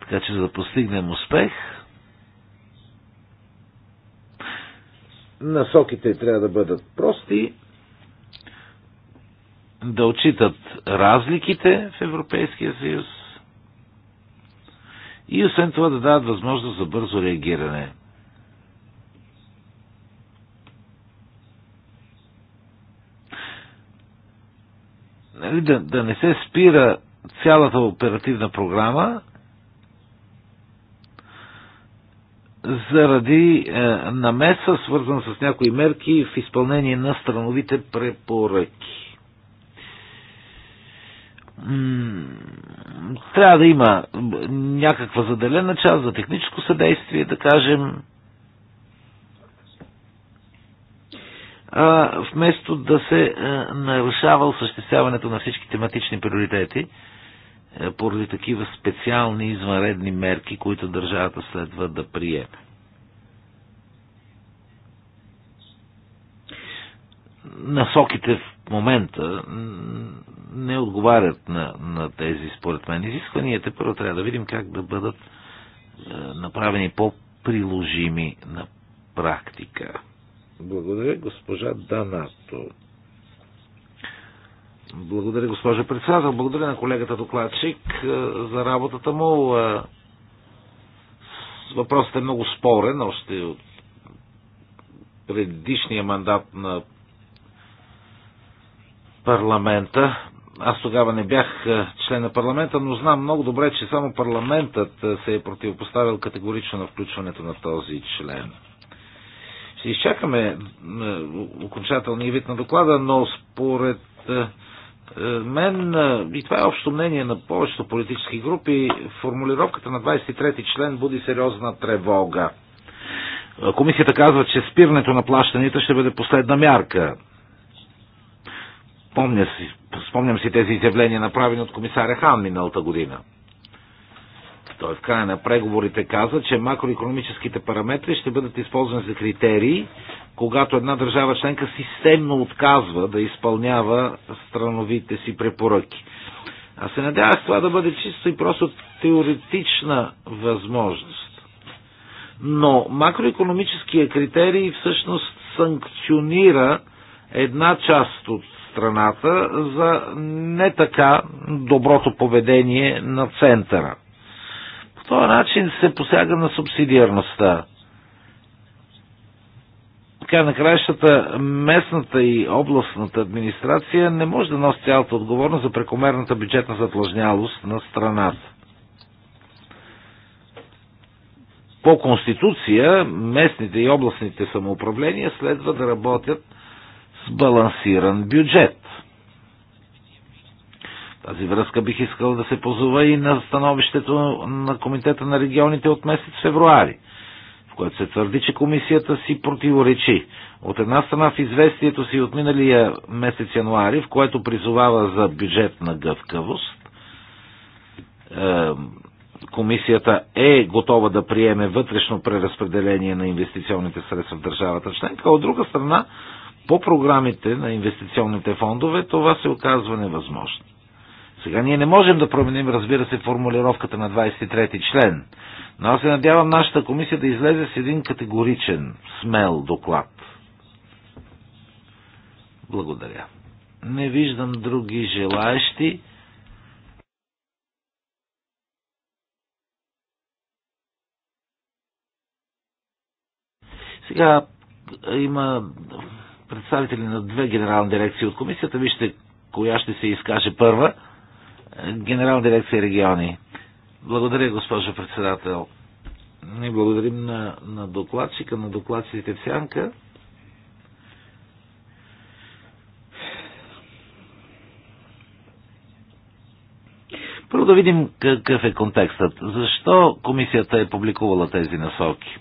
Така че за да постигнем успех, Насоките трябва да бъдат прости, да отчитат разликите в Европейския съюз и освен това да дадат възможност за бързо реагиране. Нали, да, да не се спира цялата оперативна програма, заради е, намеса, свързан с някои мерки в изпълнение на страновите препоръки. Трябва да има някаква заделена част за техническо съдействие, да кажем, вместо да се е, нарушава осъществяването на всички тематични приоритети, е, поради такива специални извънредни мерки, които държавата следва да приеме. Насоките в момента не отговарят на, на тези, според мен, изискванията. Първо трябва да видим как да бъдат е, направени по-приложими на практика. Благодаря, госпожа Данато. Благодаря, госпожа председател. Благодаря на колегата докладчик е, за работата му. Е, въпросът е много спорен, още от предишния мандат на парламента. Аз тогава не бях е, член на парламента, но знам много добре, че само парламентът се е противопоставил категорично на включването на този член. Ще изчакаме окончателния вид на доклада, но според е, мен, е, и това е общо мнение на повечето политически групи, формулировката на 23-ти член буди сериозна тревога. Е, комисията казва, че спирането на плащанията ще бъде последна мярка. Помня си, спомням си тези изявления, направени от комисаря Хан миналата година. Той в края на преговорите каза, че макроекономическите параметри ще бъдат използвани за критерии, когато една държава членка системно отказва да изпълнява страновите си препоръки. Аз се надявах това да бъде чисто и просто теоретична възможност. Но макроекономическия критерий всъщност санкционира една част от страната за не така доброто поведение на центъра. По този начин се посяга на субсидиарността така на краищата местната и областната администрация не може да носи цялата отговорност за прекомерната бюджетна задлъжнялост на страната. По Конституция местните и областните самоуправления следва да работят с балансиран бюджет. тази връзка бих искал да се позова и на становището на Комитета на регионите от месец февруари – което се твърди, че комисията си противоречи. От една страна в известието си от миналия месец януари, в което призовава за бюджет на гъвкавост, е, комисията е готова да приеме вътрешно преразпределение на инвестиционните средства в държавата членка, от друга страна по програмите на инвестиционните фондове това се оказва невъзможно. Сега ние не можем да променим, разбира се, формулировката на 23 ти член, но аз се надявам нашата комисия да излезе с един категоричен, смел доклад. Благодаря. Не виждам други желаещи. Сега е, има представители на две генерални дирекции от комисията. Вижте коя ще се изкаже първа. Генерална дирекция региони. Благодаря, госпожо председател. Ние благодарим на, на докладчика, на докладците в сянка. Първо да видим какъв е контекстът. Защо комисията е публикувала тези насоки?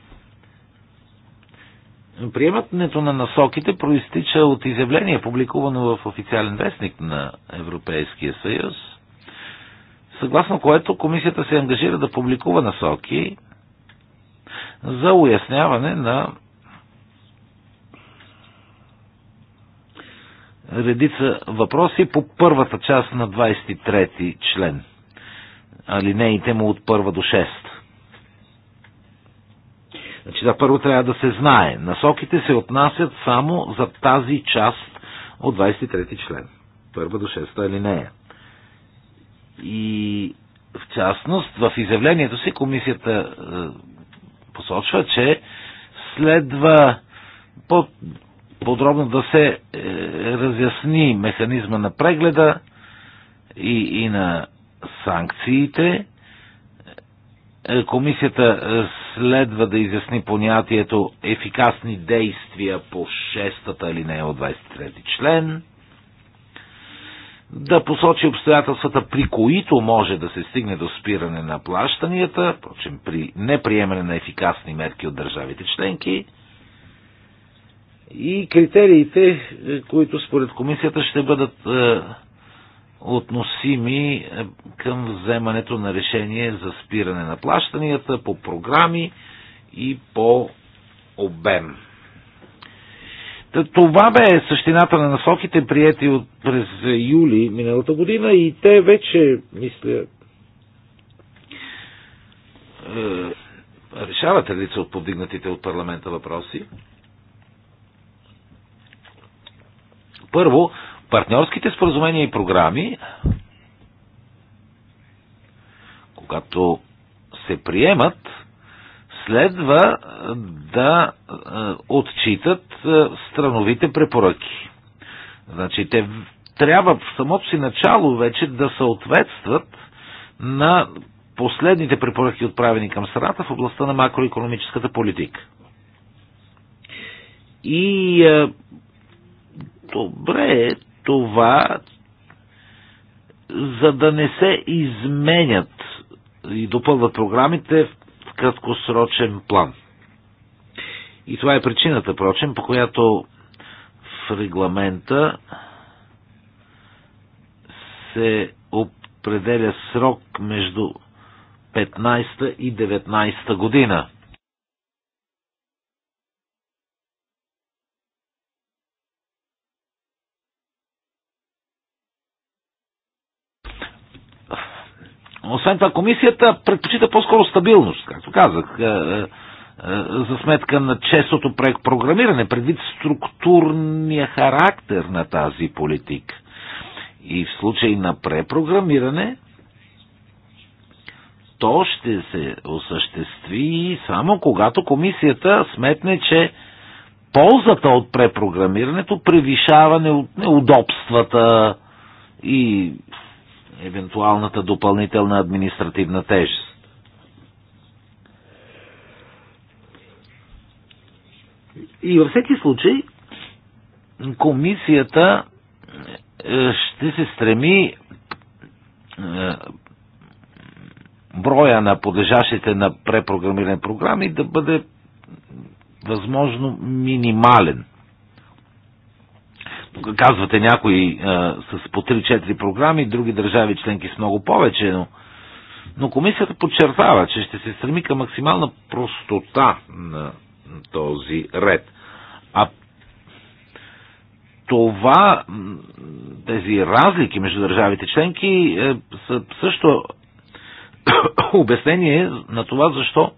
Приемането на насоките проистича от изявление, публикувано в официален вестник на Европейския съюз – съгласно което комисията се ангажира да публикува насоки за уясняване на редица въпроси по първата част на 23 ти член. Алинеите му от първа до 6. Значи да първо трябва да се знае. Насоките се отнасят само за тази част от 23 ти член. Първа до 6 алинея. И в частност, в изявлението си комисията е, посочва, че следва по подробно да се е, разясни механизма на прегледа и, и на санкциите. Е, комисията е, следва да изясни понятието ефикасни действия по шестата алинея от 23 член да посочи обстоятелствата, при които може да се стигне до спиране на плащанията, впрочем, при неприемане на ефикасни мерки от държавите членки, и критериите, които според комисията ще бъдат е, относими е, към вземането на решение за спиране на плащанията по програми и по обем. Това бе същината на насоките, прияти от през юли миналата година и те вече, мисля, е, решават лица от повдигнатите от парламента въпроси. Първо, партньорските споразумения и програми, когато се приемат, следва да отчитат страновите препоръки. Значи те трябва в самото си начало вече да съответстват на последните препоръки отправени към страната в областта на макроекономическата политика. И е, добре е това, за да не се изменят и допълват програмите в краткосрочен план. И това е причината, прочим, по която в регламента се определя срок между 15 и 19 година. Освен това, комисията предпочита по-скоро стабилност, както казах, е, е, е, за сметка на честото програмиране, предвид структурния характер на тази политика. И в случай на препрограмиране, то ще се осъществи само когато комисията сметне, че ползата от препрограмирането превишава неудобствата и евентуалната допълнителна административна тежест. И във всеки случай комисията е, ще се стреми е, броя на подлежащите на препрограмиране програми да бъде възможно минимален казвате някои с по 3-4 програми, други държави членки с много повече, но, но комисията подчертава, че ще се стреми към максимална простота на този ред. А това, тези разлики между държавите членки е, са също обяснение на това, защо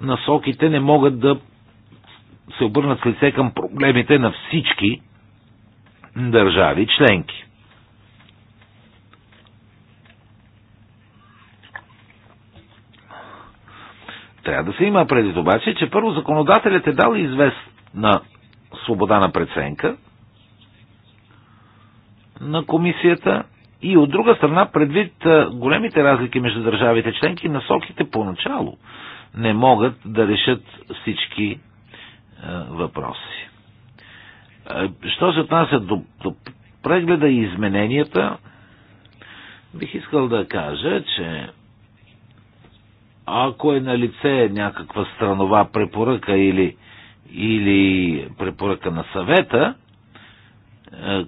насоките не могат да се обърнат с лице към проблемите на всички държави членки. Трябва да се има преди обаче, че първо законодателят е дал известна свобода на преценка на комисията и от друга страна предвид големите разлики между държавите членки, насоките поначало не могат да решат всички въпроси. Що се отнася до, до прегледа и измененията, бих искал да кажа, че ако е на лице някаква странова препоръка или, или препоръка на съвета,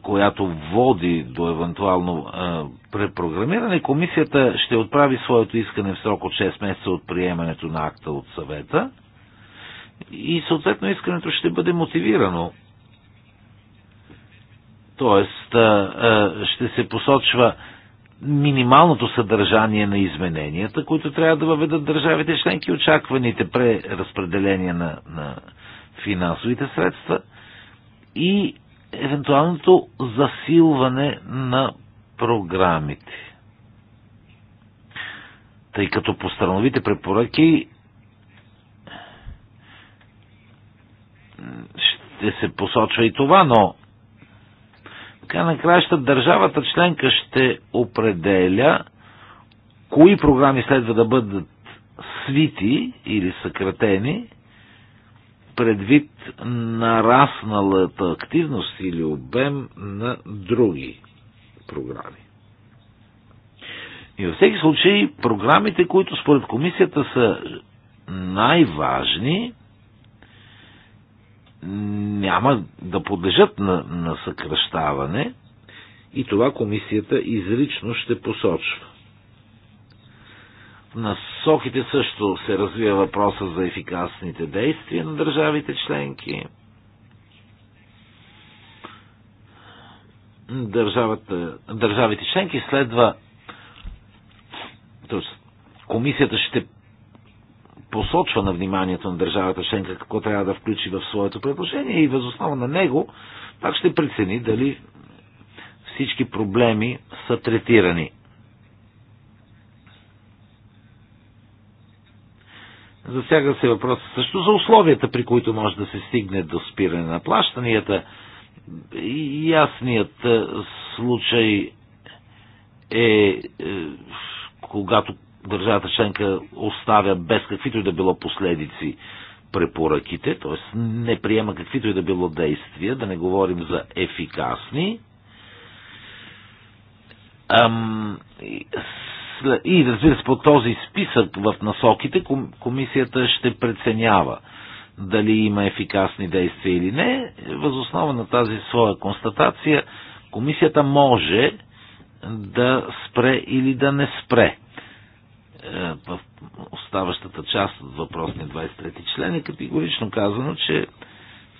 която води до евентуално препрограмиране, комисията ще отправи своето искане в срок от 6 месеца от приемането на акта от съвета и съответно искането ще бъде мотивирано Тоест, ще се посочва минималното съдържание на измененията, които трябва да въведат държавите членки, очакваните преразпределения на, на финансовите средства и евентуалното засилване на програмите. Тъй като по страновите препоръки ще се посочва и това, но така на краища държавата членка ще определя кои програми следва да бъдат свити или съкратени предвид нарасналата активност или обем на други програми. И във всеки случай програмите, които според комисията са най-важни, няма да подлежат на, на съкръщаване и това комисията изрично ще посочва. В насоките също се развива въпроса за ефикасните действия на държавите членки. Държавата, държавите членки следва Тоест, комисията ще посочва на вниманието на държавата членка какво трябва да включи в своето предложение и възоснова на него пак ще прецени дали всички проблеми са третирани. Засяга се въпроса също за условията, при които може да се стигне до спиране на плащанията. Ясният е, случай е, е когато държавата членка оставя без каквито и да било последици препоръките, т.е. не приема каквито и да било действия, да не говорим за ефикасни. Ам, и разбира се, по този списък в насоките комисията ще преценява дали има ефикасни действия или не. Възоснова на тази своя констатация комисията може да спре или да не спре е, в оставащата част от въпросния 23 член е категорично казано, че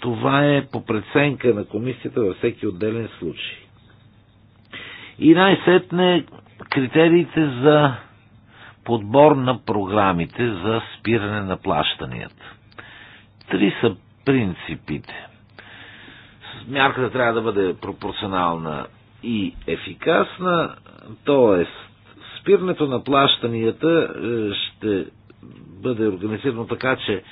това е по преценка на комисията във всеки отделен случай. И най-сетне критериите за подбор на програмите за спиране на плащанията. Три са принципите. Мярката трябва да бъде пропорционална и ефикасна, т.е спирането на плащанията е, ще бъде организирано така, че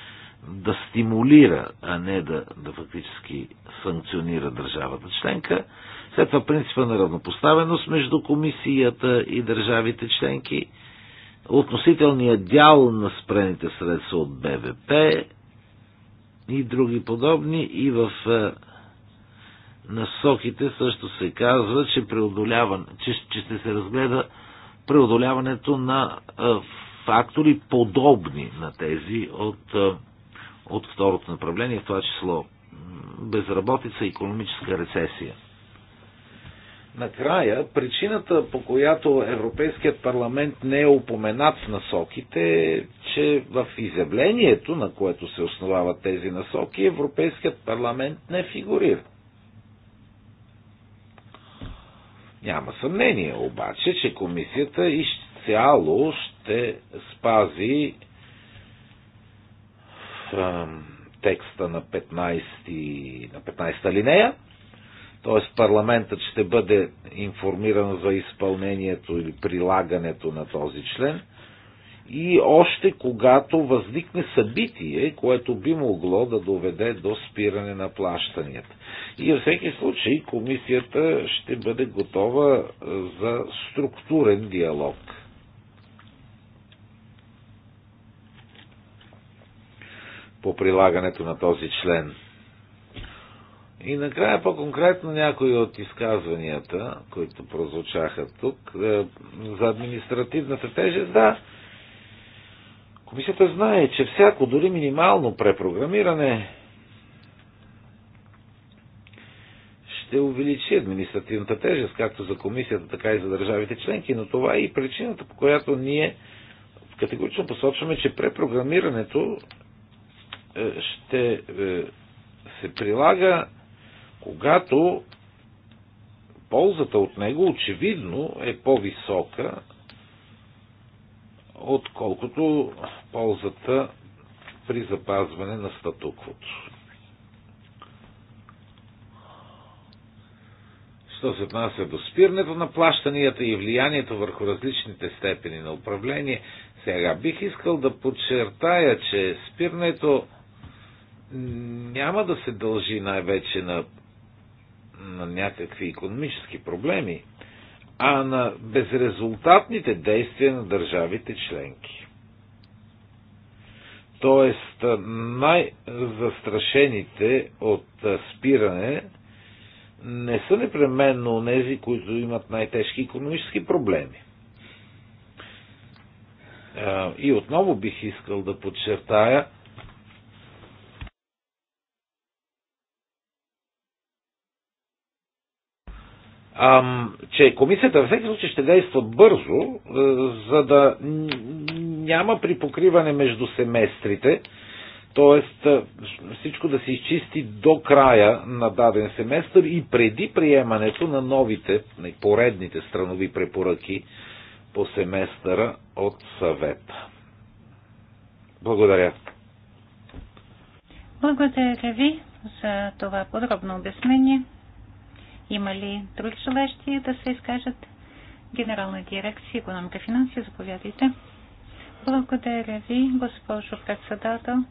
да стимулира, а не да, да фактически санкционира държавата членка. След това принципа на равнопоставеност между комисията и държавите членки, относителният дял на спрените средства от БВП и други подобни и в е, насоките също се казва, че преодоляване, че, че ще се разгледа преодоляването на фактори подобни на тези от, от второто направление, в това число безработица и економическа рецесия. Накрая, причината по която Европейският парламент не е упоменат в насоките е, че в изявлението, на което се основават тези насоки, Европейският парламент не фигурира. Няма съмнение обаче, че комисията изцяло ще спази в текста на 15, на 15 линея, т.е. парламентът ще бъде информиран за изпълнението или прилагането на този член – и още когато възникне събитие, което би могло да доведе до спиране на плащанията. И във всеки случай комисията ще бъде готова е, за структурен диалог. по прилагането на този член. И накрая по-конкретно някои от изказванията, които прозвучаха тук, е, за административната тежест, да, Комисията знае, че всяко, дори минимално препрограмиране ще увеличи административната тежест, както за комисията, така и за държавите членки, но това е и причината, по която ние категорично посочваме, че препрограмирането е, ще е, се прилага, когато ползата от него очевидно е по-висока отколкото ползата при запазване на статуквото. Що се отнася до спирането на плащанията и влиянието върху различните степени на управление, сега бих искал да подчертая, че спирането няма да се дължи най-вече на, на някакви економически проблеми, а на безрезултатните действия на държавите членки. Тоест най-застрашените от спиране не са непременно тези, които имат най-тежки економически проблеми. И отново бих искал да подчертая – ам, че комисията във всеки случай ще действа бързо, е, за да няма припокриване между семестрите, т.е. всичко да се изчисти до края на даден семестър и преди приемането на новите, поредните странови препоръки по семестъра от съвета. Благодаря. Благодаря ви за това подробно обяснение. Има ли други желащи да се изкажат? Генерална дирекция економика и финанси, заповядайте. Благодаря ви, госпожо председател.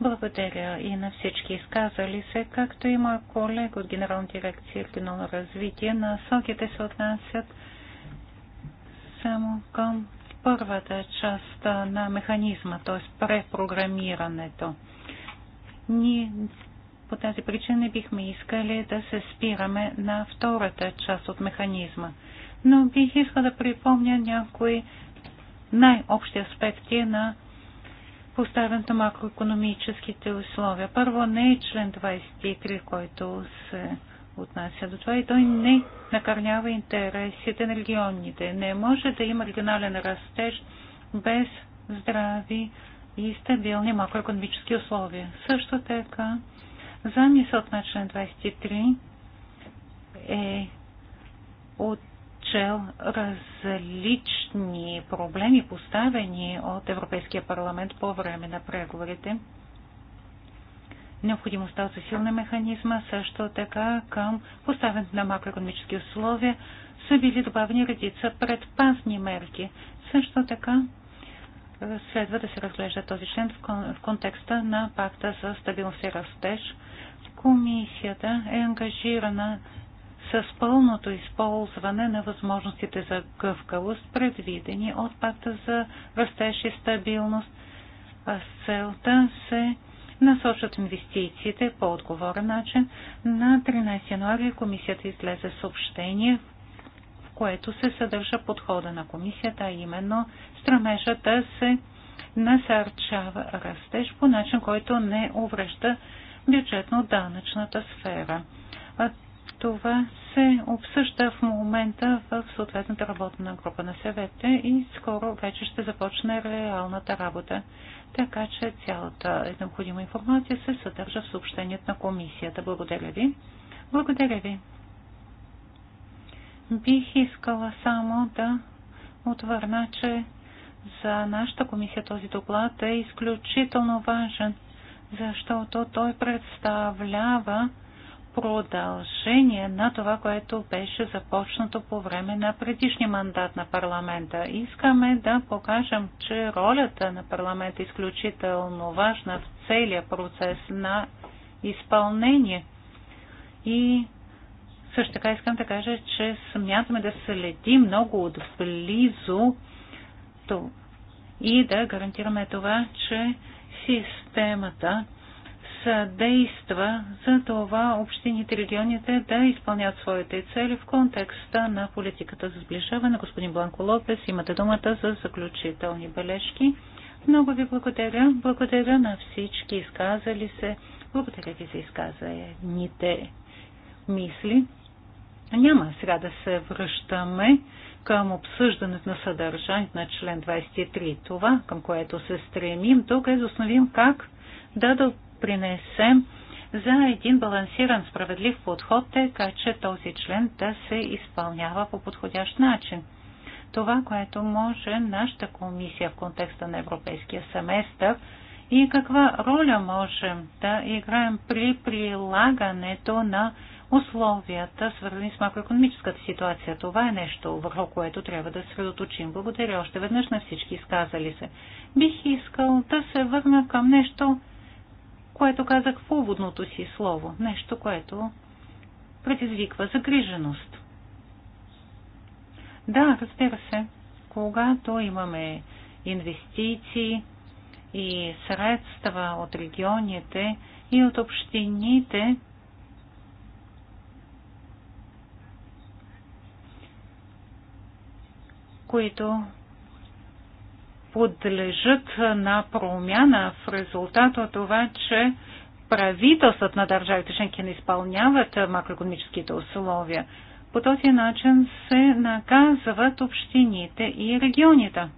Благодаря и на всички изказали се, както и моя колега от Генерална дирекция регионално развитие. Насоките се отнасят само към първата част на механизма, т.е. препрограмирането. Ние по тази причина не бихме искали да се спираме на втората част от механизма. Но бих искал да припомня някои най-общи аспекти на поставянето на макроекономическите условия. Първо не е член 23, който се отнася до това и той не накърнява интересите на регионите. Не може да има регионален растеж без здрави и стабилни макроекономически условия. Също така Замисълът на член 23 е отчел различни проблеми, поставени от Европейския парламент по време на преговорите. Необходимостта от засилна механизма, също така към поставянето на макроекономически условия, са били добавени редица предпазни мерки. Също така следва да се разглежда този член в контекста на пакта за стабилност и растеж. Комисията е ангажирана с пълното използване на възможностите за гъвкавост, предвидени от пакта за растеж и стабилност, а с целта се насочат инвестициите по отговорен начин. На 13 януаря комисията излезе съобщение, в което се съдържа подхода на комисията, а именно стремежа да се насърчава растеж по начин, който не увръща бюджетно-данъчната сфера. Това се обсъжда в момента в съответната работна група на съвета и скоро вече ще започне реалната работа. Така че цялата необходима информация се съдържа в съобщението на комисията. Благодаря ви. Благодаря ви. Бих искала само да отвърна, че за нашата комисия този доклад е изключително важен, защото той представлява продължение на това, което беше започнато по време на предишния мандат на парламента. Искаме да покажем, че ролята на парламента е изключително важна в целия процес на изпълнение. И също така искам да кажа, че смятаме да следим много отблизо и да гарантираме това, че системата съдейства за това общините и регионите да изпълнят своите цели в контекста на политиката за сближаване. Господин Бланко Лопес, имате думата за заключителни бележки. Много ви благодаря. Благодаря на всички изказали се. Благодаря ви за изказаните мисли. Няма сега да се връщаме към обсъждането на съдържанието на член 23. Това, към което се стремим тук е да установим как да допринесем за един балансиран, справедлив подход, е така че този член да се изпълнява по подходящ начин. Това, което може нашата комисия в контекста на европейския семестър и каква роля можем да играем при прилагането на условията, свързани с макроекономическата ситуация. Това е нещо, върху което трябва да средоточим. Благодаря още веднъж на всички изказали се. Бих искал да се върна към нещо, което казах в уводното си слово. Нещо, което предизвиква загриженост. Да, разбира се, когато имаме инвестиции и средства от регионите и от общините, които подлежат на промяна в резултат от това, че правителствата на държавите членки не изпълняват макроекономическите условия. По този начин се наказват общините и регионите.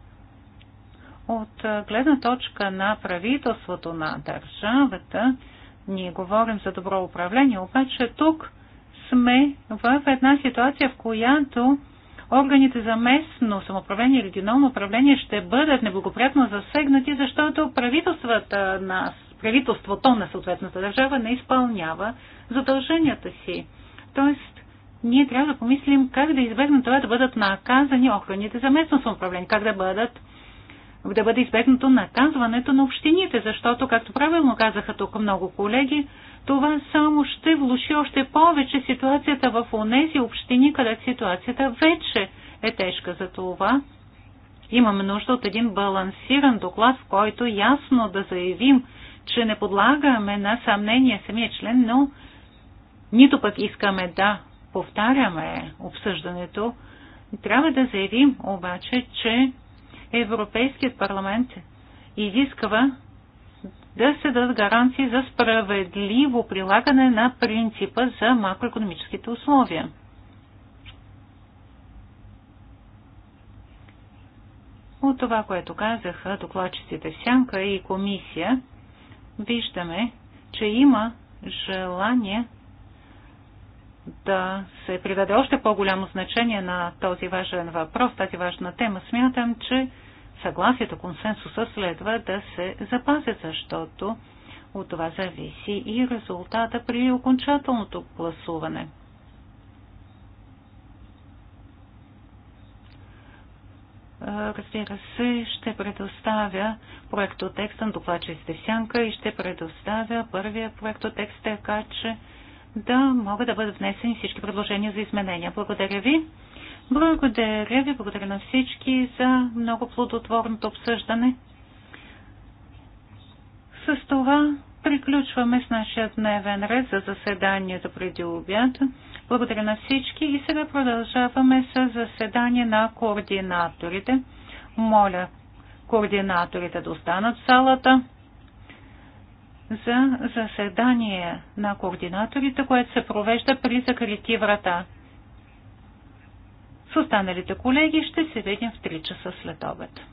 От гледна точка на правителството на държавата, ние говорим за добро управление, обаче тук сме в една ситуация, в която органите за местно самоуправление и регионално управление ще бъдат неблагоприятно засегнати, защото правителствата на, правителството на съответната държава не изпълнява задълженията си. Тоест, ние трябва да помислим как да избегнем това да бъдат наказани органите за местно самоуправление, как да бъдат да бъде избегнато наказването на общините, защото, както правилно казаха тук много колеги, това само ще влуши още повече ситуацията в онези общини, където ситуацията вече е тежка за това. Имаме нужда от един балансиран доклад, в който ясно да заявим, че не подлагаме на съмнение самия член, но нито пък искаме да повтаряме обсъждането. Трябва да заявим обаче, че Европейският парламент изисква да се дадат гаранции за справедливо прилагане на принципа за макроекономическите условия. От това, което казаха докладчиците в Сянка и комисия, виждаме, че има желание да се придаде още по-голямо значение на този важен въпрос, тази важна тема. Смятам, че съгласието, консенсуса следва да се запазят, защото от това зависи и резултата при окончателното гласуване. Разбира се, ще предоставя проектотекста на докладчиците сянка и ще предоставя първия проектотекст, така че да могат да бъдат внесени всички предложения за изменения. Благодаря ви. Благодаря ви, благодаря на всички за много плодотворното обсъждане. С това приключваме с нашия дневен ред за заседанието преди обяд. Благодаря на всички и сега продължаваме с заседание на координаторите. Моля координаторите да останат в салата за заседание на координаторите, което се провежда при закрити врата. С останалите колеги ще се видим в 3 часа след обед.